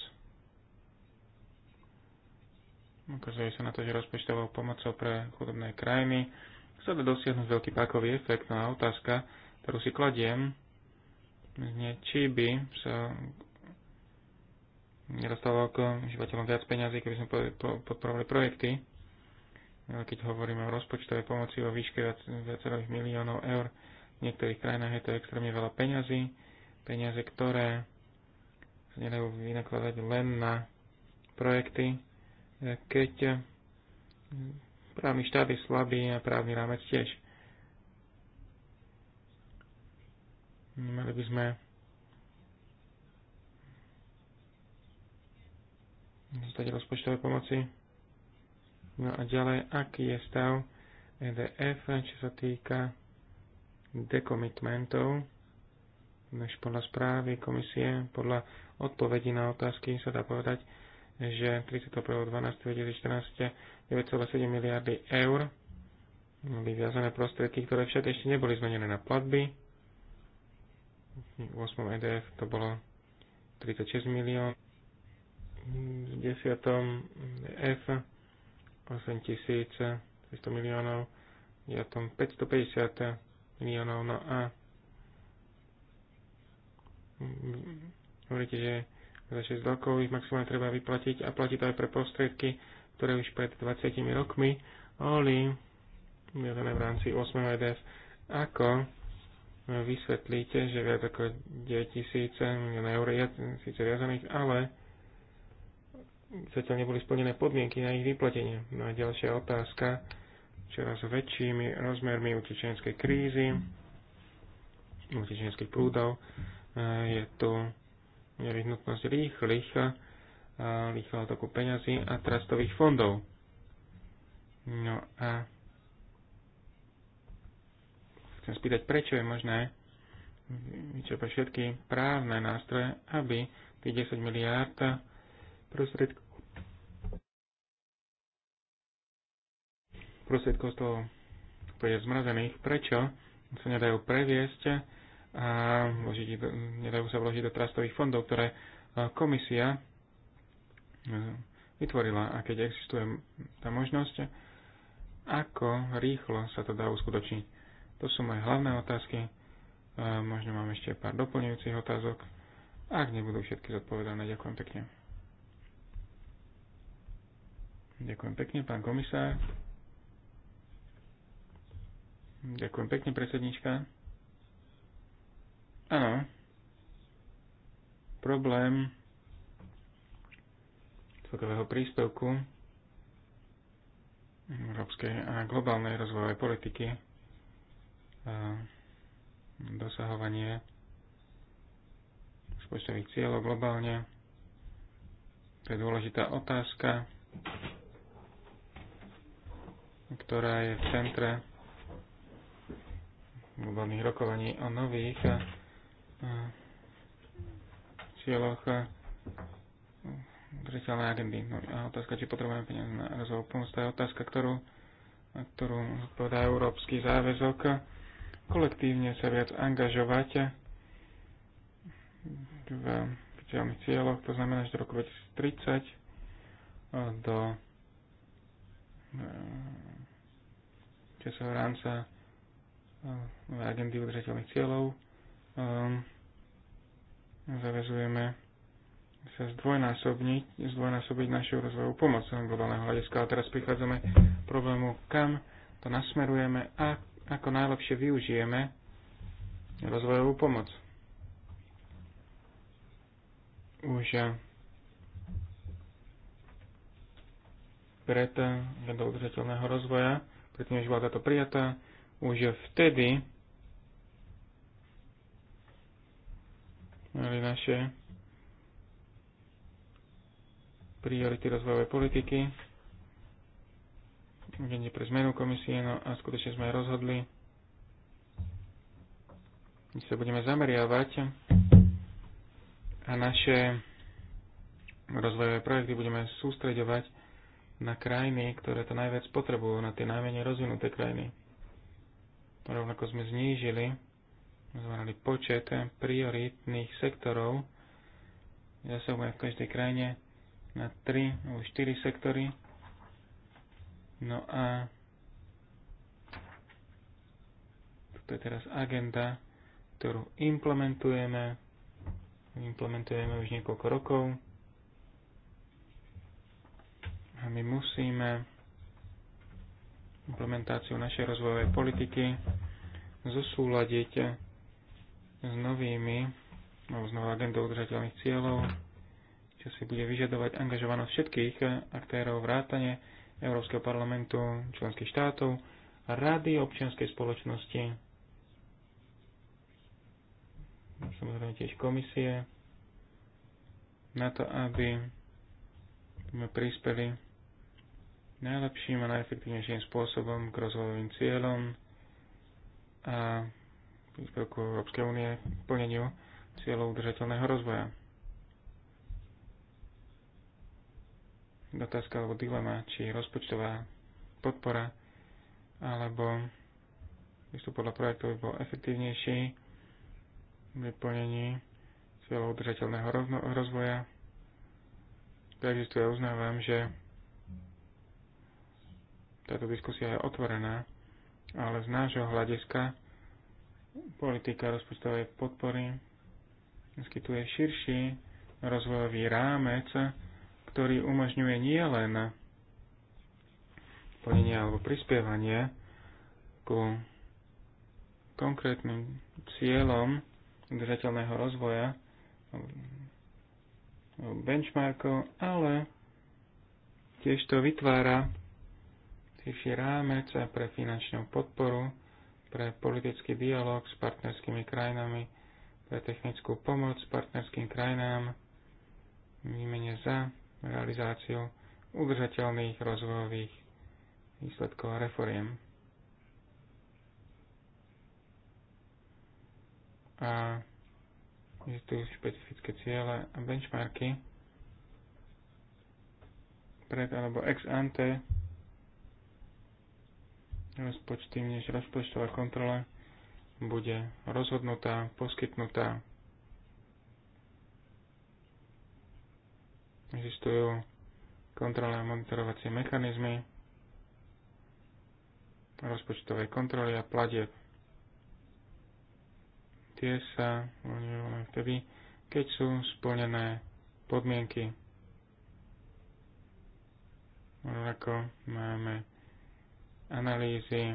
Ukazuje sa na to, že rozpočtovou pomocou pre chudobné krajiny sa dá dosiahnuť veľký pákový efekt. No a otázka, ktorú si kladiem, znie, či by sa nedostalo ako užívateľom viac peňazí, keby sme podporovali projekty. No, keď hovoríme o rozpočtovej pomoci o výške viac, viacerých miliónov eur, v niektorých krajinách je to extrémne veľa peňazí peniaze, ktoré sa nedajú vynakladať len na projekty, e, keď e, právny štát je slabý a právny rámec tiež. Mali by sme zostať rozpočtové pomoci. No a ďalej, aký je stav EDF, čo sa týka dekomitmentov než podľa správy komisie, podľa odpovedí na otázky sa dá povedať, že 31.12.2014 9,7 miliardy eur boli viazané prostriedky, ktoré však ešte neboli zmenené na platby. V 8. EDF to bolo 36 milión, v 10. F 8300 miliónov, v 550 miliónov, no a Mm-hmm. hovoríte, že za 6 rokov ich maximálne treba vyplatiť a platí to aj pre prostriedky, ktoré už pred 20 rokmi boli vyhodené v rámci 8. EDF. Ako vysvetlíte, že viac ako 9000 milión eur je síce viazaných, ale zatiaľ neboli splnené podmienky na ich vyplatenie. No a ďalšia otázka, čoraz väčšími rozmermi utečenskej krízy, utečenských prúdov, je tu nevyhnutnosť rýchlych, eh, rýchleho toku peňazí a trastových fondov. No a chcem spýtať, prečo je možné vyčerpať všetky právne nástroje, aby tých 10 miliárd prostriedkov prostriedkov z toho zmrazených, prečo sa nedajú previesť a vložiť, nedajú sa vložiť do trastových fondov, ktoré e, komisia e, vytvorila. A keď existuje tá možnosť, ako rýchlo sa to dá uskutočniť? To sú moje hlavné otázky. E, možno mám ešte pár doplňujúcich otázok. Ak nebudú všetky zodpovedané, ďakujem pekne. Ďakujem pekne, pán komisár. Ďakujem pekne, predsednička. Áno. Problém celkového príspevku európskej a globálnej rozvojovej politiky a dosahovanie rozpočtových cieľov globálne. To je dôležitá otázka, ktorá je v centre globálnych rokovaní o nových cieľoch držiteľnej e, agendy. No, a otázka, či potrebujeme peniaze na rozvoj pomoc, to je otázka, ktorú, na ktorú povedá európsky záväzok kolektívne sa viac angažovať v oficiálnych cieľoch, to znamená, že do roku 2030 e, do e, časového rámca agendy udržateľných cieľov Ehm, zavezujeme sa zdvojnásobniť, zdvojnásobiť našu rozvojovú pomoc z globálneho hľadiska. A teraz prichádzame k problému, kam to nasmerujeme a ako najlepšie využijeme rozvojovú pomoc. Už eh, pred eh, do udržateľného rozvoja, predtým, než bola táto prijatá, už vtedy mali naše priority rozvojovej politiky, agende pre zmenu komisie, no a skutočne sme aj rozhodli, my sa budeme zameriavať a naše rozvojové projekty budeme sústreďovať na krajiny, ktoré to najviac potrebujú, na tie najmenej rozvinuté krajiny. Rovnako sme znížili zvolali počet prioritných sektorov. Ja sa v každej krajine na 3 alebo 4 sektory. No a toto je teraz agenda, ktorú implementujeme. Implementujeme už niekoľko rokov. A my musíme implementáciu našej rozvojovej politiky zosúľadiť s novými, alebo s novou agendou udržateľných cieľov, čo si bude vyžadovať angažovanosť všetkých aktérov vrátane Európskeho parlamentu, členských štátov, rady občianskej spoločnosti, samozrejme tiež komisie, na to, aby sme prispeli najlepším a najefektívnejším spôsobom k rozvojovým cieľom a príspevku Európskej únie k plneniu cieľov udržateľného rozvoja. dotázka alebo dilema, či rozpočtová podpora alebo prístup podľa projektov by bol efektívnejší v vyplnení cieľov udržateľného rozvoja. Takisto existuje, uznávam, že táto diskusia je otvorená, ale z nášho hľadiska politika rozpočtovej podpory poskytuje širší rozvojový rámec, ktorý umožňuje nielen plnenie alebo prispievanie ku konkrétnym cieľom udržateľného rozvoja benchmarkov, ale tiež to vytvára širší rámec pre finančnú podporu pre politický dialog s partnerskými krajinami, pre technickú pomoc partnerským krajinám, výmene za realizáciu udržateľných rozvojových výsledkov a reforiem. A tu špecifické ciele a benchmarky pred alebo ex ante rozpočty, než rozpočtová kontrola bude rozhodnutá, poskytnutá. Existujú kontrolné a monitorovacie mechanizmy rozpočtovej kontroly a platieb. Tie sa uvoľňujú len vtedy, keď sú splnené podmienky. Rovnako máme analýzy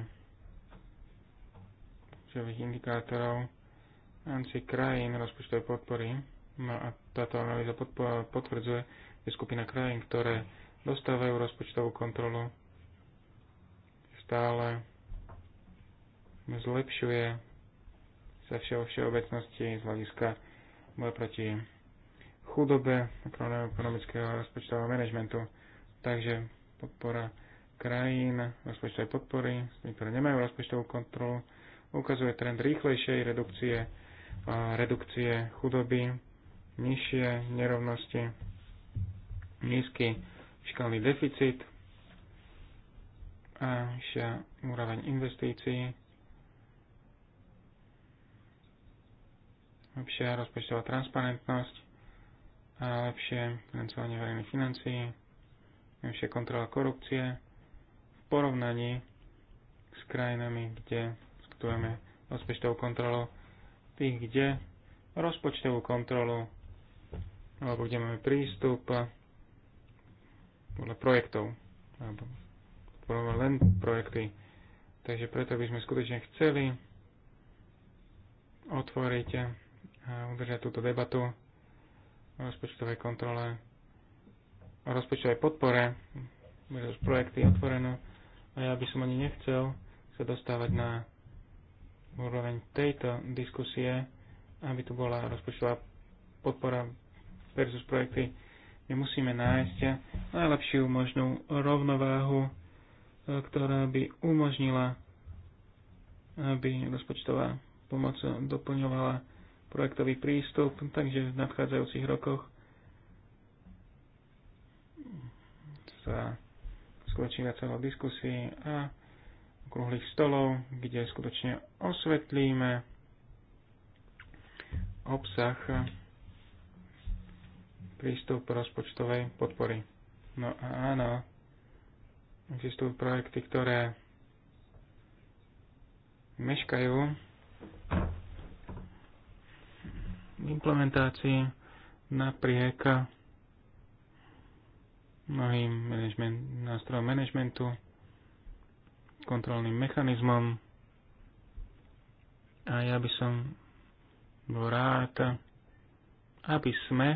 kľúčových indikátorov v rámci krajín rozpočtovej podpory. No a táto analýza potvrdzuje, že skupina krajín, ktoré dostávajú rozpočtovú kontrolu, stále zlepšuje sa všeho všeobecnosti z hľadiska boja proti chudobe, ekonomického rozpočtového manažmentu. Takže podpora krajín rozpočtovej podpory, ktoré nemajú rozpočtovú kontrolu, ukazuje trend rýchlejšej redukcie, redukcie chudoby, nižšie nerovnosti, nízky fiskálny deficit a vyššia úroveň investícií, lepšia rozpočtová transparentnosť a lepšie financovanie verejných financií, lepšia kontrola korupcie, porovnaní s krajinami, kde skutujeme rozpočtovú kontrolu, tých, kde rozpočtovú kontrolu alebo kde máme prístup eh, podľa projektov alebo podľa len projekty. Takže preto by sme skutočne chceli otvoriť a udržať túto debatu o rozpočtovej kontrole, o rozpočtovej podpore, už projekty otvorenú a ja by som ani nechcel sa dostávať na úroveň tejto diskusie, aby tu bola rozpočtová podpora versus projekty. My musíme nájsť najlepšiu možnú rovnováhu, e, ktorá by umožnila, aby rozpočtová pomoc doplňovala projektový prístup, takže v nadchádzajúcich rokoch sa vyskočí na celou diskusii a okrúhlych stolov, kde skutočne osvetlíme obsah prístup rozpočtovej podpory. No a áno, existujú projekty, ktoré meškajú v implementácii napriek mnohým management, nástrojom managementu, kontrolným mechanizmom. A ja by som bol rád, aby sme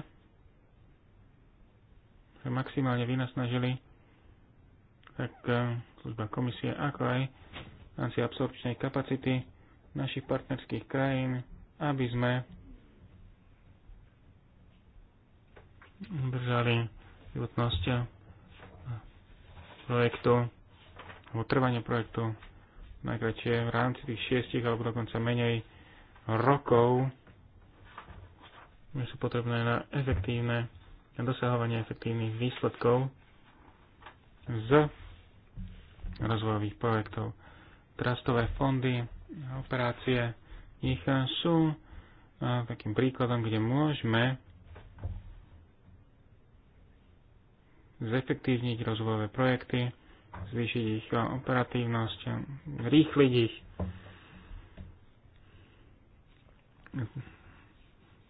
sa maximálne vynasnažili tak eh, služba komisie, ako aj v rámci absorpčnej kapacity našich partnerských krajín, aby sme držali životnosť projektu alebo trvanie projektu najkračšie v rámci tých šiestich alebo dokonca menej rokov sú potrebné na efektívne na dosahovanie efektívnych výsledkov z rozvojových projektov. Trastové fondy, operácie, ich sú takým príkladom, kde môžeme zefektívniť rozvojové projekty, zvýšiť ich operatívnosť, rýchliť ich.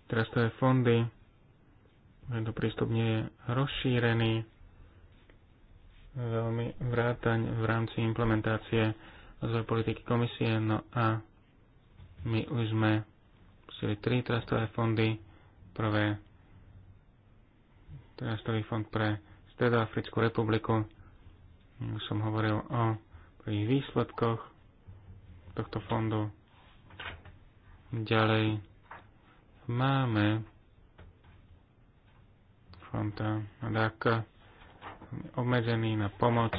Trastové fondy, tento prístup nie je rozšírený, veľmi vrátaň v rámci implementácie rozvoj politiky komisie, no a my už sme pustili tri trastové fondy. Prvé trastový fond pre Stredoafrickú republiku. Už som hovoril o prvých výsledkoch tohto fondu. Ďalej máme fond DAC obmedzený na pomoc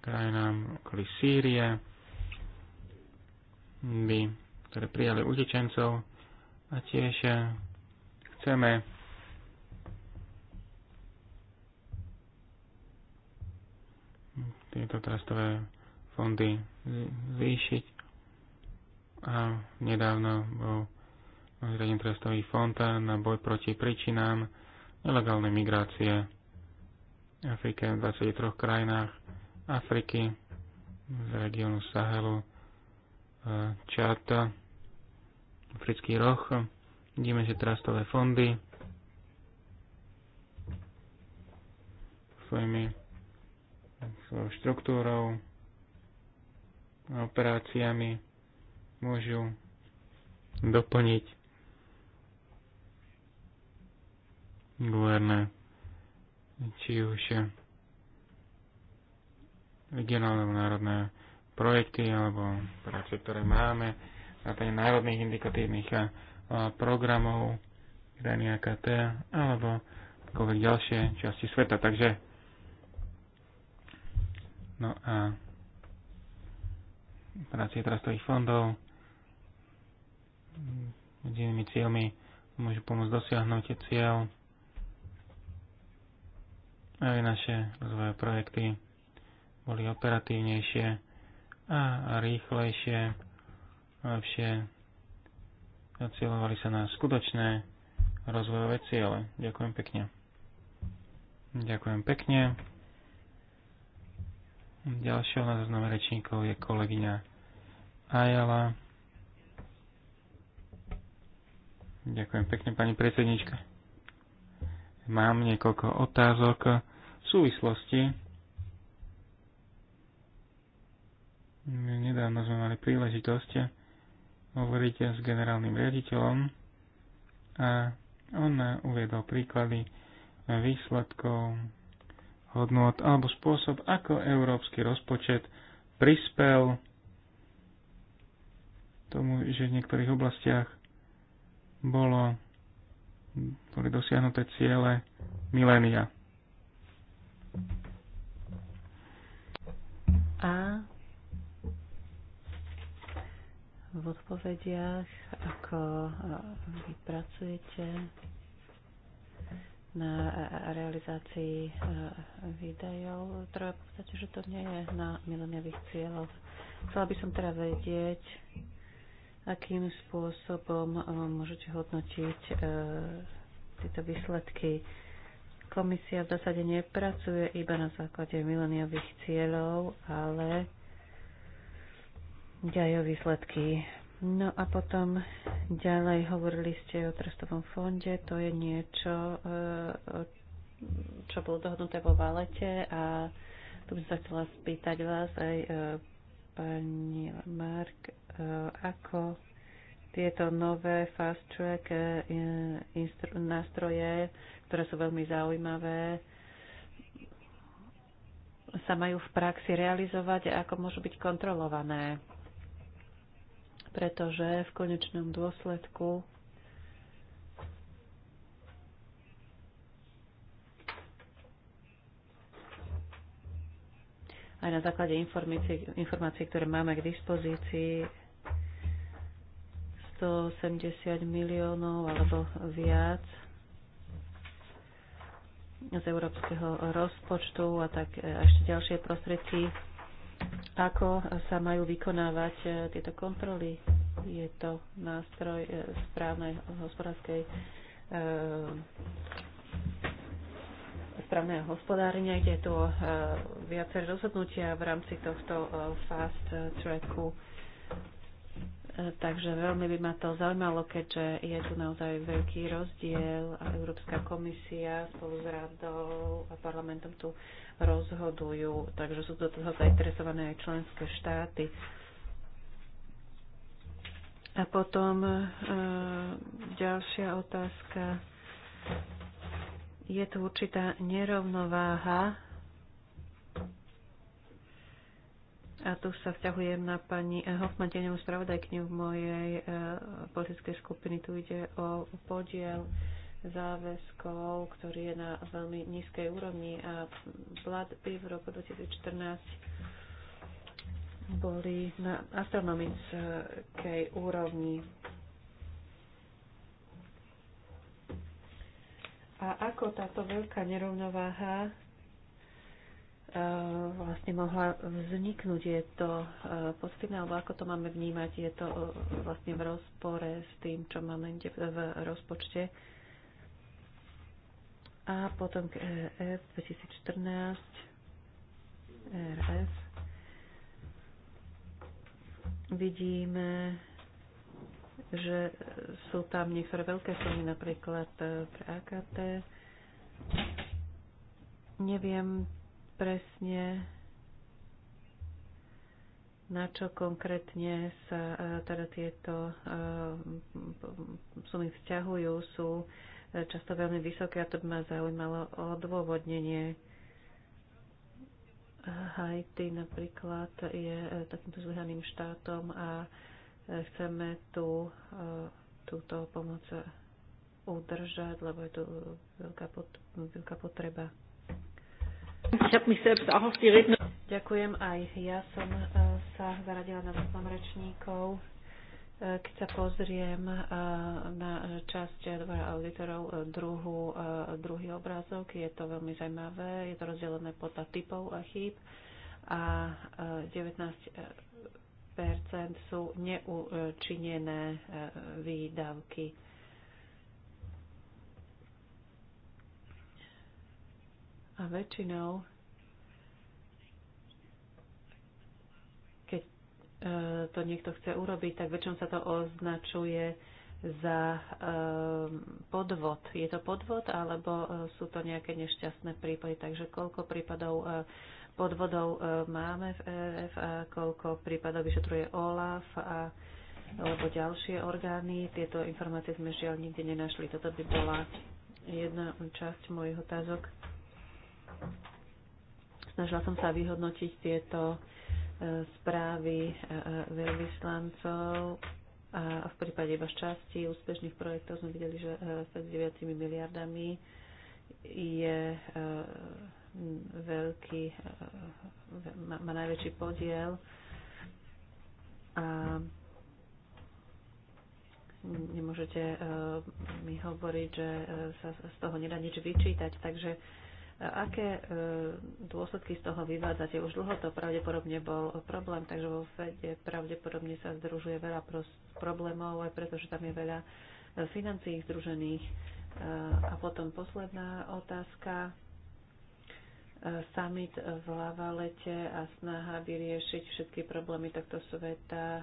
krajinám okolí Sýrie, by, ktoré prijali utečencov a tiež chceme tieto trastové fondy zvýšiť. A nedávno bol zriadený trastový fond na boj proti príčinám nelegálnej migrácie v Afrike v 23 krajinách Afriky z regiónu Sahelu e, Čáta Africký roh vidíme, že trastové fondy svojimi svojou štruktúrou a operáciami môžu doplniť guverné či už regionálne alebo národné projekty alebo práce, ktoré máme na tej národných indikatívnych programov krajiny AKT alebo akokoľvek ďalšie časti sveta. Takže No a operácie trastových fondov medzi inými cieľmi môžu pomôcť dosiahnuť cieľ aj naše rozvojové projekty boli operatívnejšie a rýchlejšie a lepšie zacielovali sa na skutočné rozvojové ciele. Ďakujem pekne. Ďakujem pekne. Ďalšou na zoznam rečníkov je kolegyňa Ajala. Ďakujem pekne, pani predsednička. Mám niekoľko otázok v súvislosti. Nedávno sme mali príležitosť hovoriť s generálnym riaditeľom a on uviedol príklady výsledkov hodnot alebo spôsob, ako európsky rozpočet prispel tomu, že v niektorých oblastiach bolo, boli dosiahnuté ciele milénia. A v odpovediach, ako vy pracujete na realizácii e, výdajov. Treba povedať, že to nie je na mileniových cieľoch. Chcela by som teda vedieť, akým spôsobom e, môžete hodnotiť e, tieto výsledky. Komisia v zásade nepracuje iba na základe mileniových cieľov, ale ďajú aj o výsledky No a potom ďalej hovorili ste o trestovom fonde. To je niečo, eh, čo bolo dohodnuté vo Valete a tu by som sa chcela spýtať vás aj eh, pani Mark, eh, ako tieto nové fast track nástroje, ktoré sú veľmi zaujímavé, sa majú v praxi realizovať a ako môžu byť kontrolované pretože v konečnom dôsledku aj na základe informácií, ktoré máme k dispozícii, 170 miliónov alebo viac z európskeho rozpočtu a tak e, ešte ďalšie prostriedky ako sa majú vykonávať e, tieto kontroly? Je to nástroj e, správnej hospodárskej e, správneho hospodárenia. je tu o viaceré rozhodnutia v rámci tohto fast tracku Takže veľmi by ma to zaujímalo, keďže je tu naozaj veľký rozdiel a Európska komisia spolu s radou a parlamentom tu rozhodujú, takže sú do toho zainteresované aj členské štáty. A potom e, ďalšia otázka. Je tu určitá nerovnováha A tu sa vzťahujem na pani Hofmantenovú spravodajkňu v mojej e, politickej skupiny. Tu ide o podiel záväzkov, ktorý je na veľmi nízkej úrovni a platby v roku 2014 boli na astronomickej úrovni. A ako táto veľká nerovnováha E, vlastne mohla vzniknúť. Je to e, pozitívne, alebo ako to máme vnímať? Je to e, vlastne v rozpore s tým, čo máme v rozpočte. A potom k EF 2014 RF vidíme, že sú tam niektoré veľké sumy, napríklad pre AKT. Neviem, presne na čo konkrétne sa e, teda tieto e, sumy vzťahujú, sú e, často veľmi vysoké a to by ma zaujímalo odôvodnenie. Haiti napríklad je takýmto zlyhaným štátom a chceme tu túto pomoc udržať, lebo je tu veľká, pot, veľká potreba. Ďakujem aj ja som eh, sa zaradila na zoznam rečníkov. Eh, keď sa pozriem eh, na časť dvora auditorov, druhú, druhý obrázok, je to veľmi zaujímavé, je to rozdelené podľa typov a chýb a 19 sú neučinené výdavky. A väčšinou, keď e, to niekto chce urobiť, tak väčšinou sa to označuje za e, podvod. Je to podvod alebo e, sú to nejaké nešťastné prípady? Takže koľko prípadov podvodov máme v EF a koľko prípadov vyšetruje OLAF a alebo ďalšie orgány. Tieto informácie sme žiaľ nikde nenašli. Toto by bola jedna časť mojich otázok. Snažila som sa vyhodnotiť tieto e, správy e, e, veľvyslancov a v prípade iba časti úspešných projektov sme videli, že s 9 miliardami je veľký, má najväčší podiel a nemôžete mi hovoriť, že sa z toho nedá nič vyčítať, takže Aké e, dôsledky z toho vyvádzate? Už dlho to pravdepodobne bol problém, takže vo Fede pravdepodobne sa združuje veľa problémov, aj preto, že tam je veľa e, financií združených. E, a potom posledná otázka. Eh, summit v Lavalete a snaha vyriešiť všetky problémy tohto sveta eh,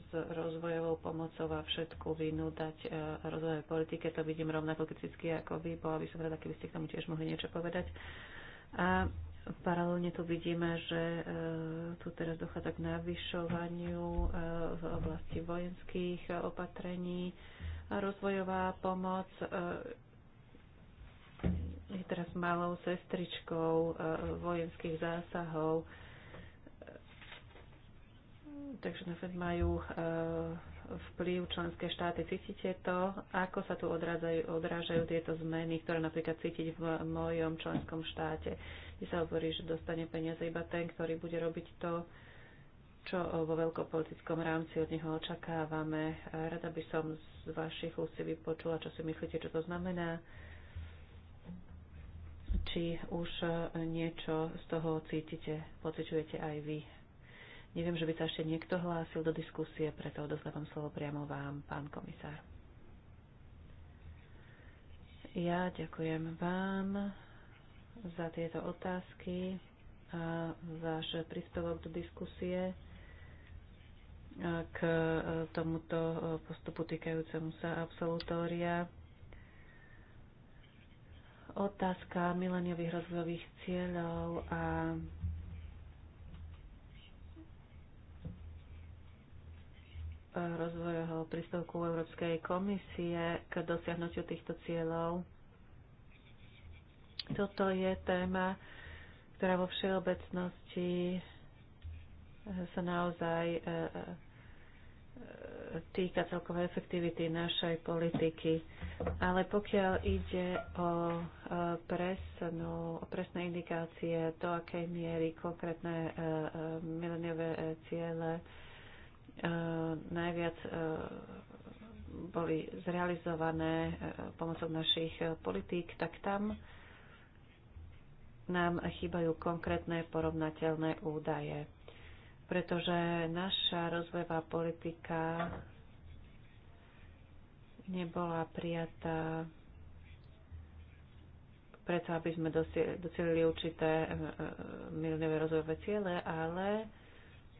s rozvojovou pomocou a všetku vinu dať eh, rozvojovej politike. To vidím rovnako kriticky ako vy. Bola by som rada, keby ste k tomu tiež mohli niečo povedať. A paralelne tu vidíme, že tu teraz dochádza k navyšovaniu v oblasti vojenských opatrení a rozvojová pomoc je teraz malou sestričkou e, vojenských zásahov. Takže na FED majú e, vplyv členské štáty. Cítite to? Ako sa tu odrádzajú, odrážajú tieto zmeny, ktoré napríklad cítiť v mojom členskom štáte, kde sa hovorí, že dostane peniaze iba ten, ktorý bude robiť to, čo vo veľkopolitickom rámci od neho očakávame. Rada by som z vašich úst vypočula, čo si myslíte, čo to znamená či už e, niečo z toho cítite, pociťujete aj vy. Neviem, že by sa ešte niekto hlásil do diskusie, preto odozdávam slovo priamo vám, pán komisár. Ja ďakujem vám za tieto otázky a váš príspevok do diskusie k e, tomuto e, postupu týkajúcemu sa absolutória. Otázka mileniových rozvojových cieľov a rozvojového príspevku Európskej komisie k dosiahnutiu týchto cieľov. Toto je téma, ktorá vo všeobecnosti sa naozaj e, e, týka celkovej efektivity našej politiky. Ale pokiaľ ide o, e, presnú, o presné indikácie, to, akej miery konkrétne e, e, mileniové ciele najviac boli zrealizované pomocou našich politík, tak tam nám chýbajú konkrétne porovnateľné údaje pretože naša rozvojová politika nebola prijatá preto, aby sme docelili určité e, e, milionové rozvojové ciele, ale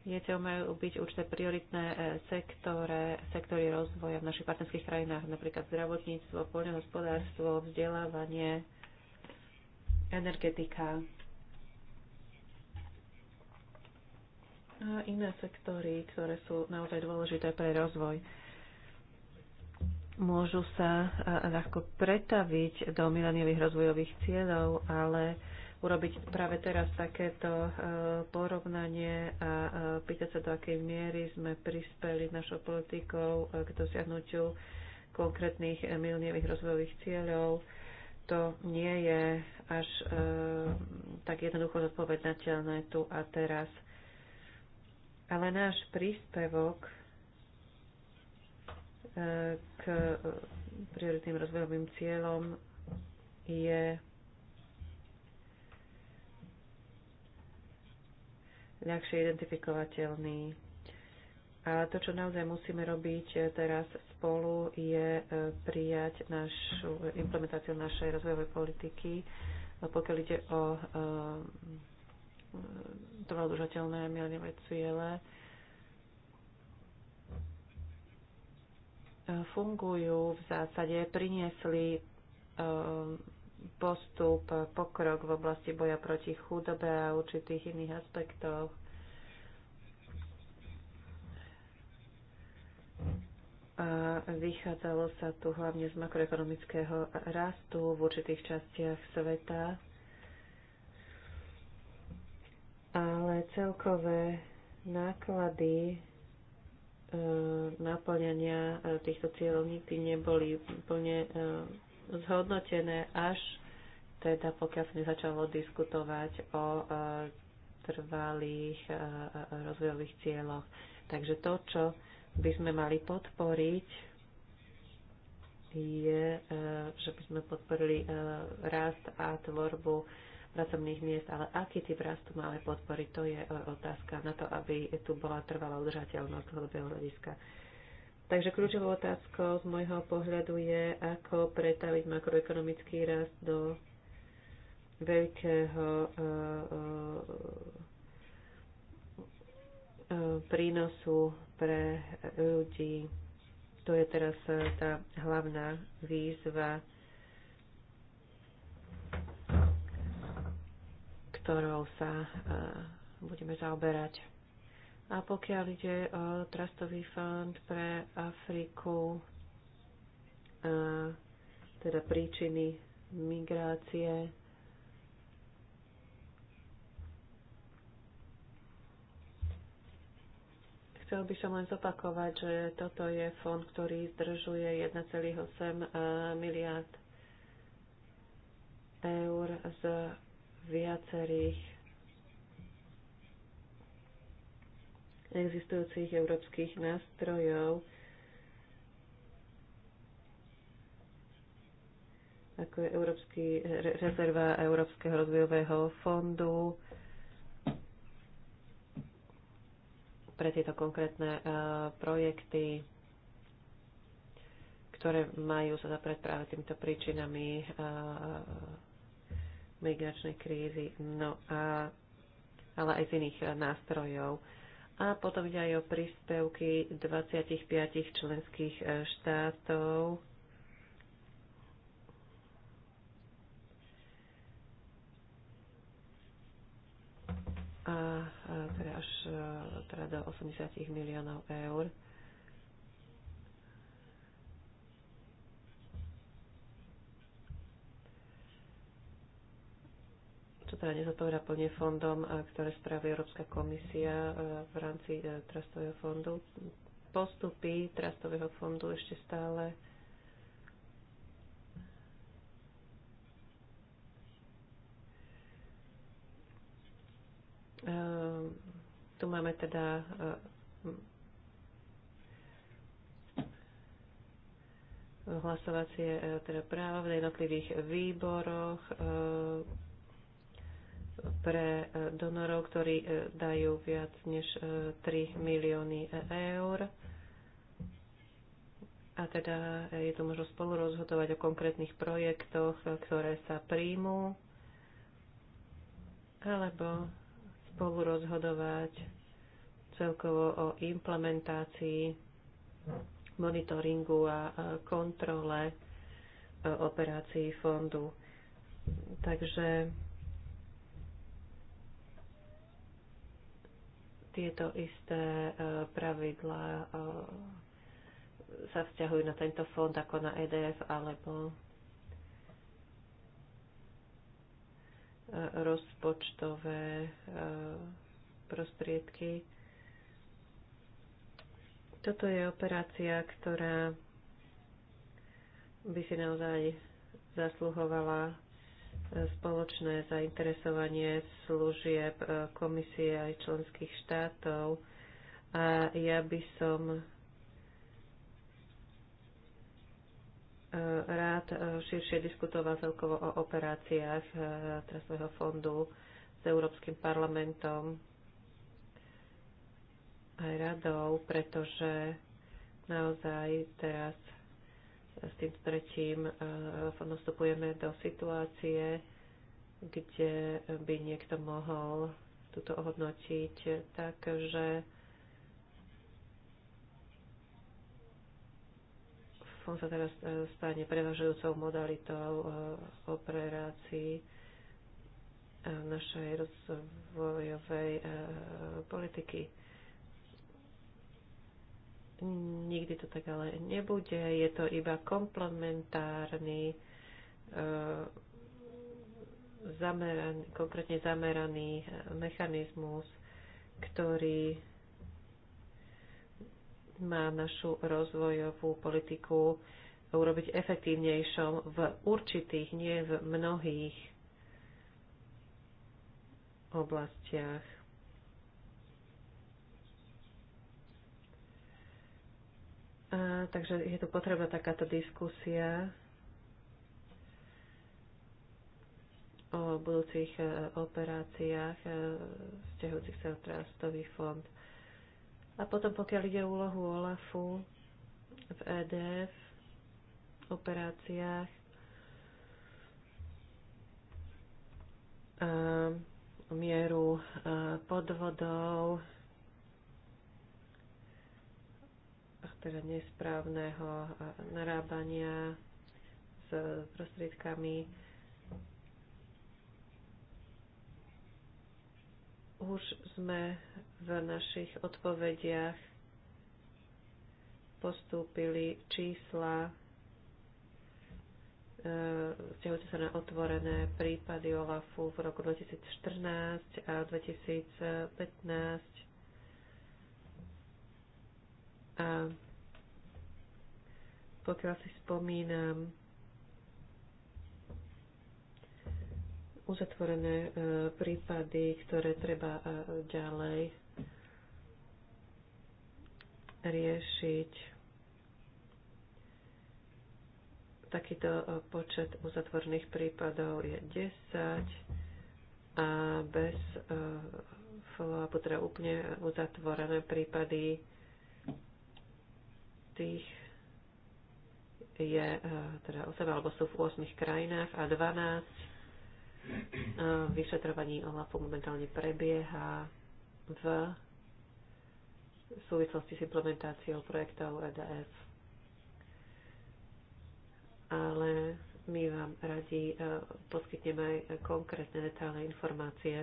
Dieťa majú byť určité prioritné e, sektore, sektory rozvoja v našich partnerských krajinách, napríklad zdravotníctvo, poľnohospodárstvo, vzdelávanie, energetika. a iné sektory, ktoré sú naozaj dôležité pre rozvoj. Môžu sa ľahko pretaviť do mileniových rozvojových cieľov, ale urobiť práve teraz takéto e, porovnanie a e, pýtať sa, do akej miery sme prispeli našou politikou e, k dosiahnutiu konkrétnych mileniových rozvojových cieľov, to nie je až e, tak jednoducho zodpovedateľné tu a teraz ale náš príspevok e, k e, prioritným rozvojovým cieľom je ľahšie identifikovateľný. A to, čo naozaj musíme robiť e, teraz spolu, je prijať našu implementáciu našej rozvojovej politiky, pokiaľ ide o E, trvalodržateľné mierne ciele e, fungujú v zásade, priniesli e, postup, pokrok v oblasti boja proti chudobe a určitých iných aspektoch. A vychádzalo sa tu hlavne z makroekonomického rastu v určitých častiach sveta. celkové náklady e, naplňania e, týchto cieľov nikdy neboli úplne e, zhodnotené, až teda pokiaľ sa nezačalo diskutovať o trvalých rozvojových cieľoch. Takže to, čo by sme mali podporiť, je, že by sme podporili rast a tvorbu pracovných miest, ale aký typ rastu máme podporiť, to je e, otázka na to, aby tu bola trvalá udržateľnosť dlhodobého hľadiska. Takže kľúčovou otázkou z môjho pohľadu je, ako pretaviť makroekonomický rast do veľkého e, e, prínosu pre ľudí. To je teraz tá hlavná výzva ktorou sa e, budeme zaoberať. A pokiaľ ide o Trastový fond pre Afriku, e, teda príčiny migrácie, chcel by som len zopakovať, že toto je fond, ktorý zdržuje 1,8 e, miliard eur z viacerých existujúcich európskych nástrojov, ako je Európsky, rezerva Európskeho rozvojového fondu pre tieto konkrétne e, projekty, ktoré majú sa zaprať práve týmito príčinami e, migračnej krízy, no a, ale aj z iných e, nástrojov. A potom ide aj o príspevky 25 členských e, štátov a e, teda až teda do 80 miliónov eur. teda nezodpovedá plne fondom, ktoré spravuje Európska komisia e, v rámci e, Trastového fondu. Postupy Trastového fondu ešte stále e, tu máme teda hlasovacie teda práva v jednotlivých výboroch pre e, donorov, ktorí e, dajú viac než 3 e, milióny eur. A teda je tu možno spolu rozhodovať o konkrétnych projektoch, ktoré sa príjmú, alebo spolu rozhodovať celkovo o implementácii, monitoringu a kontrole operácií fondu. Takže tieto isté e, pravidlá e, sa vzťahujú na tento fond ako na EDF alebo e, rozpočtové prostriedky. Toto je operácia, ktorá by si naozaj zasluhovala spoločné zainteresovanie služieb e, komisie aj členských štátov. A ja by som e, rád e, širšie diskutoval celkovo o operáciách trestného fondu s Európskym parlamentom aj radou, pretože naozaj teraz s tým tretím e, fondom vstupujeme do situácie, kde by niekto mohol túto ohodnotiť tak, že fond sa teraz e, stane prevažujúcou modalitou e, operácií našej rozvojovej politiky Nikdy to tak ale nebude. Je to iba komplementárny, eh, zameraný, konkrétne zameraný eh, mechanizmus, ktorý má našu rozvojovú politiku urobiť efektívnejšom v určitých, nie v mnohých oblastiach. takže je tu potrebná takáto diskusia o budúcich e, operáciách e, vzťahujúcich sa trastový fond. A potom, pokiaľ ide o úlohu OLAFu v EDF, operáciách, a mieru podvodov, teda nesprávneho e, narábania s prostriedkami. Už sme v našich odpovediach postúpili čísla e, vzťahujúce sa na otvorené prípady OLAFu v roku 2014 a 2015. A pokiaľ si spomínam, uzatvorené e, prípady, ktoré treba e, ďalej riešiť. Takýto e, počet uzatvorených prípadov je 10 a bez follow-upu, teda úplne uzatvorené prípady tých je e, teda 8 alebo sú v 8 krajinách a 12 e, vyšetrovaní OLAFu momentálne prebieha v súvislosti s implementáciou projektov EDF. Ale my vám radi e, poskytneme aj konkrétne detálne informácie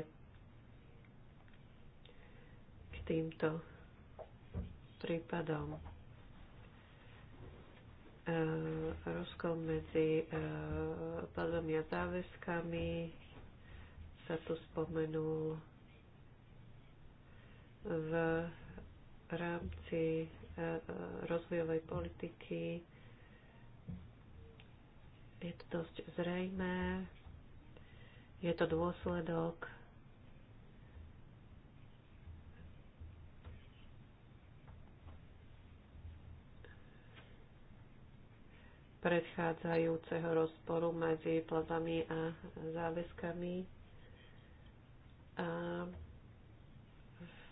k týmto prípadom. Eh, rozkol medzi eh, platbami a záväzkami sa tu spomenul v rámci eh, rozvojovej politiky. Je to dosť zrejmé, je to dôsledok predchádzajúceho rozporu medzi plazami a záväzkami a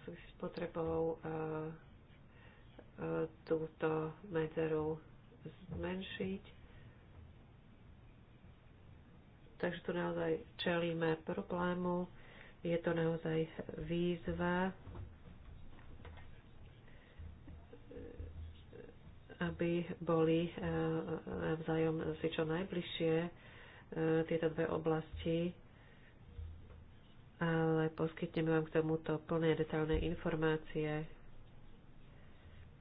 s potrebou túto medzeru zmenšiť. Takže tu naozaj čelíme problému. Je to naozaj výzva aby boli eh, navzájom si čo najbližšie eh, tieto dve oblasti, ale poskytneme vám k tomuto plné detailné informácie,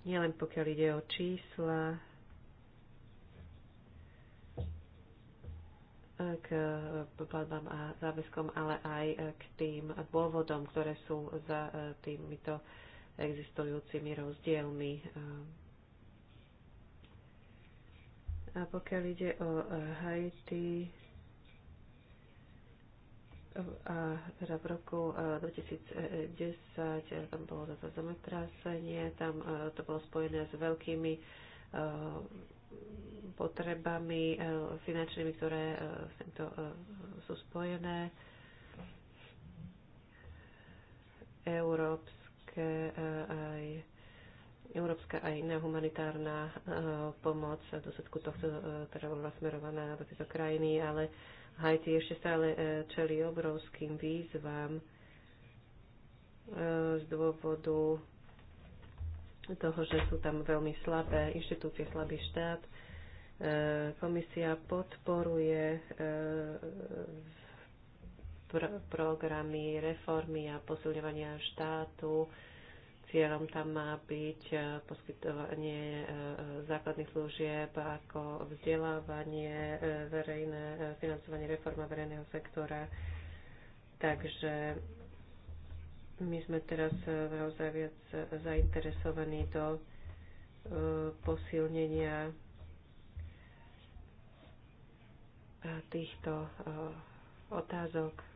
nielen pokiaľ ide o čísla, eh, k platbám a záväzkom, ale aj k tým dôvodom, ktoré sú za týmito existujúcimi rozdielmi a pokiaľ ide o e, Haiti, a teda v roku 2010 e, e, tam bolo toto zemetrasenie, tam to bolo spojené s veľkými potrebami finančnými, ktoré s týmto sú spojené. Európske aj Európska a iná humanitárna e, pomoc v dôsledku tohto e, teda bola smerovaná do tejto krajiny, ale Haiti ešte stále e, čeli obrovským výzvam z dôvodu toho, že sú tam veľmi slabé inštitúcie, slabý štát. Komisia podporuje programy reformy a posilňovania štátu Cieľom tam má byť e, poskytovanie e, základných služieb ako vzdelávanie, e, verejné financovanie, reforma verejného sektora. Takže my sme teraz naozaj viac zainteresovaní do posilnenia týchto otázok.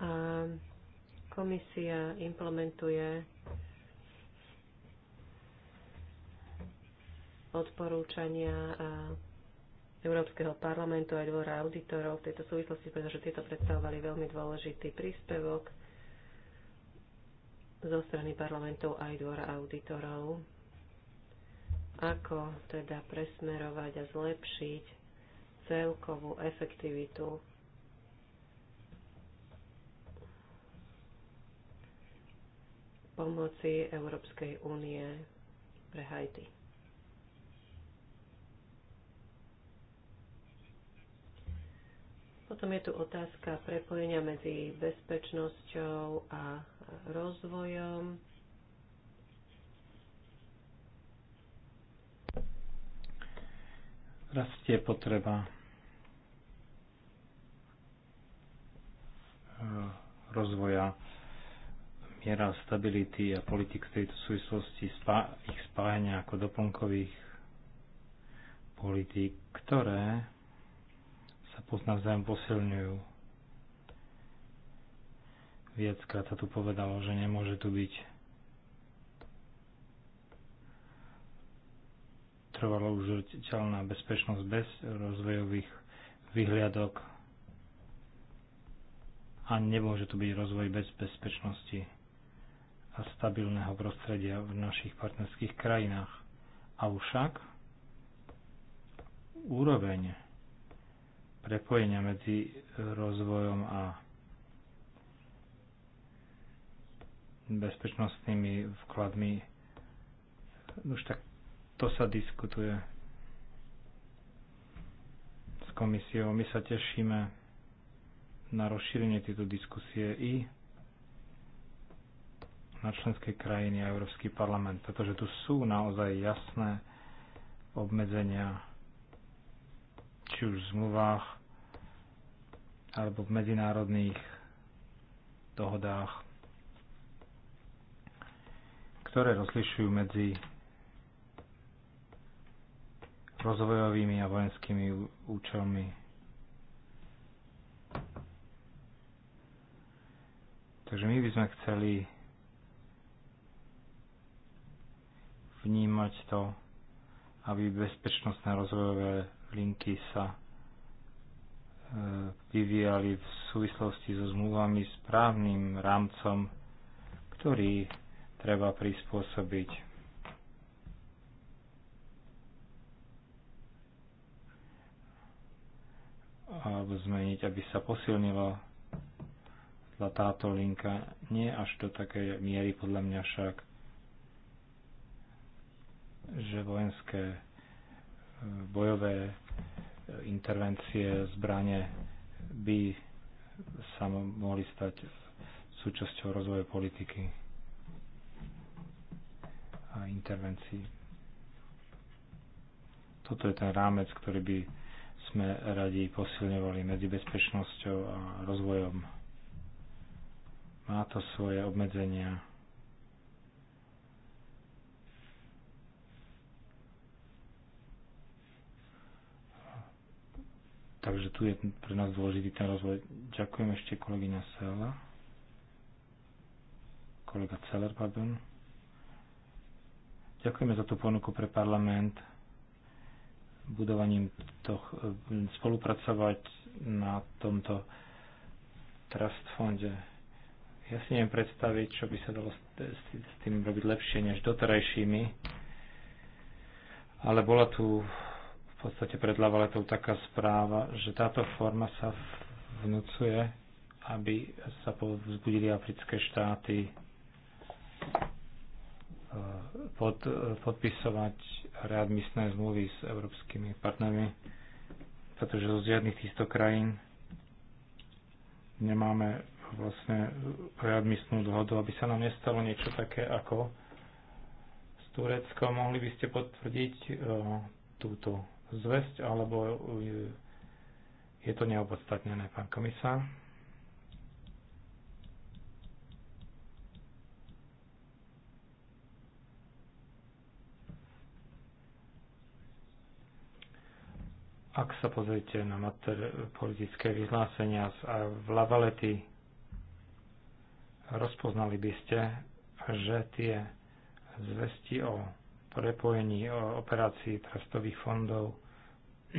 A komisia implementuje odporúčania Európskeho parlamentu aj dvora auditorov v tejto súvislosti, pretože tieto predstavovali veľmi dôležitý príspevok zo strany parlamentov aj dvora auditorov, ako teda presmerovať a zlepšiť celkovú efektivitu pomoci Európskej únie pre Haiti. Potom je tu otázka prepojenia medzi bezpečnosťou a rozvojom. Rastie potreba e, rozvoja miera stability a politik v tejto súvislosti spá, ich spájania ako doplnkových politík, ktoré sa poznavzájom posilňujú. Viackrát sa tu povedalo, že nemôže tu byť trvalo užiteľná bezpečnosť bez rozvojových vyhliadok a nemôže tu byť rozvoj bez bezpečnosti a stabilného prostredia v našich partnerských krajinách. Avšak úroveň prepojenia medzi rozvojom a bezpečnostnými vkladmi už tak to sa diskutuje s komisiou. My sa tešíme na rozšírenie tejto diskusie i na členské krajiny a Európsky parlament, pretože tu sú naozaj jasné obmedzenia, či už v zmluvách, alebo v medzinárodných dohodách, ktoré rozlišujú medzi rozvojovými a vojenskými účelmi. Takže my by sme chceli vnímať to, aby bezpečnostné rozvojové linky sa e, vyvíjali v súvislosti so zmluvami s právnym rámcom, ktorý treba prispôsobiť. alebo zmeniť, aby sa posilnila táto linka, nie až do takej miery podľa mňa však, že vojenské e, bojové e, intervencie, zbranie by sa mohli stať súčasťou rozvoja politiky a intervencií. Toto je ten rámec, ktorý by sme radi posilňovali medzi bezpečnosťou a rozvojom. Má to svoje obmedzenia Takže tu je pre nás dôležitý ten rozvoj. Ďakujem ešte kolegyňa Sela. Kolega Celer, pardon. Ďakujeme za tú ponuku pre parlament budovaním toch, spolupracovať na tomto trust fonde. Ja si neviem predstaviť, čo by sa dalo s tým robiť lepšie než doterajšími, ale bola tu v podstate pred lavoletou taká správa, že táto forma sa vnúcuje, aby sa povzbudili africké štáty e, pod, podpisovať readmisné zmluvy s európskymi partnermi, pretože zo žiadnych týchto krajín nemáme vlastne readmisnú dohodu, aby sa nám nestalo niečo také ako s Tureckom. Mohli by ste potvrdiť e, túto zväzť, alebo e, je to neopodstatnené, pán komisár? ak sa pozriete na mater- politické vyhlásenia z Lavalety, rozpoznali by ste, že tie zvesti o prepojení operácií trastových fondov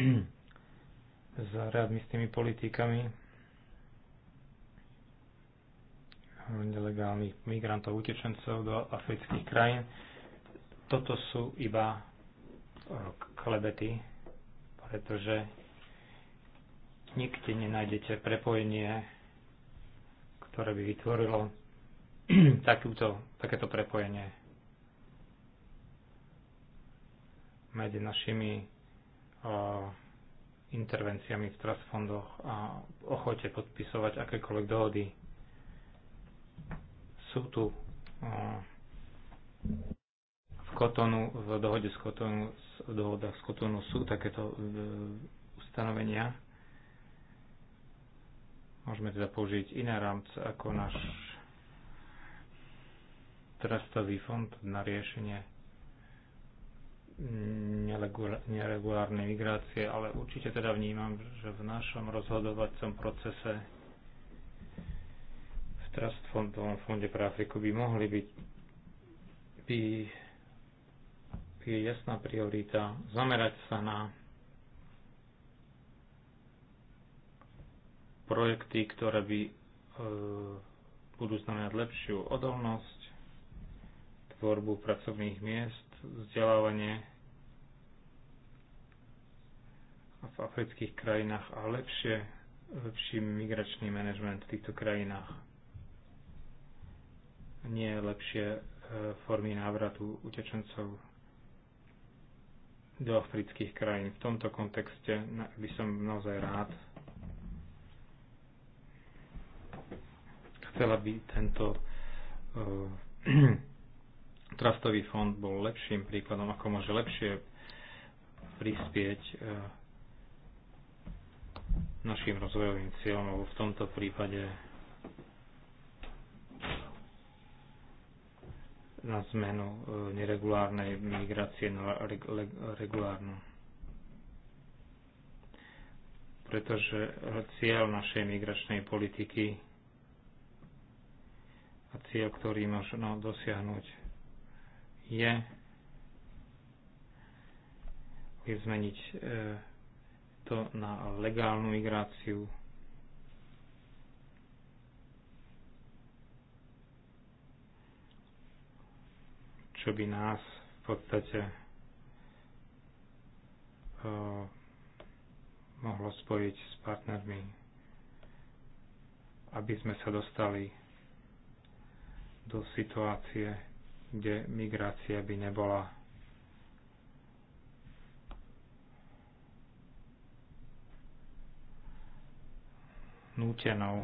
s readmistými politikami nelegálnych migrantov, utečencov do afrických krajín. Toto sú iba klebety, pretože nikde nenájdete prepojenie, ktoré by vytvorilo takúto, takéto prepojenie medzi našimi intervenciami v trust fondoch a ochote podpisovať akékoľvek dohody. Sú tu v Kotonu, v dohode z Kotonu, v dohodách s Kotonu sú takéto ustanovenia. Môžeme teda použiť iné rámce ako náš trastový fond na riešenie neregulárnej migrácie, ale určite teda vnímam, že v našom rozhodovacom procese v Trust Fondovom fonde pre Afriku by mohli byť by, by je jasná priorita zamerať sa na projekty, ktoré by e, budú znamenať lepšiu odolnosť, tvorbu pracovných miest, vzdelávanie v afrických krajinách a lepšie, lepší migračný manažment v týchto krajinách. Nie lepšie e, formy návratu utečencov do afrických krajín. V tomto kontexte by som naozaj rád chcela by tento uh, trustový fond bol lepším príkladom, ako môže lepšie prispieť e, našim rozvojovým cieľom, alebo v tomto prípade na zmenu e, neregulárnej migrácie na regulárnu. Pretože cieľ našej migračnej politiky a cieľ, ktorý možno dosiahnuť je je zmeniť e, to na legálnu migráciu. Čo by nás v podstate e, mohlo spojiť s partnermi, aby sme sa dostali do situácie, kde migrácia by nebola nútenou,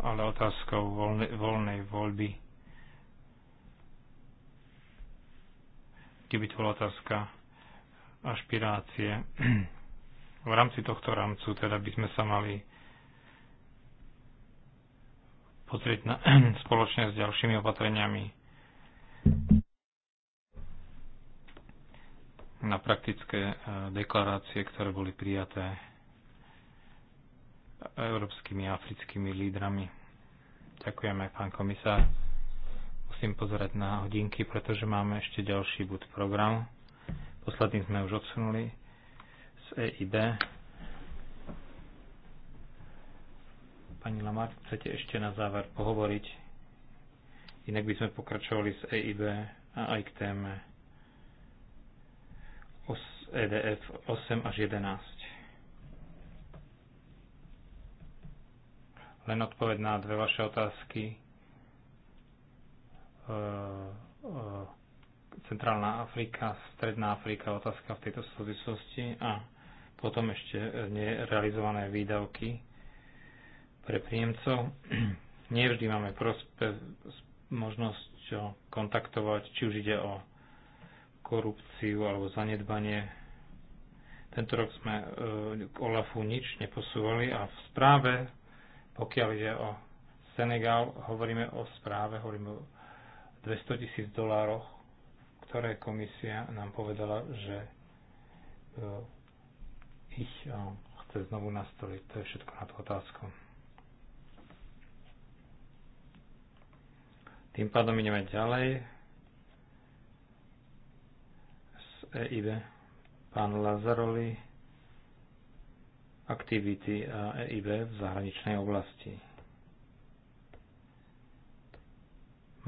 ale otázkou voľnej, voľnej voľby, kde by to bola otázka ašpirácie. V rámci tohto rámcu teda by sme sa mali pozrieť na, spoločne s ďalšími opatreniami na praktické e, deklarácie, ktoré boli prijaté európskymi a africkými lídrami. Ďakujeme, pán komisár. Musím pozerať na hodinky, pretože máme ešte ďalší bod program. Posledný sme už odsunuli z EIB. Pani Lamar, chcete ešte na záver pohovoriť? Inak by sme pokračovali s EIB a aj k téme OS EDF 8 až 11. Len odpoved na dve vaše otázky. E, e, Centrálna Afrika, Stredná Afrika, otázka v tejto súvislosti a potom ešte nerealizované výdavky pre príjemcov. Nevždy máme prospe- možnosť kontaktovať, či už ide o korupciu alebo zanedbanie. Tento rok sme e, k OLAFu nič neposúvali a v správe, pokiaľ ide o Senegal, hovoríme o správe, hovoríme o 200 tisíc dolároch, ktoré komisia nám povedala, že e, ich e, chce znovu nastoliť. To je všetko na tú otázku. Tým pádom ideme ďalej S EIB. Pán Lazaroli, aktivity a EIB v zahraničnej oblasti.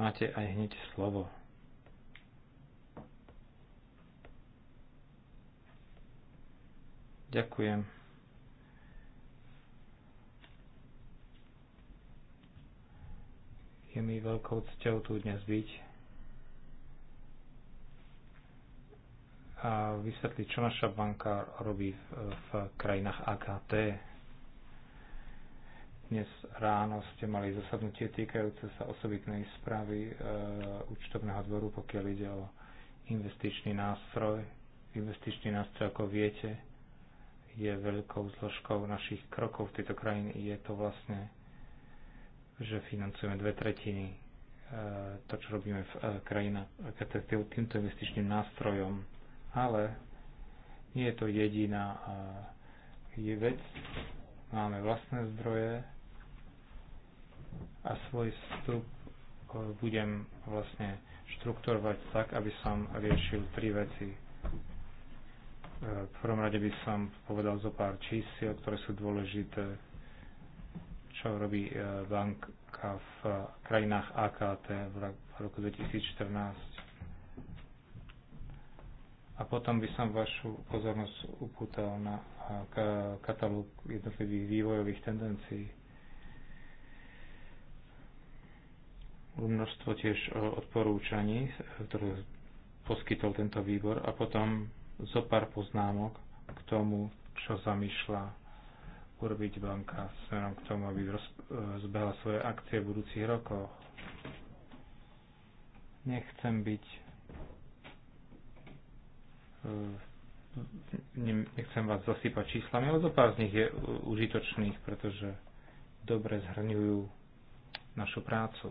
Máte aj hneď slovo. Ďakujem. Je mi veľkou cťou tu dnes byť a vysvetliť, čo naša banka robí v, v krajinách AKT. Dnes ráno ste mali zasadnutie týkajúce sa osobitnej správy e, účtovného dvoru, pokiaľ ide o investičný nástroj. Investičný nástroj, ako viete, je veľkou zložkou našich krokov v tejto krajine. Je to vlastne že financujeme dve tretiny e, to, čo robíme v e, krajinách e, týmto investičným nástrojom, ale nie je to jediná je vec. Máme vlastné zdroje a svoj vstup budem vlastne štruktúrovať tak, aby som riešil tri veci. V prvom rade by som povedal zo pár čísiel, ktoré sú dôležité čo robí e, banka v krajinách AKT v roku 2014. A potom by som vašu pozornosť upútal na e, katalóg jednotlivých vývojových tendencií. Množstvo tiež e, odporúčaní, ktoré poskytol tento výbor a potom zo pár poznámok k tomu, čo zamýšľa urobiť banka smerom k tomu, aby e, zbehla svoje akcie v budúcich rokoch. Nechcem byť e, nechcem vás zasypať číslami, ale zo pár z nich je užitočných, pretože dobre zhrňujú našu prácu.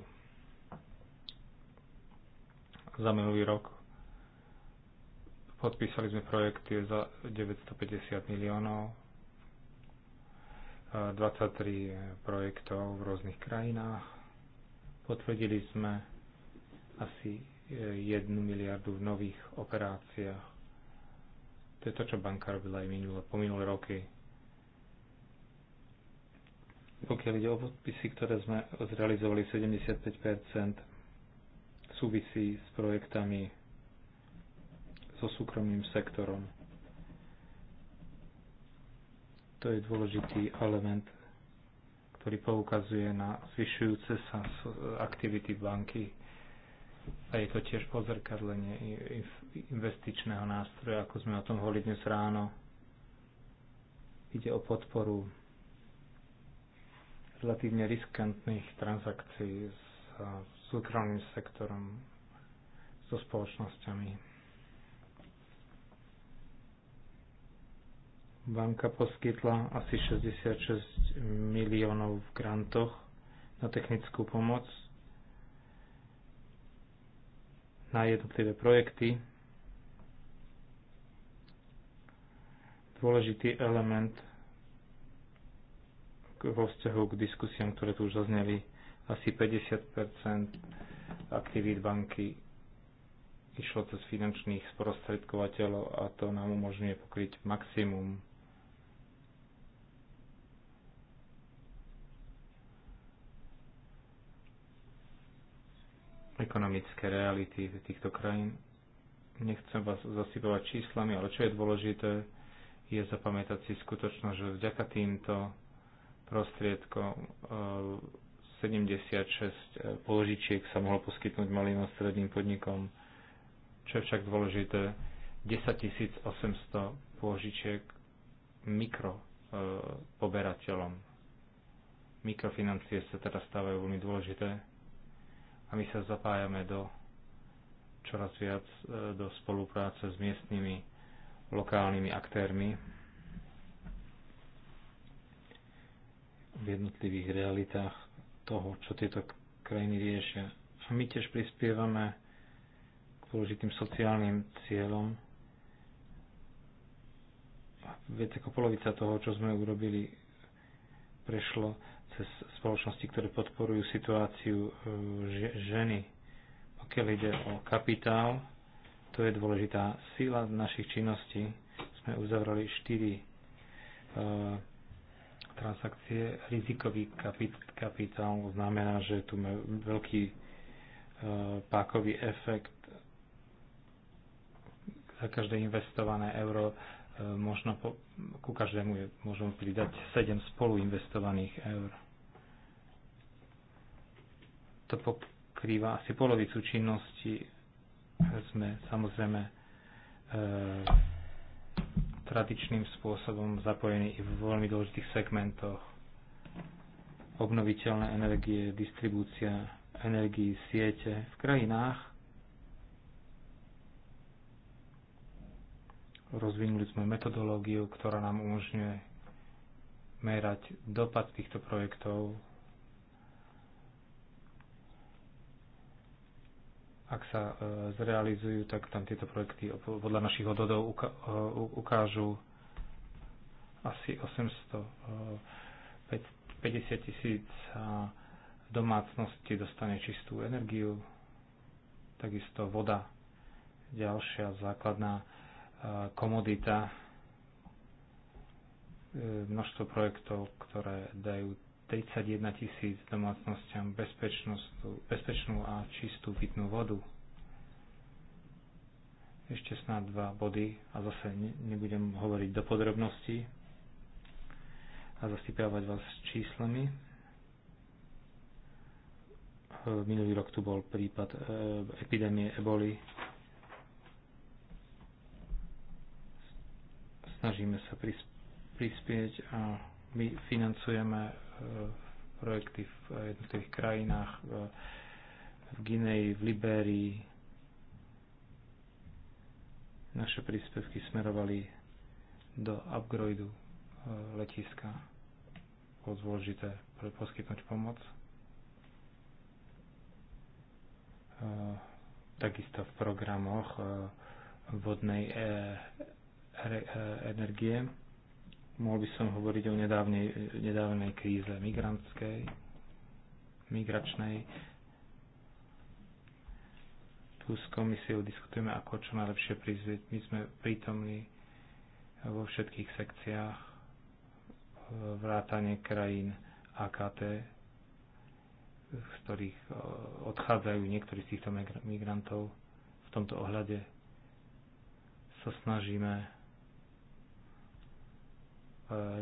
Za minulý rok podpísali sme projekty za 950 miliónov, 23 projektov v rôznych krajinách. Potvrdili sme asi 1 e, miliardu v nových operáciách. To je to, čo banka robila aj minulé, po minulé roky. Pokiaľ ide o podpisy, ktoré sme zrealizovali 75%, súvisí s projektami so súkromným sektorom to je dôležitý element, ktorý poukazuje na zvyšujúce sa aktivity banky. A je to tiež pozrkadlenie investičného nástroja, ako sme o tom hovorili dnes ráno. Ide o podporu relatívne riskantných transakcií s súkromným sektorom, so spoločnosťami Banka poskytla asi 66 miliónov v grantoch na technickú pomoc na jednotlivé projekty. Dôležitý element vo vzťahu k diskusiám, ktoré tu už zazneli, asi 50 aktivít banky išlo cez finančných sprostredkovateľov a to nám umožňuje pokryť maximum ekonomické reality týchto krajín. Nechcem vás zasypovať číslami, ale čo je dôležité, je zapamätať si skutočnosť, že vďaka týmto prostriedkom 76 eh, eh, položičiek sa mohlo poskytnúť malým a stredným podnikom, čo je však dôležité, 10 800 pôžičiek mikro eh, poberateľom. Mikrofinancie sa teda stávajú veľmi dôležité a my sa zapájame do čoraz viac e, do spolupráce s miestnymi lokálnymi aktérmi v jednotlivých realitách toho, čo tieto krajiny riešia. A my tiež prispievame k dôležitým sociálnym cieľom. Viete, ako polovica toho, čo sme urobili, prešlo cez spoločnosti, ktoré podporujú situáciu e, ženy. Pokiaľ ide o kapitál, to je dôležitá síla našich činností. Sme uzavrali 4 e, transakcie, rizikový kapit- kapitál znamená, že tu máme veľký e, pákový efekt. Za každé investované euro e, možno po, ku každému je, môžeme pridať 7 spolu investovaných eur. To pokrýva asi polovicu činnosti. Sme samozrejme e, tradičným spôsobom zapojení i v veľmi dôležitých segmentoch. Obnoviteľné energie, distribúcia energií, siete v krajinách. Rozvinuli sme metodológiu, ktorá nám umožňuje merať dopad týchto projektov ak sa e, zrealizujú, tak tam tieto projekty podľa našich odhodov e, ukážu asi 850 e, tisíc domácnosti dostane čistú energiu, takisto voda, ďalšia základná komodita, množstvo projektov, ktoré dajú 31 tisíc domácnostiam bezpečnú a čistú pitnú vodu. Ešte snad dva body a zase nebudem hovoriť do podrobností a zastýpiavať vás s číslami. Minulý rok tu bol prípad e, epidémie eboli. Snažíme sa prispieť a my financujeme Eh, projekty v jednotlivých krajinách, v Gineji, v Libérii. Naše príspevky smerovali do upgradu eh, letiska. Bolo dôležité poskytnúť pomoc. Eh, takisto v programoch vodnej energie Mohol by som hovoriť o nedávnej, nedávnej kríze migrantskej, migračnej. Tu s komisiou diskutujeme, ako čo najlepšie prizvieť. My sme prítomní vo všetkých sekciách vrátane krajín AKT, z ktorých odchádzajú niektorí z týchto migrantov. V tomto ohľade sa snažíme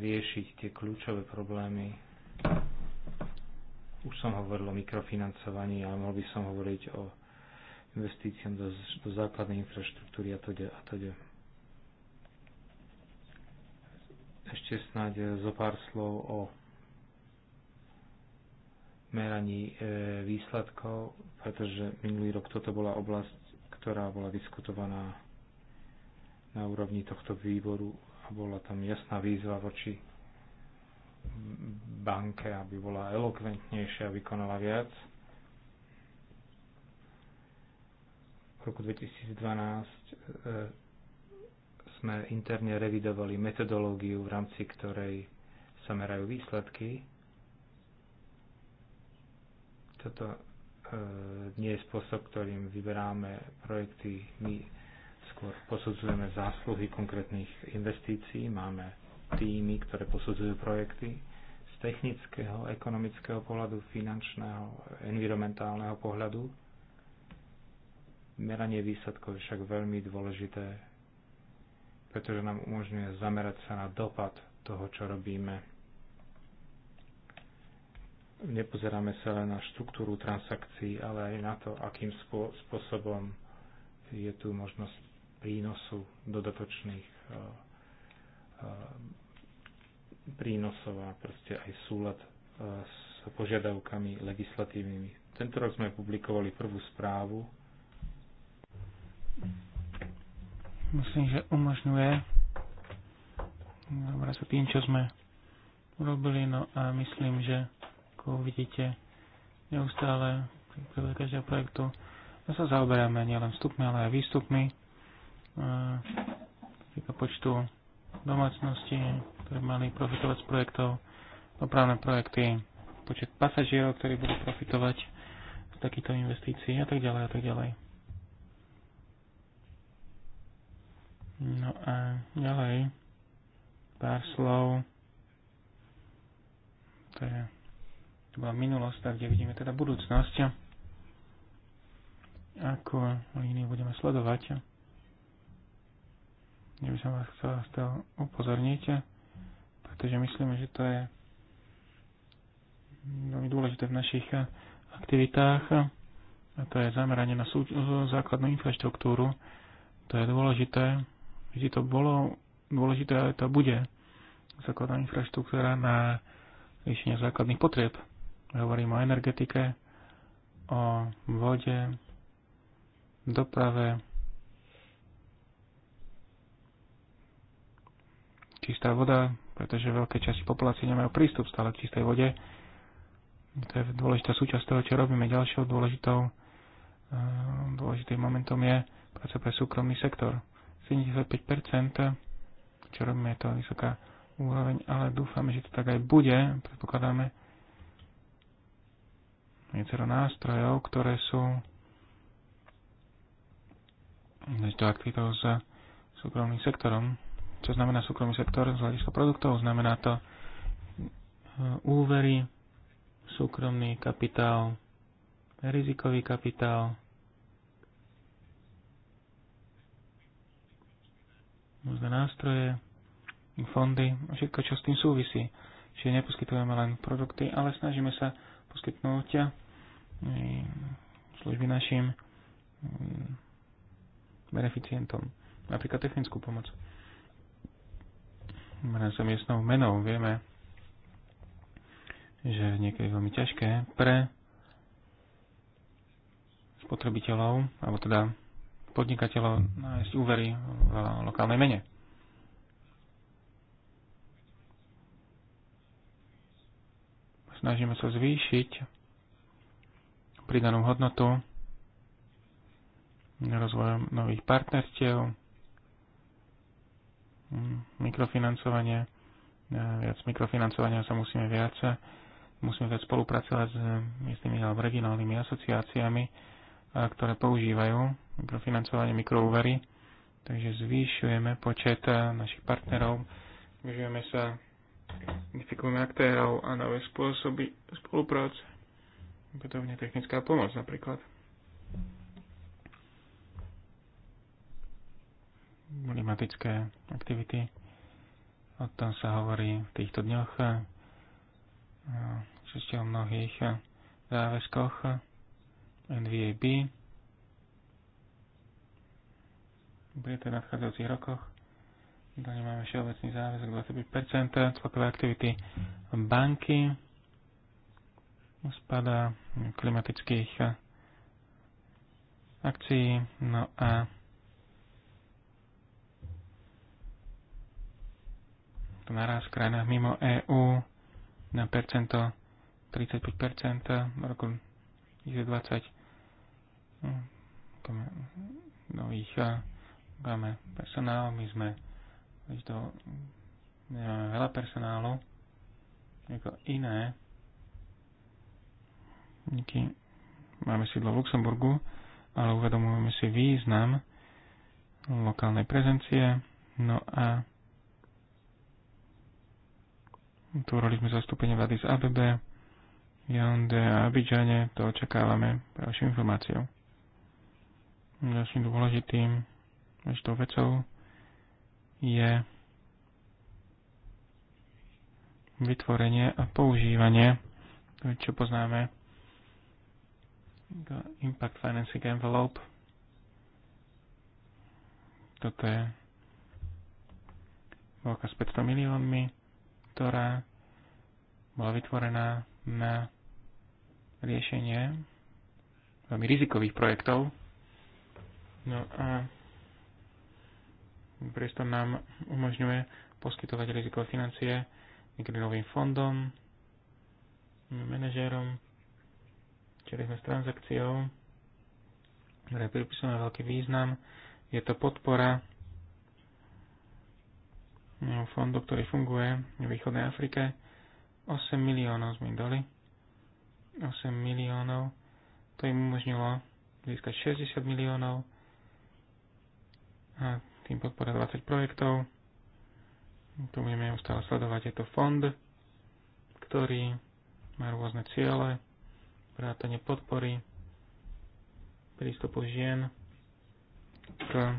riešiť tie kľúčové problémy. Už som hovoril o mikrofinancovaní, ale mohol by som hovoriť o investíciám do, do základnej infraštruktúry a teda. A teda. Ešte snáď zo pár slov o meraní e, výsledkov, pretože minulý rok toto bola oblasť, ktorá bola diskutovaná na úrovni tohto výboru a bola tam jasná výzva voči banke, aby bola elokventnejšia a vykonala viac. V roku 2012 e, sme interne revidovali metodológiu, v rámci ktorej sa merajú výsledky. Toto e, nie je spôsob, ktorým vyberáme projekty. My skôr posudzujeme zásluhy konkrétnych investícií, máme týmy, ktoré posudzujú projekty z technického, ekonomického pohľadu, finančného, environmentálneho pohľadu. Meranie výsledkov je však veľmi dôležité, pretože nám umožňuje zamerať sa na dopad toho, čo robíme nepozeráme sa len na štruktúru transakcií, ale aj na to, akým spôsobom je tu možnosť prínosu dodatočných eh, eh, prínosov a proste aj súlad eh, s požiadavkami legislatívnymi. Tento rok sme publikovali prvú správu. Myslím, že umožňuje Dobre, sa tým, čo sme urobili, no a myslím, že ako uvidíte neustále pri každého projektu no sa zaoberáme nielen vstupmi, ale aj výstupmi týka počtu domácností, ktoré mali profitovať z projektov, dopravné projekty, počet pasažierov, ktorí budú profitovať z takýchto investícií a tak ďalej a tak ďalej. No a ďalej pár slov. To, je, to bola minulosť, tak kde vidíme teda budúcnosť. Ako líniu budeme sledovať kde by som vás chcel, toho upozorniť, pretože myslíme, že to je veľmi dôležité v našich aktivitách a to je zameranie na sú, základnú infraštruktúru. To je dôležité, vždy to bolo dôležité, ale to bude základná infraštruktúra na riešenie základných potrieb. Hovorím o energetike, o vode, doprave, čistá voda, pretože veľké časti populácie nemajú prístup stále k čistej vode. To je dôležitá súčasť toho, čo robíme. Ďalšou dôležitou, eh, dôležitým momentom je práca pre súkromný sektor. 75%, čo robíme, je to vysoká úroveň, ale dúfame, že to tak aj bude. Predpokladáme niecero nástrojov, ktoré sú to aktivitou s súkromným sektorom, čo znamená súkromný sektor z hľadiska produktov, znamená to e, úvery, súkromný kapitál, rizikový kapitál, rôzne nástroje, fondy, všetko, čo s tým súvisí. Čiže neposkytujeme len produkty, ale snažíme sa poskytnúť e, služby našim mm, beneficientom, napríklad technickú pomoc za miestnou menou. Vieme, že niekedy je veľmi ťažké pre spotrebiteľov, alebo teda podnikateľov nájsť úvery v lokálnej mene. Snažíme sa zvýšiť pridanú hodnotu rozvojom nových partnerstiev, Mm, mikrofinancovanie, e, viac mikrofinancovania sa musíme viac, musíme viac spolupracovať s miestnymi e, alebo regionálnymi asociáciami, e, ktoré používajú mikrofinancovanie, mikroúvery. Takže zvýšujeme počet našich partnerov, zvýšujeme sa, identifikujeme aktérov a nové spôsoby spolupráce, podobne technická pomoc napríklad. klimatické aktivity. O tom sa hovorí v týchto dňoch, eh, čiže o mnohých eh, záväzkoch eh, NVAB. Bude to v nadchádzajúcich rokoch. Do máme všeobecný záväzok 25% celkové aktivity banky. Spada klimatických akcií. No a takto naraz v krajinách mimo EÚ na percento 35% v roku 2020 hm, nových máme personál, my sme to, nemáme veľa personálu ako iné máme sídlo v Luxemburgu ale uvedomujeme si význam lokálnej prezencie no a Túrali sme zastúpenie vlády z ABB, Jande a Abidžane. To očakávame ďalšiu informáciu. Ďalším dôležitým dôležitou vecou je vytvorenie a používanie, čo poznáme Impact Financing Envelope. Toto je veľká s 500 miliónmi ktorá bola vytvorená na riešenie veľmi rizikových projektov. No a priestor nám umožňuje poskytovať rizikové financie niekedy novým fondom, manažérom, čili sme s transakciou, ktoré pripisujem veľký význam. Je to podpora No, fondu, ktorý funguje v východnej Afrike. 8 miliónov sme im dali. 8 miliónov. To im umožnilo získať 60 miliónov a tým podpora 20 projektov. Tu budeme stále sledovať. Je to fond, ktorý má rôzne ciele, vrátanie podpory, prístupu žien k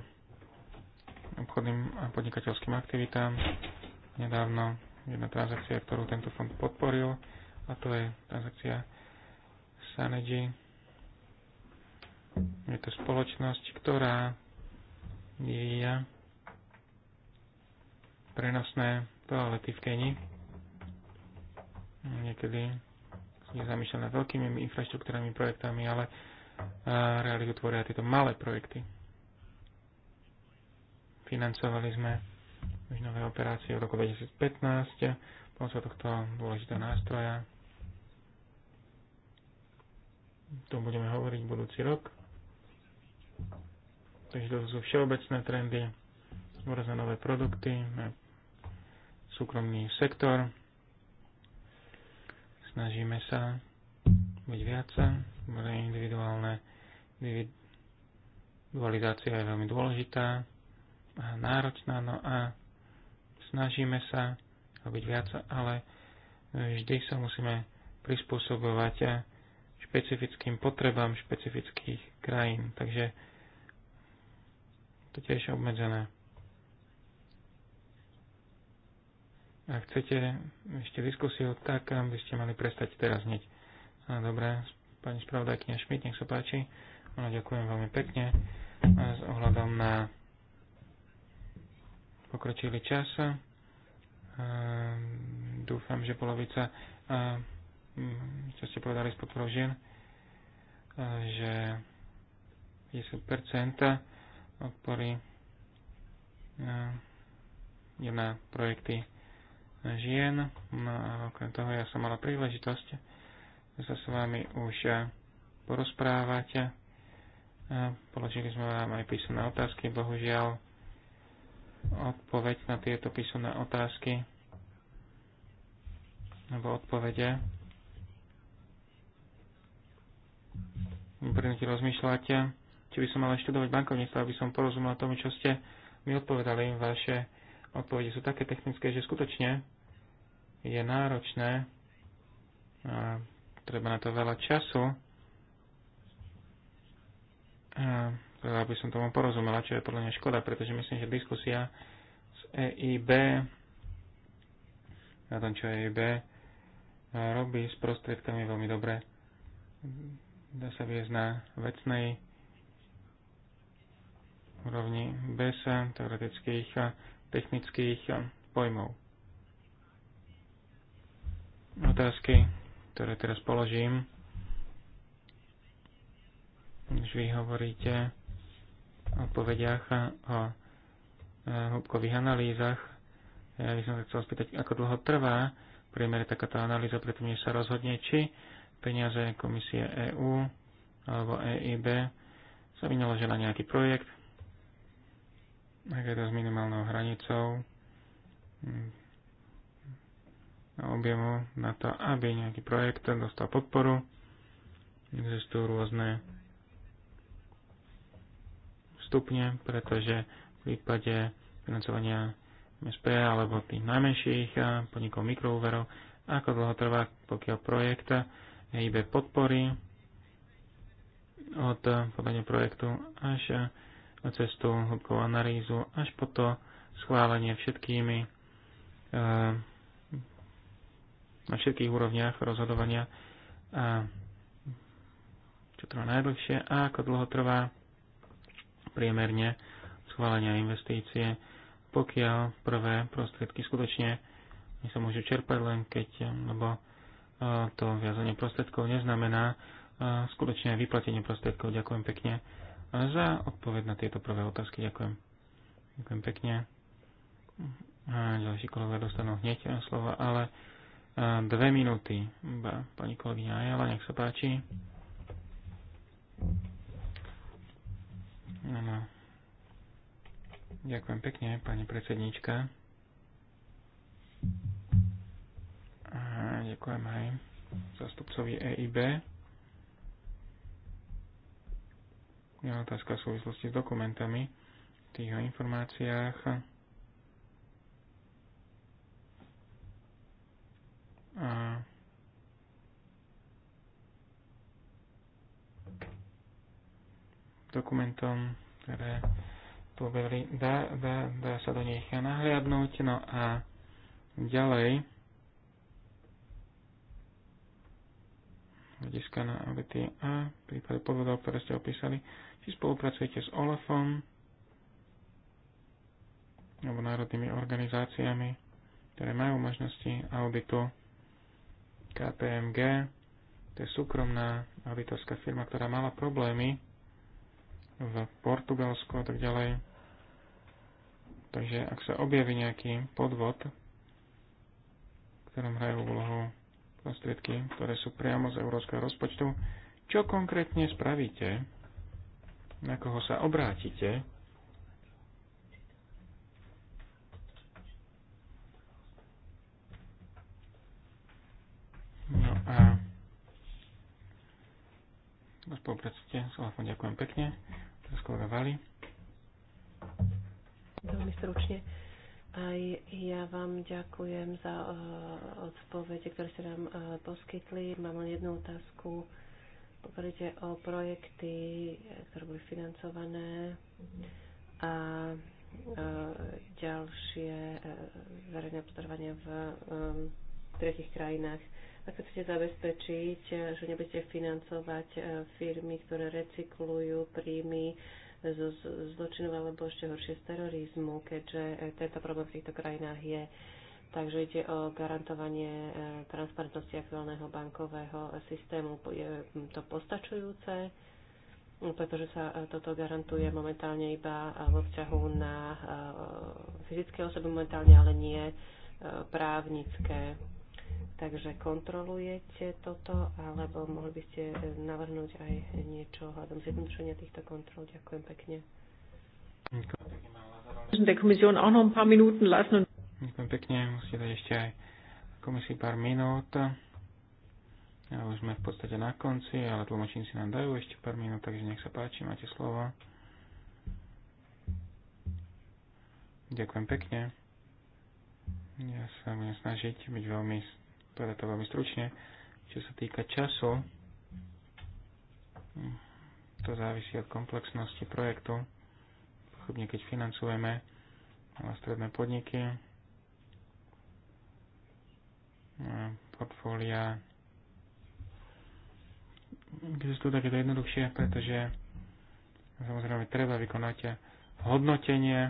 obchodným a podnikateľským aktivitám. Nedávno jedna transakcia, ktorú tento fond podporil, a to je transakcia Sanegy. Je to spoločnosť, ktorá vyvíja prenosné toalety v Keni. Niekedy je zamýšľaná veľkými infraštruktúrnymi projektami, ale eh, realitu tvoria tieto malé projekty. Financovali sme už nové operácie v roku 2015 pomocou tohto dôležitého nástroja. To budeme hovoriť budúci rok. Takže to sú všeobecné trendy, dôraz nové produkty, súkromný sektor. Snažíme sa byť viac, individuálne individualizácia je veľmi dôležitá náročná, no a snažíme sa robiť viac, ale vždy sa musíme prispôsobovať špecifickým potrebám špecifických krajín. Takže to tiež je obmedzené. Ak chcete ešte diskusiu, tak um, by ste mali prestať teraz hneď. Dobre, pani spravodajkňa Šmit, nech sa páči. Ona ďakujem veľmi pekne s ohľadom na pokročili čas. Ehm, dúfam, že polovica, čo ste povedali s podporou žien, že 50% odpory je na projekty žien. No a okrem toho ja som mala príležitosť sa s vami už porozprávať. Položili sme vám aj písomné otázky, bohužiaľ odpoveď na tieto písomné otázky alebo odpovede. Brnite rozmýšľate, či by som mal študovať bankovníctvo, aby som porozumel tomu, čo ste mi odpovedali. Vaše odpovede sú také technické, že skutočne je náročné a treba na to veľa času. A aby som tomu porozumela, čo je podľa mňa škoda, pretože myslím, že diskusia z EIB na tom, čo EIB robí s prostriedkami veľmi dobre. Dá sa viesť na vecnej úrovni bez teoretických a technických pojmov. Otázky, ktoré teraz položím, už vy hovoríte odpovediach o e, hĺbkových analýzach. Ja by som sa chcel spýtať, ako dlho trvá priemere takáto analýza, preto než sa rozhodne, či peniaze komisie EÚ alebo EIB sa vynaložia na nejaký projekt, ak to s minimálnou hranicou hm, objemu na to, aby nejaký projekt dostal podporu. Existujú rôzne stupne, pretože v prípade financovania MSP alebo tých najmenších eh, podnikov mikroúverov, ako dlho trvá, pokiaľ projekt EIB podporí od eh, podania projektu až eh, cestu hĺbkovú analýzu až po to schválenie všetkými na všetkých úrovniach rozhodovania a čo trvá najdlhšie a ako dlho trvá priemerne schválenia investície, pokiaľ prvé prostriedky skutočne sa môžu čerpať len keď, lebo e, to viazanie prostriedkov neznamená e, skutočne vyplatenie prostriedkov. Ďakujem pekne za odpoveď na tieto prvé otázky. Ďakujem. Ďakujem pekne. A ďalší kolega dostanú hneď slova, ale e, dve minúty. Pani kolegyňa Ajala, nech sa páči. Áno. Ďakujem pekne, pani predsedníčka. A ďakujem aj zastupcovi EIB. Je otázka v súvislosti s dokumentami, tých týchto informáciách. A dokumentom, ktoré povedali, Dá, dá, dá sa do nich nahliadnúť. No a ďalej hľadiska na audity a prípade podvodov, ktoré ste opísali, či spolupracujete s OLAFom alebo národnými organizáciami, ktoré majú možnosti auditu KPMG, to je súkromná auditorská firma, ktorá mala problémy v Portugalsku a tak ďalej. Takže ak sa objaví nejaký podvod, v ktorom hrajú úlohu prostriedky, ktoré sú priamo z európskeho rozpočtu, čo konkrétne spravíte, na koho sa obrátite, No a spolupracujte, Slovako, ďakujem pekne. Teraz Vali. Veľmi stručne. Aj ja vám ďakujem za uh, odpovede, ktoré ste nám uh, poskytli. Mám len jednu otázku. Pokiaľ o projekty, ktoré boli financované mm-hmm. a uh, ďalšie uh, verejné obstarávanie v um, tretich krajinách. Ako chcete zabezpečiť, eh, že nebudete financovať eh, firmy, ktoré recyklujú príjmy zo zločinov alebo ešte horšie z terorizmu, keďže eh, tento problém v týchto krajinách je. Takže ide o garantovanie transparentnosti aktuálneho bankového systému. Je hm, to postačujúce, hm, pretože sa toto garantuje momentálne iba vo vzťahu na fyzické osoby momentálne, ale nie právnické Takže kontrolujete toto, alebo mohli by ste eh, navrhnúť aj niečo hľadom zjednodušenia týchto kontrol. Ďakujem pekne. Ďakujem pekne, musíte dať ešte aj komisii pár minút. Ja už sme v podstate na konci, ale tlmočníci nám dajú ešte pár minút, takže nech sa páči, máte slovo. Ďakujem pekne. Ja sa budem snažiť byť veľmi teda to veľmi stručne. Čo sa týka času, to závisí od komplexnosti projektu. Pochopne, keď financujeme na stredné podniky, e, portfólia to takéto jednoduchšie, pretože samozrejme treba vykonať hodnotenie,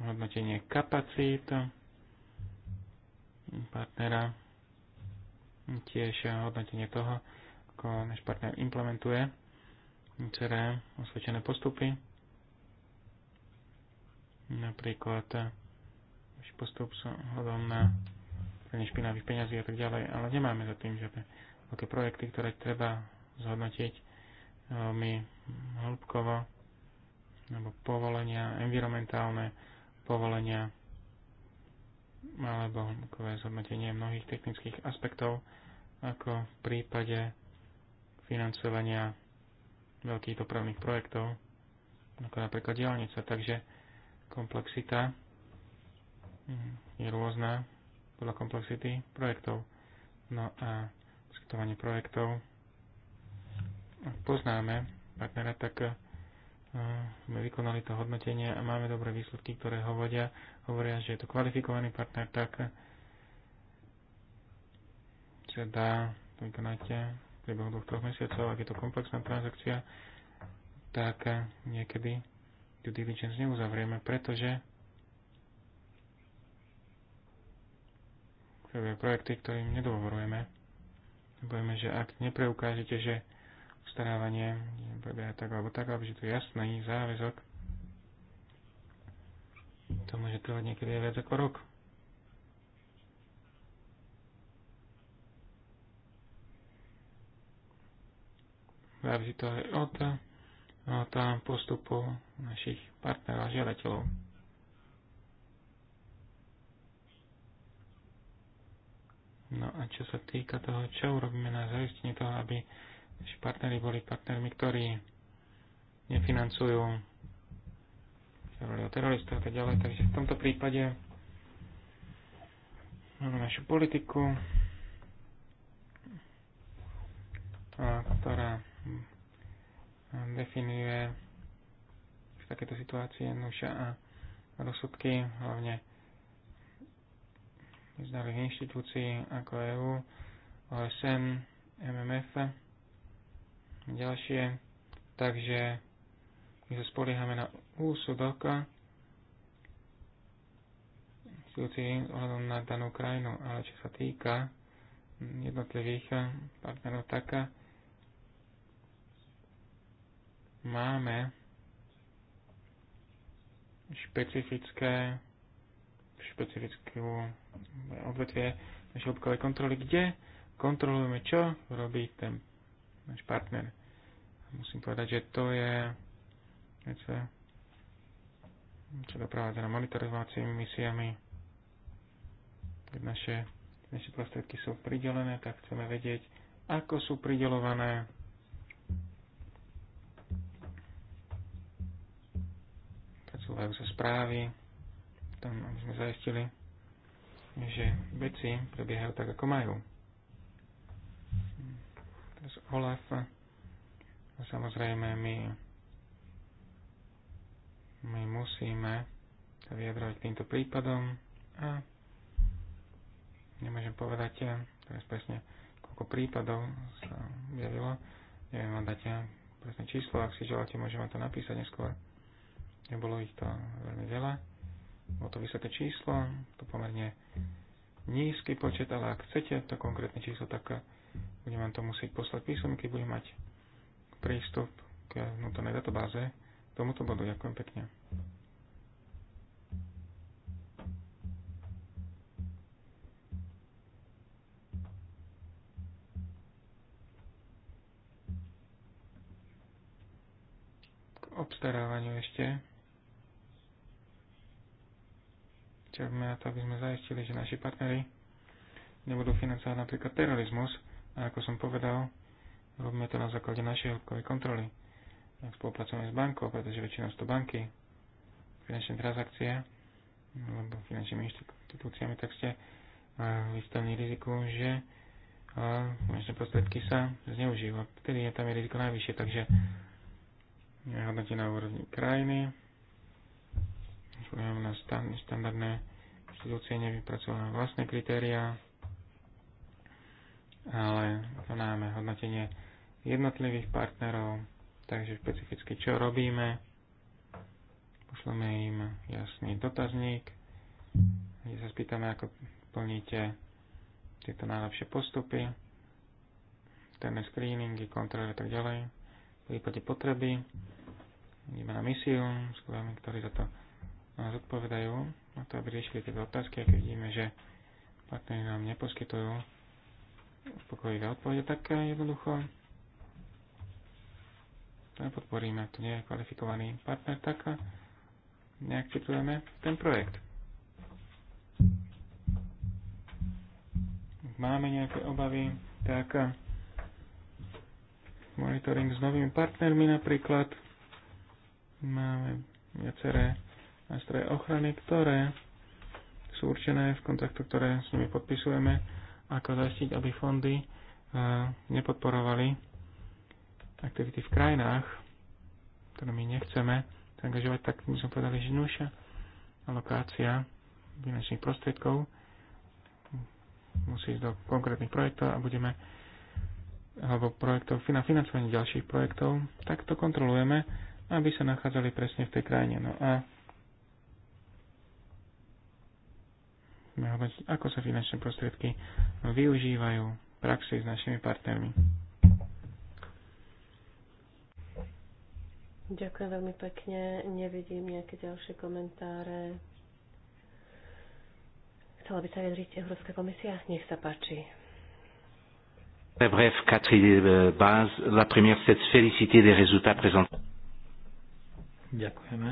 hodnotenie kapacít partnera, tiež eh, hodnotenie toho, ako náš partner implementuje niektoré osvedčené postupy. Napríklad eh, postup s hľadom na špinavých peňazí a tak ďalej, ale nemáme za tým žiadne veľké projekty, ktoré treba zhodnotiť veľmi hĺbkovo, alebo povolenia, environmentálne povolenia, alebo hlbokové zhodnotenie mnohých technických aspektov, ako v prípade financovania veľkých dopravných projektov, ako napríklad diálnica. Takže komplexita mhm, je rôzna podľa komplexity projektov. No a poskytovanie projektov ak poznáme partnera, tak eh, sme vykonali to hodnotenie a máme dobré výsledky, ktoré hovoria hovoria, že je to kvalifikovaný partner, tak sa dá vykonať v priebehu dvoch, troch mesiacov. Ak je to komplexná transakcia, tak niekedy due diligence neuzavrieme, pretože projekty, ktorým nedovorujeme, Bojíme, že ak nepreukážete, že starávanie prebieha tak alebo tak, alebo že to je jasný záväzok, to môže trvať niekedy aj viac ako rok. Závisí to aj od, od postupu našich partnerov a žiadateľov. No a čo sa týka toho, čo urobíme na zaistenie toho, aby naši partnery boli partnermi, ktorí nefinancujú hovorí o teroristoch a tak ďalej. Takže v tomto prípade máme našu politiku, ktorá definuje v takéto situácie nuša a rozsudky, hlavne medzinárodných inštitúcií ako EU, OSN, MMF a ďalšie. Takže my sa spoliehame na úsudok súci ohľadom na danú krajinu, ale čo sa týka jednotlivých partnerov, tak máme špecifické špecifickú odvetvie našej obkovej kontroly, kde kontrolujeme, čo robí ten náš partner. Musím povedať, že to je nemocnice, čo teda doprávať na monitorovacími misiami. Keď naše naše prostriedky sú pridelené, tak chceme vedieť, ako sú pridelované. Presúvajú sa správy, tam aby sme zaistili, že veci prebiehajú tak, ako majú. Teraz OLAF, no, samozrejme my my musíme sa vyjadrovať týmto prípadom a nemôžem povedať eh, je presne, koľko prípadov sa objavilo. Neviem vám dať eh, presné číslo, ak si želáte, môžem vám to napísať neskôr. Nebolo ich to veľmi veľa. Bolo to vysoké číslo, to pomerne nízky počet, ale ak chcete to konkrétne číslo, tak eh, budem vám to musieť poslať písom, keď budem mať prístup k vnútornej databáze tomuto bodu. Ďakujem pekne. obstarávaniu ešte. Čerpme na to, aby sme zaistili, že naši partnery nebudú financovať napríklad terorizmus. A ako som povedal, robíme to na základe našej hĺbkovej kontroly spolupracujeme s bankou, pretože väčšinou sú to banky, finančné transakcie, alebo finančnými inštitúciami, tak ste eh, vystavení riziku, že eh, finančné prostriedky sa zneužijú. vtedy je tam je riziko najvyššie, takže hodnotie na úrovni krajiny, na štandardné inštitúcie nevypracované vlastné kritériá, ale konáme hodnotenie jednotlivých partnerov, Takže špecificky čo robíme? Pošleme im jasný dotazník, kde sa spýtame, ako plníte tieto najlepšie postupy, terné screeningy, kontroly a tak ďalej. V prípade potreby ideme na misiu s kolegami, ktorí za to e, zodpovedajú, na to, aby riešili tieto otázky, ak vidíme, že partneri nám neposkytujú uspokojivé odpovede, tak e, jednoducho nepodporíme, to nie je kvalifikovaný partner, tak neakceptujeme ten projekt. Máme nejaké obavy, tak monitoring s novými partnermi napríklad. Máme viaceré nástroje ochrany, ktoré sú určené v kontaktu, ktoré s nimi podpisujeme, ako zaistiť, aby fondy nepodporovali aktivity v krajinách, ktoré my nechceme angažovať, tak by sme povedali, že nuša alokácia finančných prostriedkov musí ísť do konkrétnych projektov a budeme alebo projektov, na financovanie ďalších projektov, tak to kontrolujeme, aby sa nachádzali presne v tej krajine. No a ako sa finančné prostriedky využívajú v praxi s našimi partnermi. Ďakujem veľmi pekne. Nevidím nejaké ďalšie komentáre. Chcela by sa vyjadriť Európska komisia? Nech sa páči. Bref, quatre idées base. La première, c'est de féliciter les résultats présentés. Ďakujeme.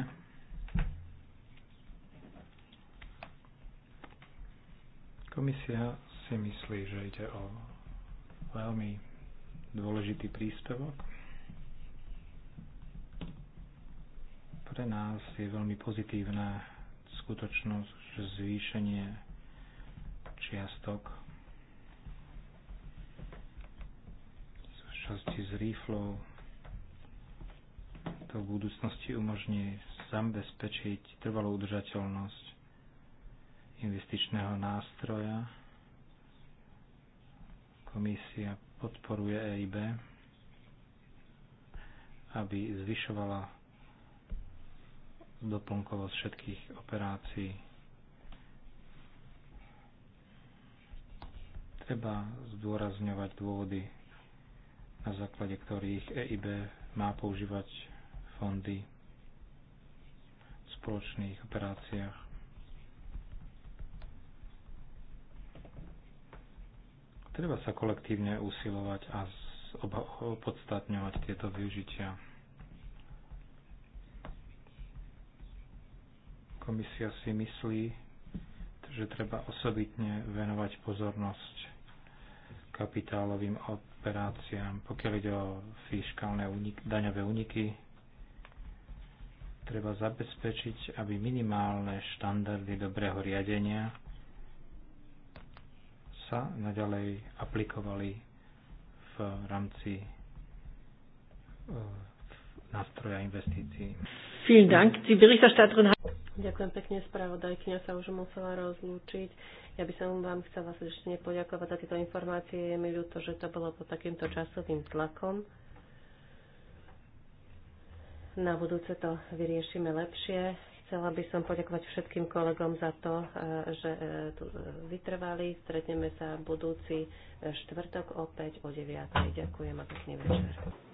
Komisia si myslí, že ide o veľmi dôležitý príspevok Pre nás je veľmi pozitívna skutočnosť, že zvýšenie čiastok v časti z rýflov to v budúcnosti umožní zabezpečiť trvalú udržateľnosť investičného nástroja. Komisia podporuje EIB, aby zvyšovala doplnkovosť všetkých operácií. Treba zdôrazňovať dôvody, na základe ktorých EIB má používať fondy v spoločných operáciách. Treba sa kolektívne usilovať a podstatňovať tieto využitia. Komisia si myslí, že treba osobitne venovať pozornosť kapitálovým operáciám, pokiaľ ide o fiskálne unik, daňové úniky. Treba zabezpečiť, aby minimálne štandardy dobrého riadenia sa naďalej aplikovali v rámci eh, nástroja investícií. Vielen Dank. Die Berichterstatterin hat Ďakujem pekne, spravodajkňa sa už musela rozlúčiť. Ja by som vám chcela srdečne poďakovať za tieto informácie. Je mi ľúto, že to bolo pod takýmto časovým tlakom. Na budúce to vyriešime lepšie. Chcela by som poďakovať všetkým kolegom za to, e, že e, tu e, vytrvali. Stretneme sa budúci štvrtok opäť o 9. Ďakujem a pekný večer.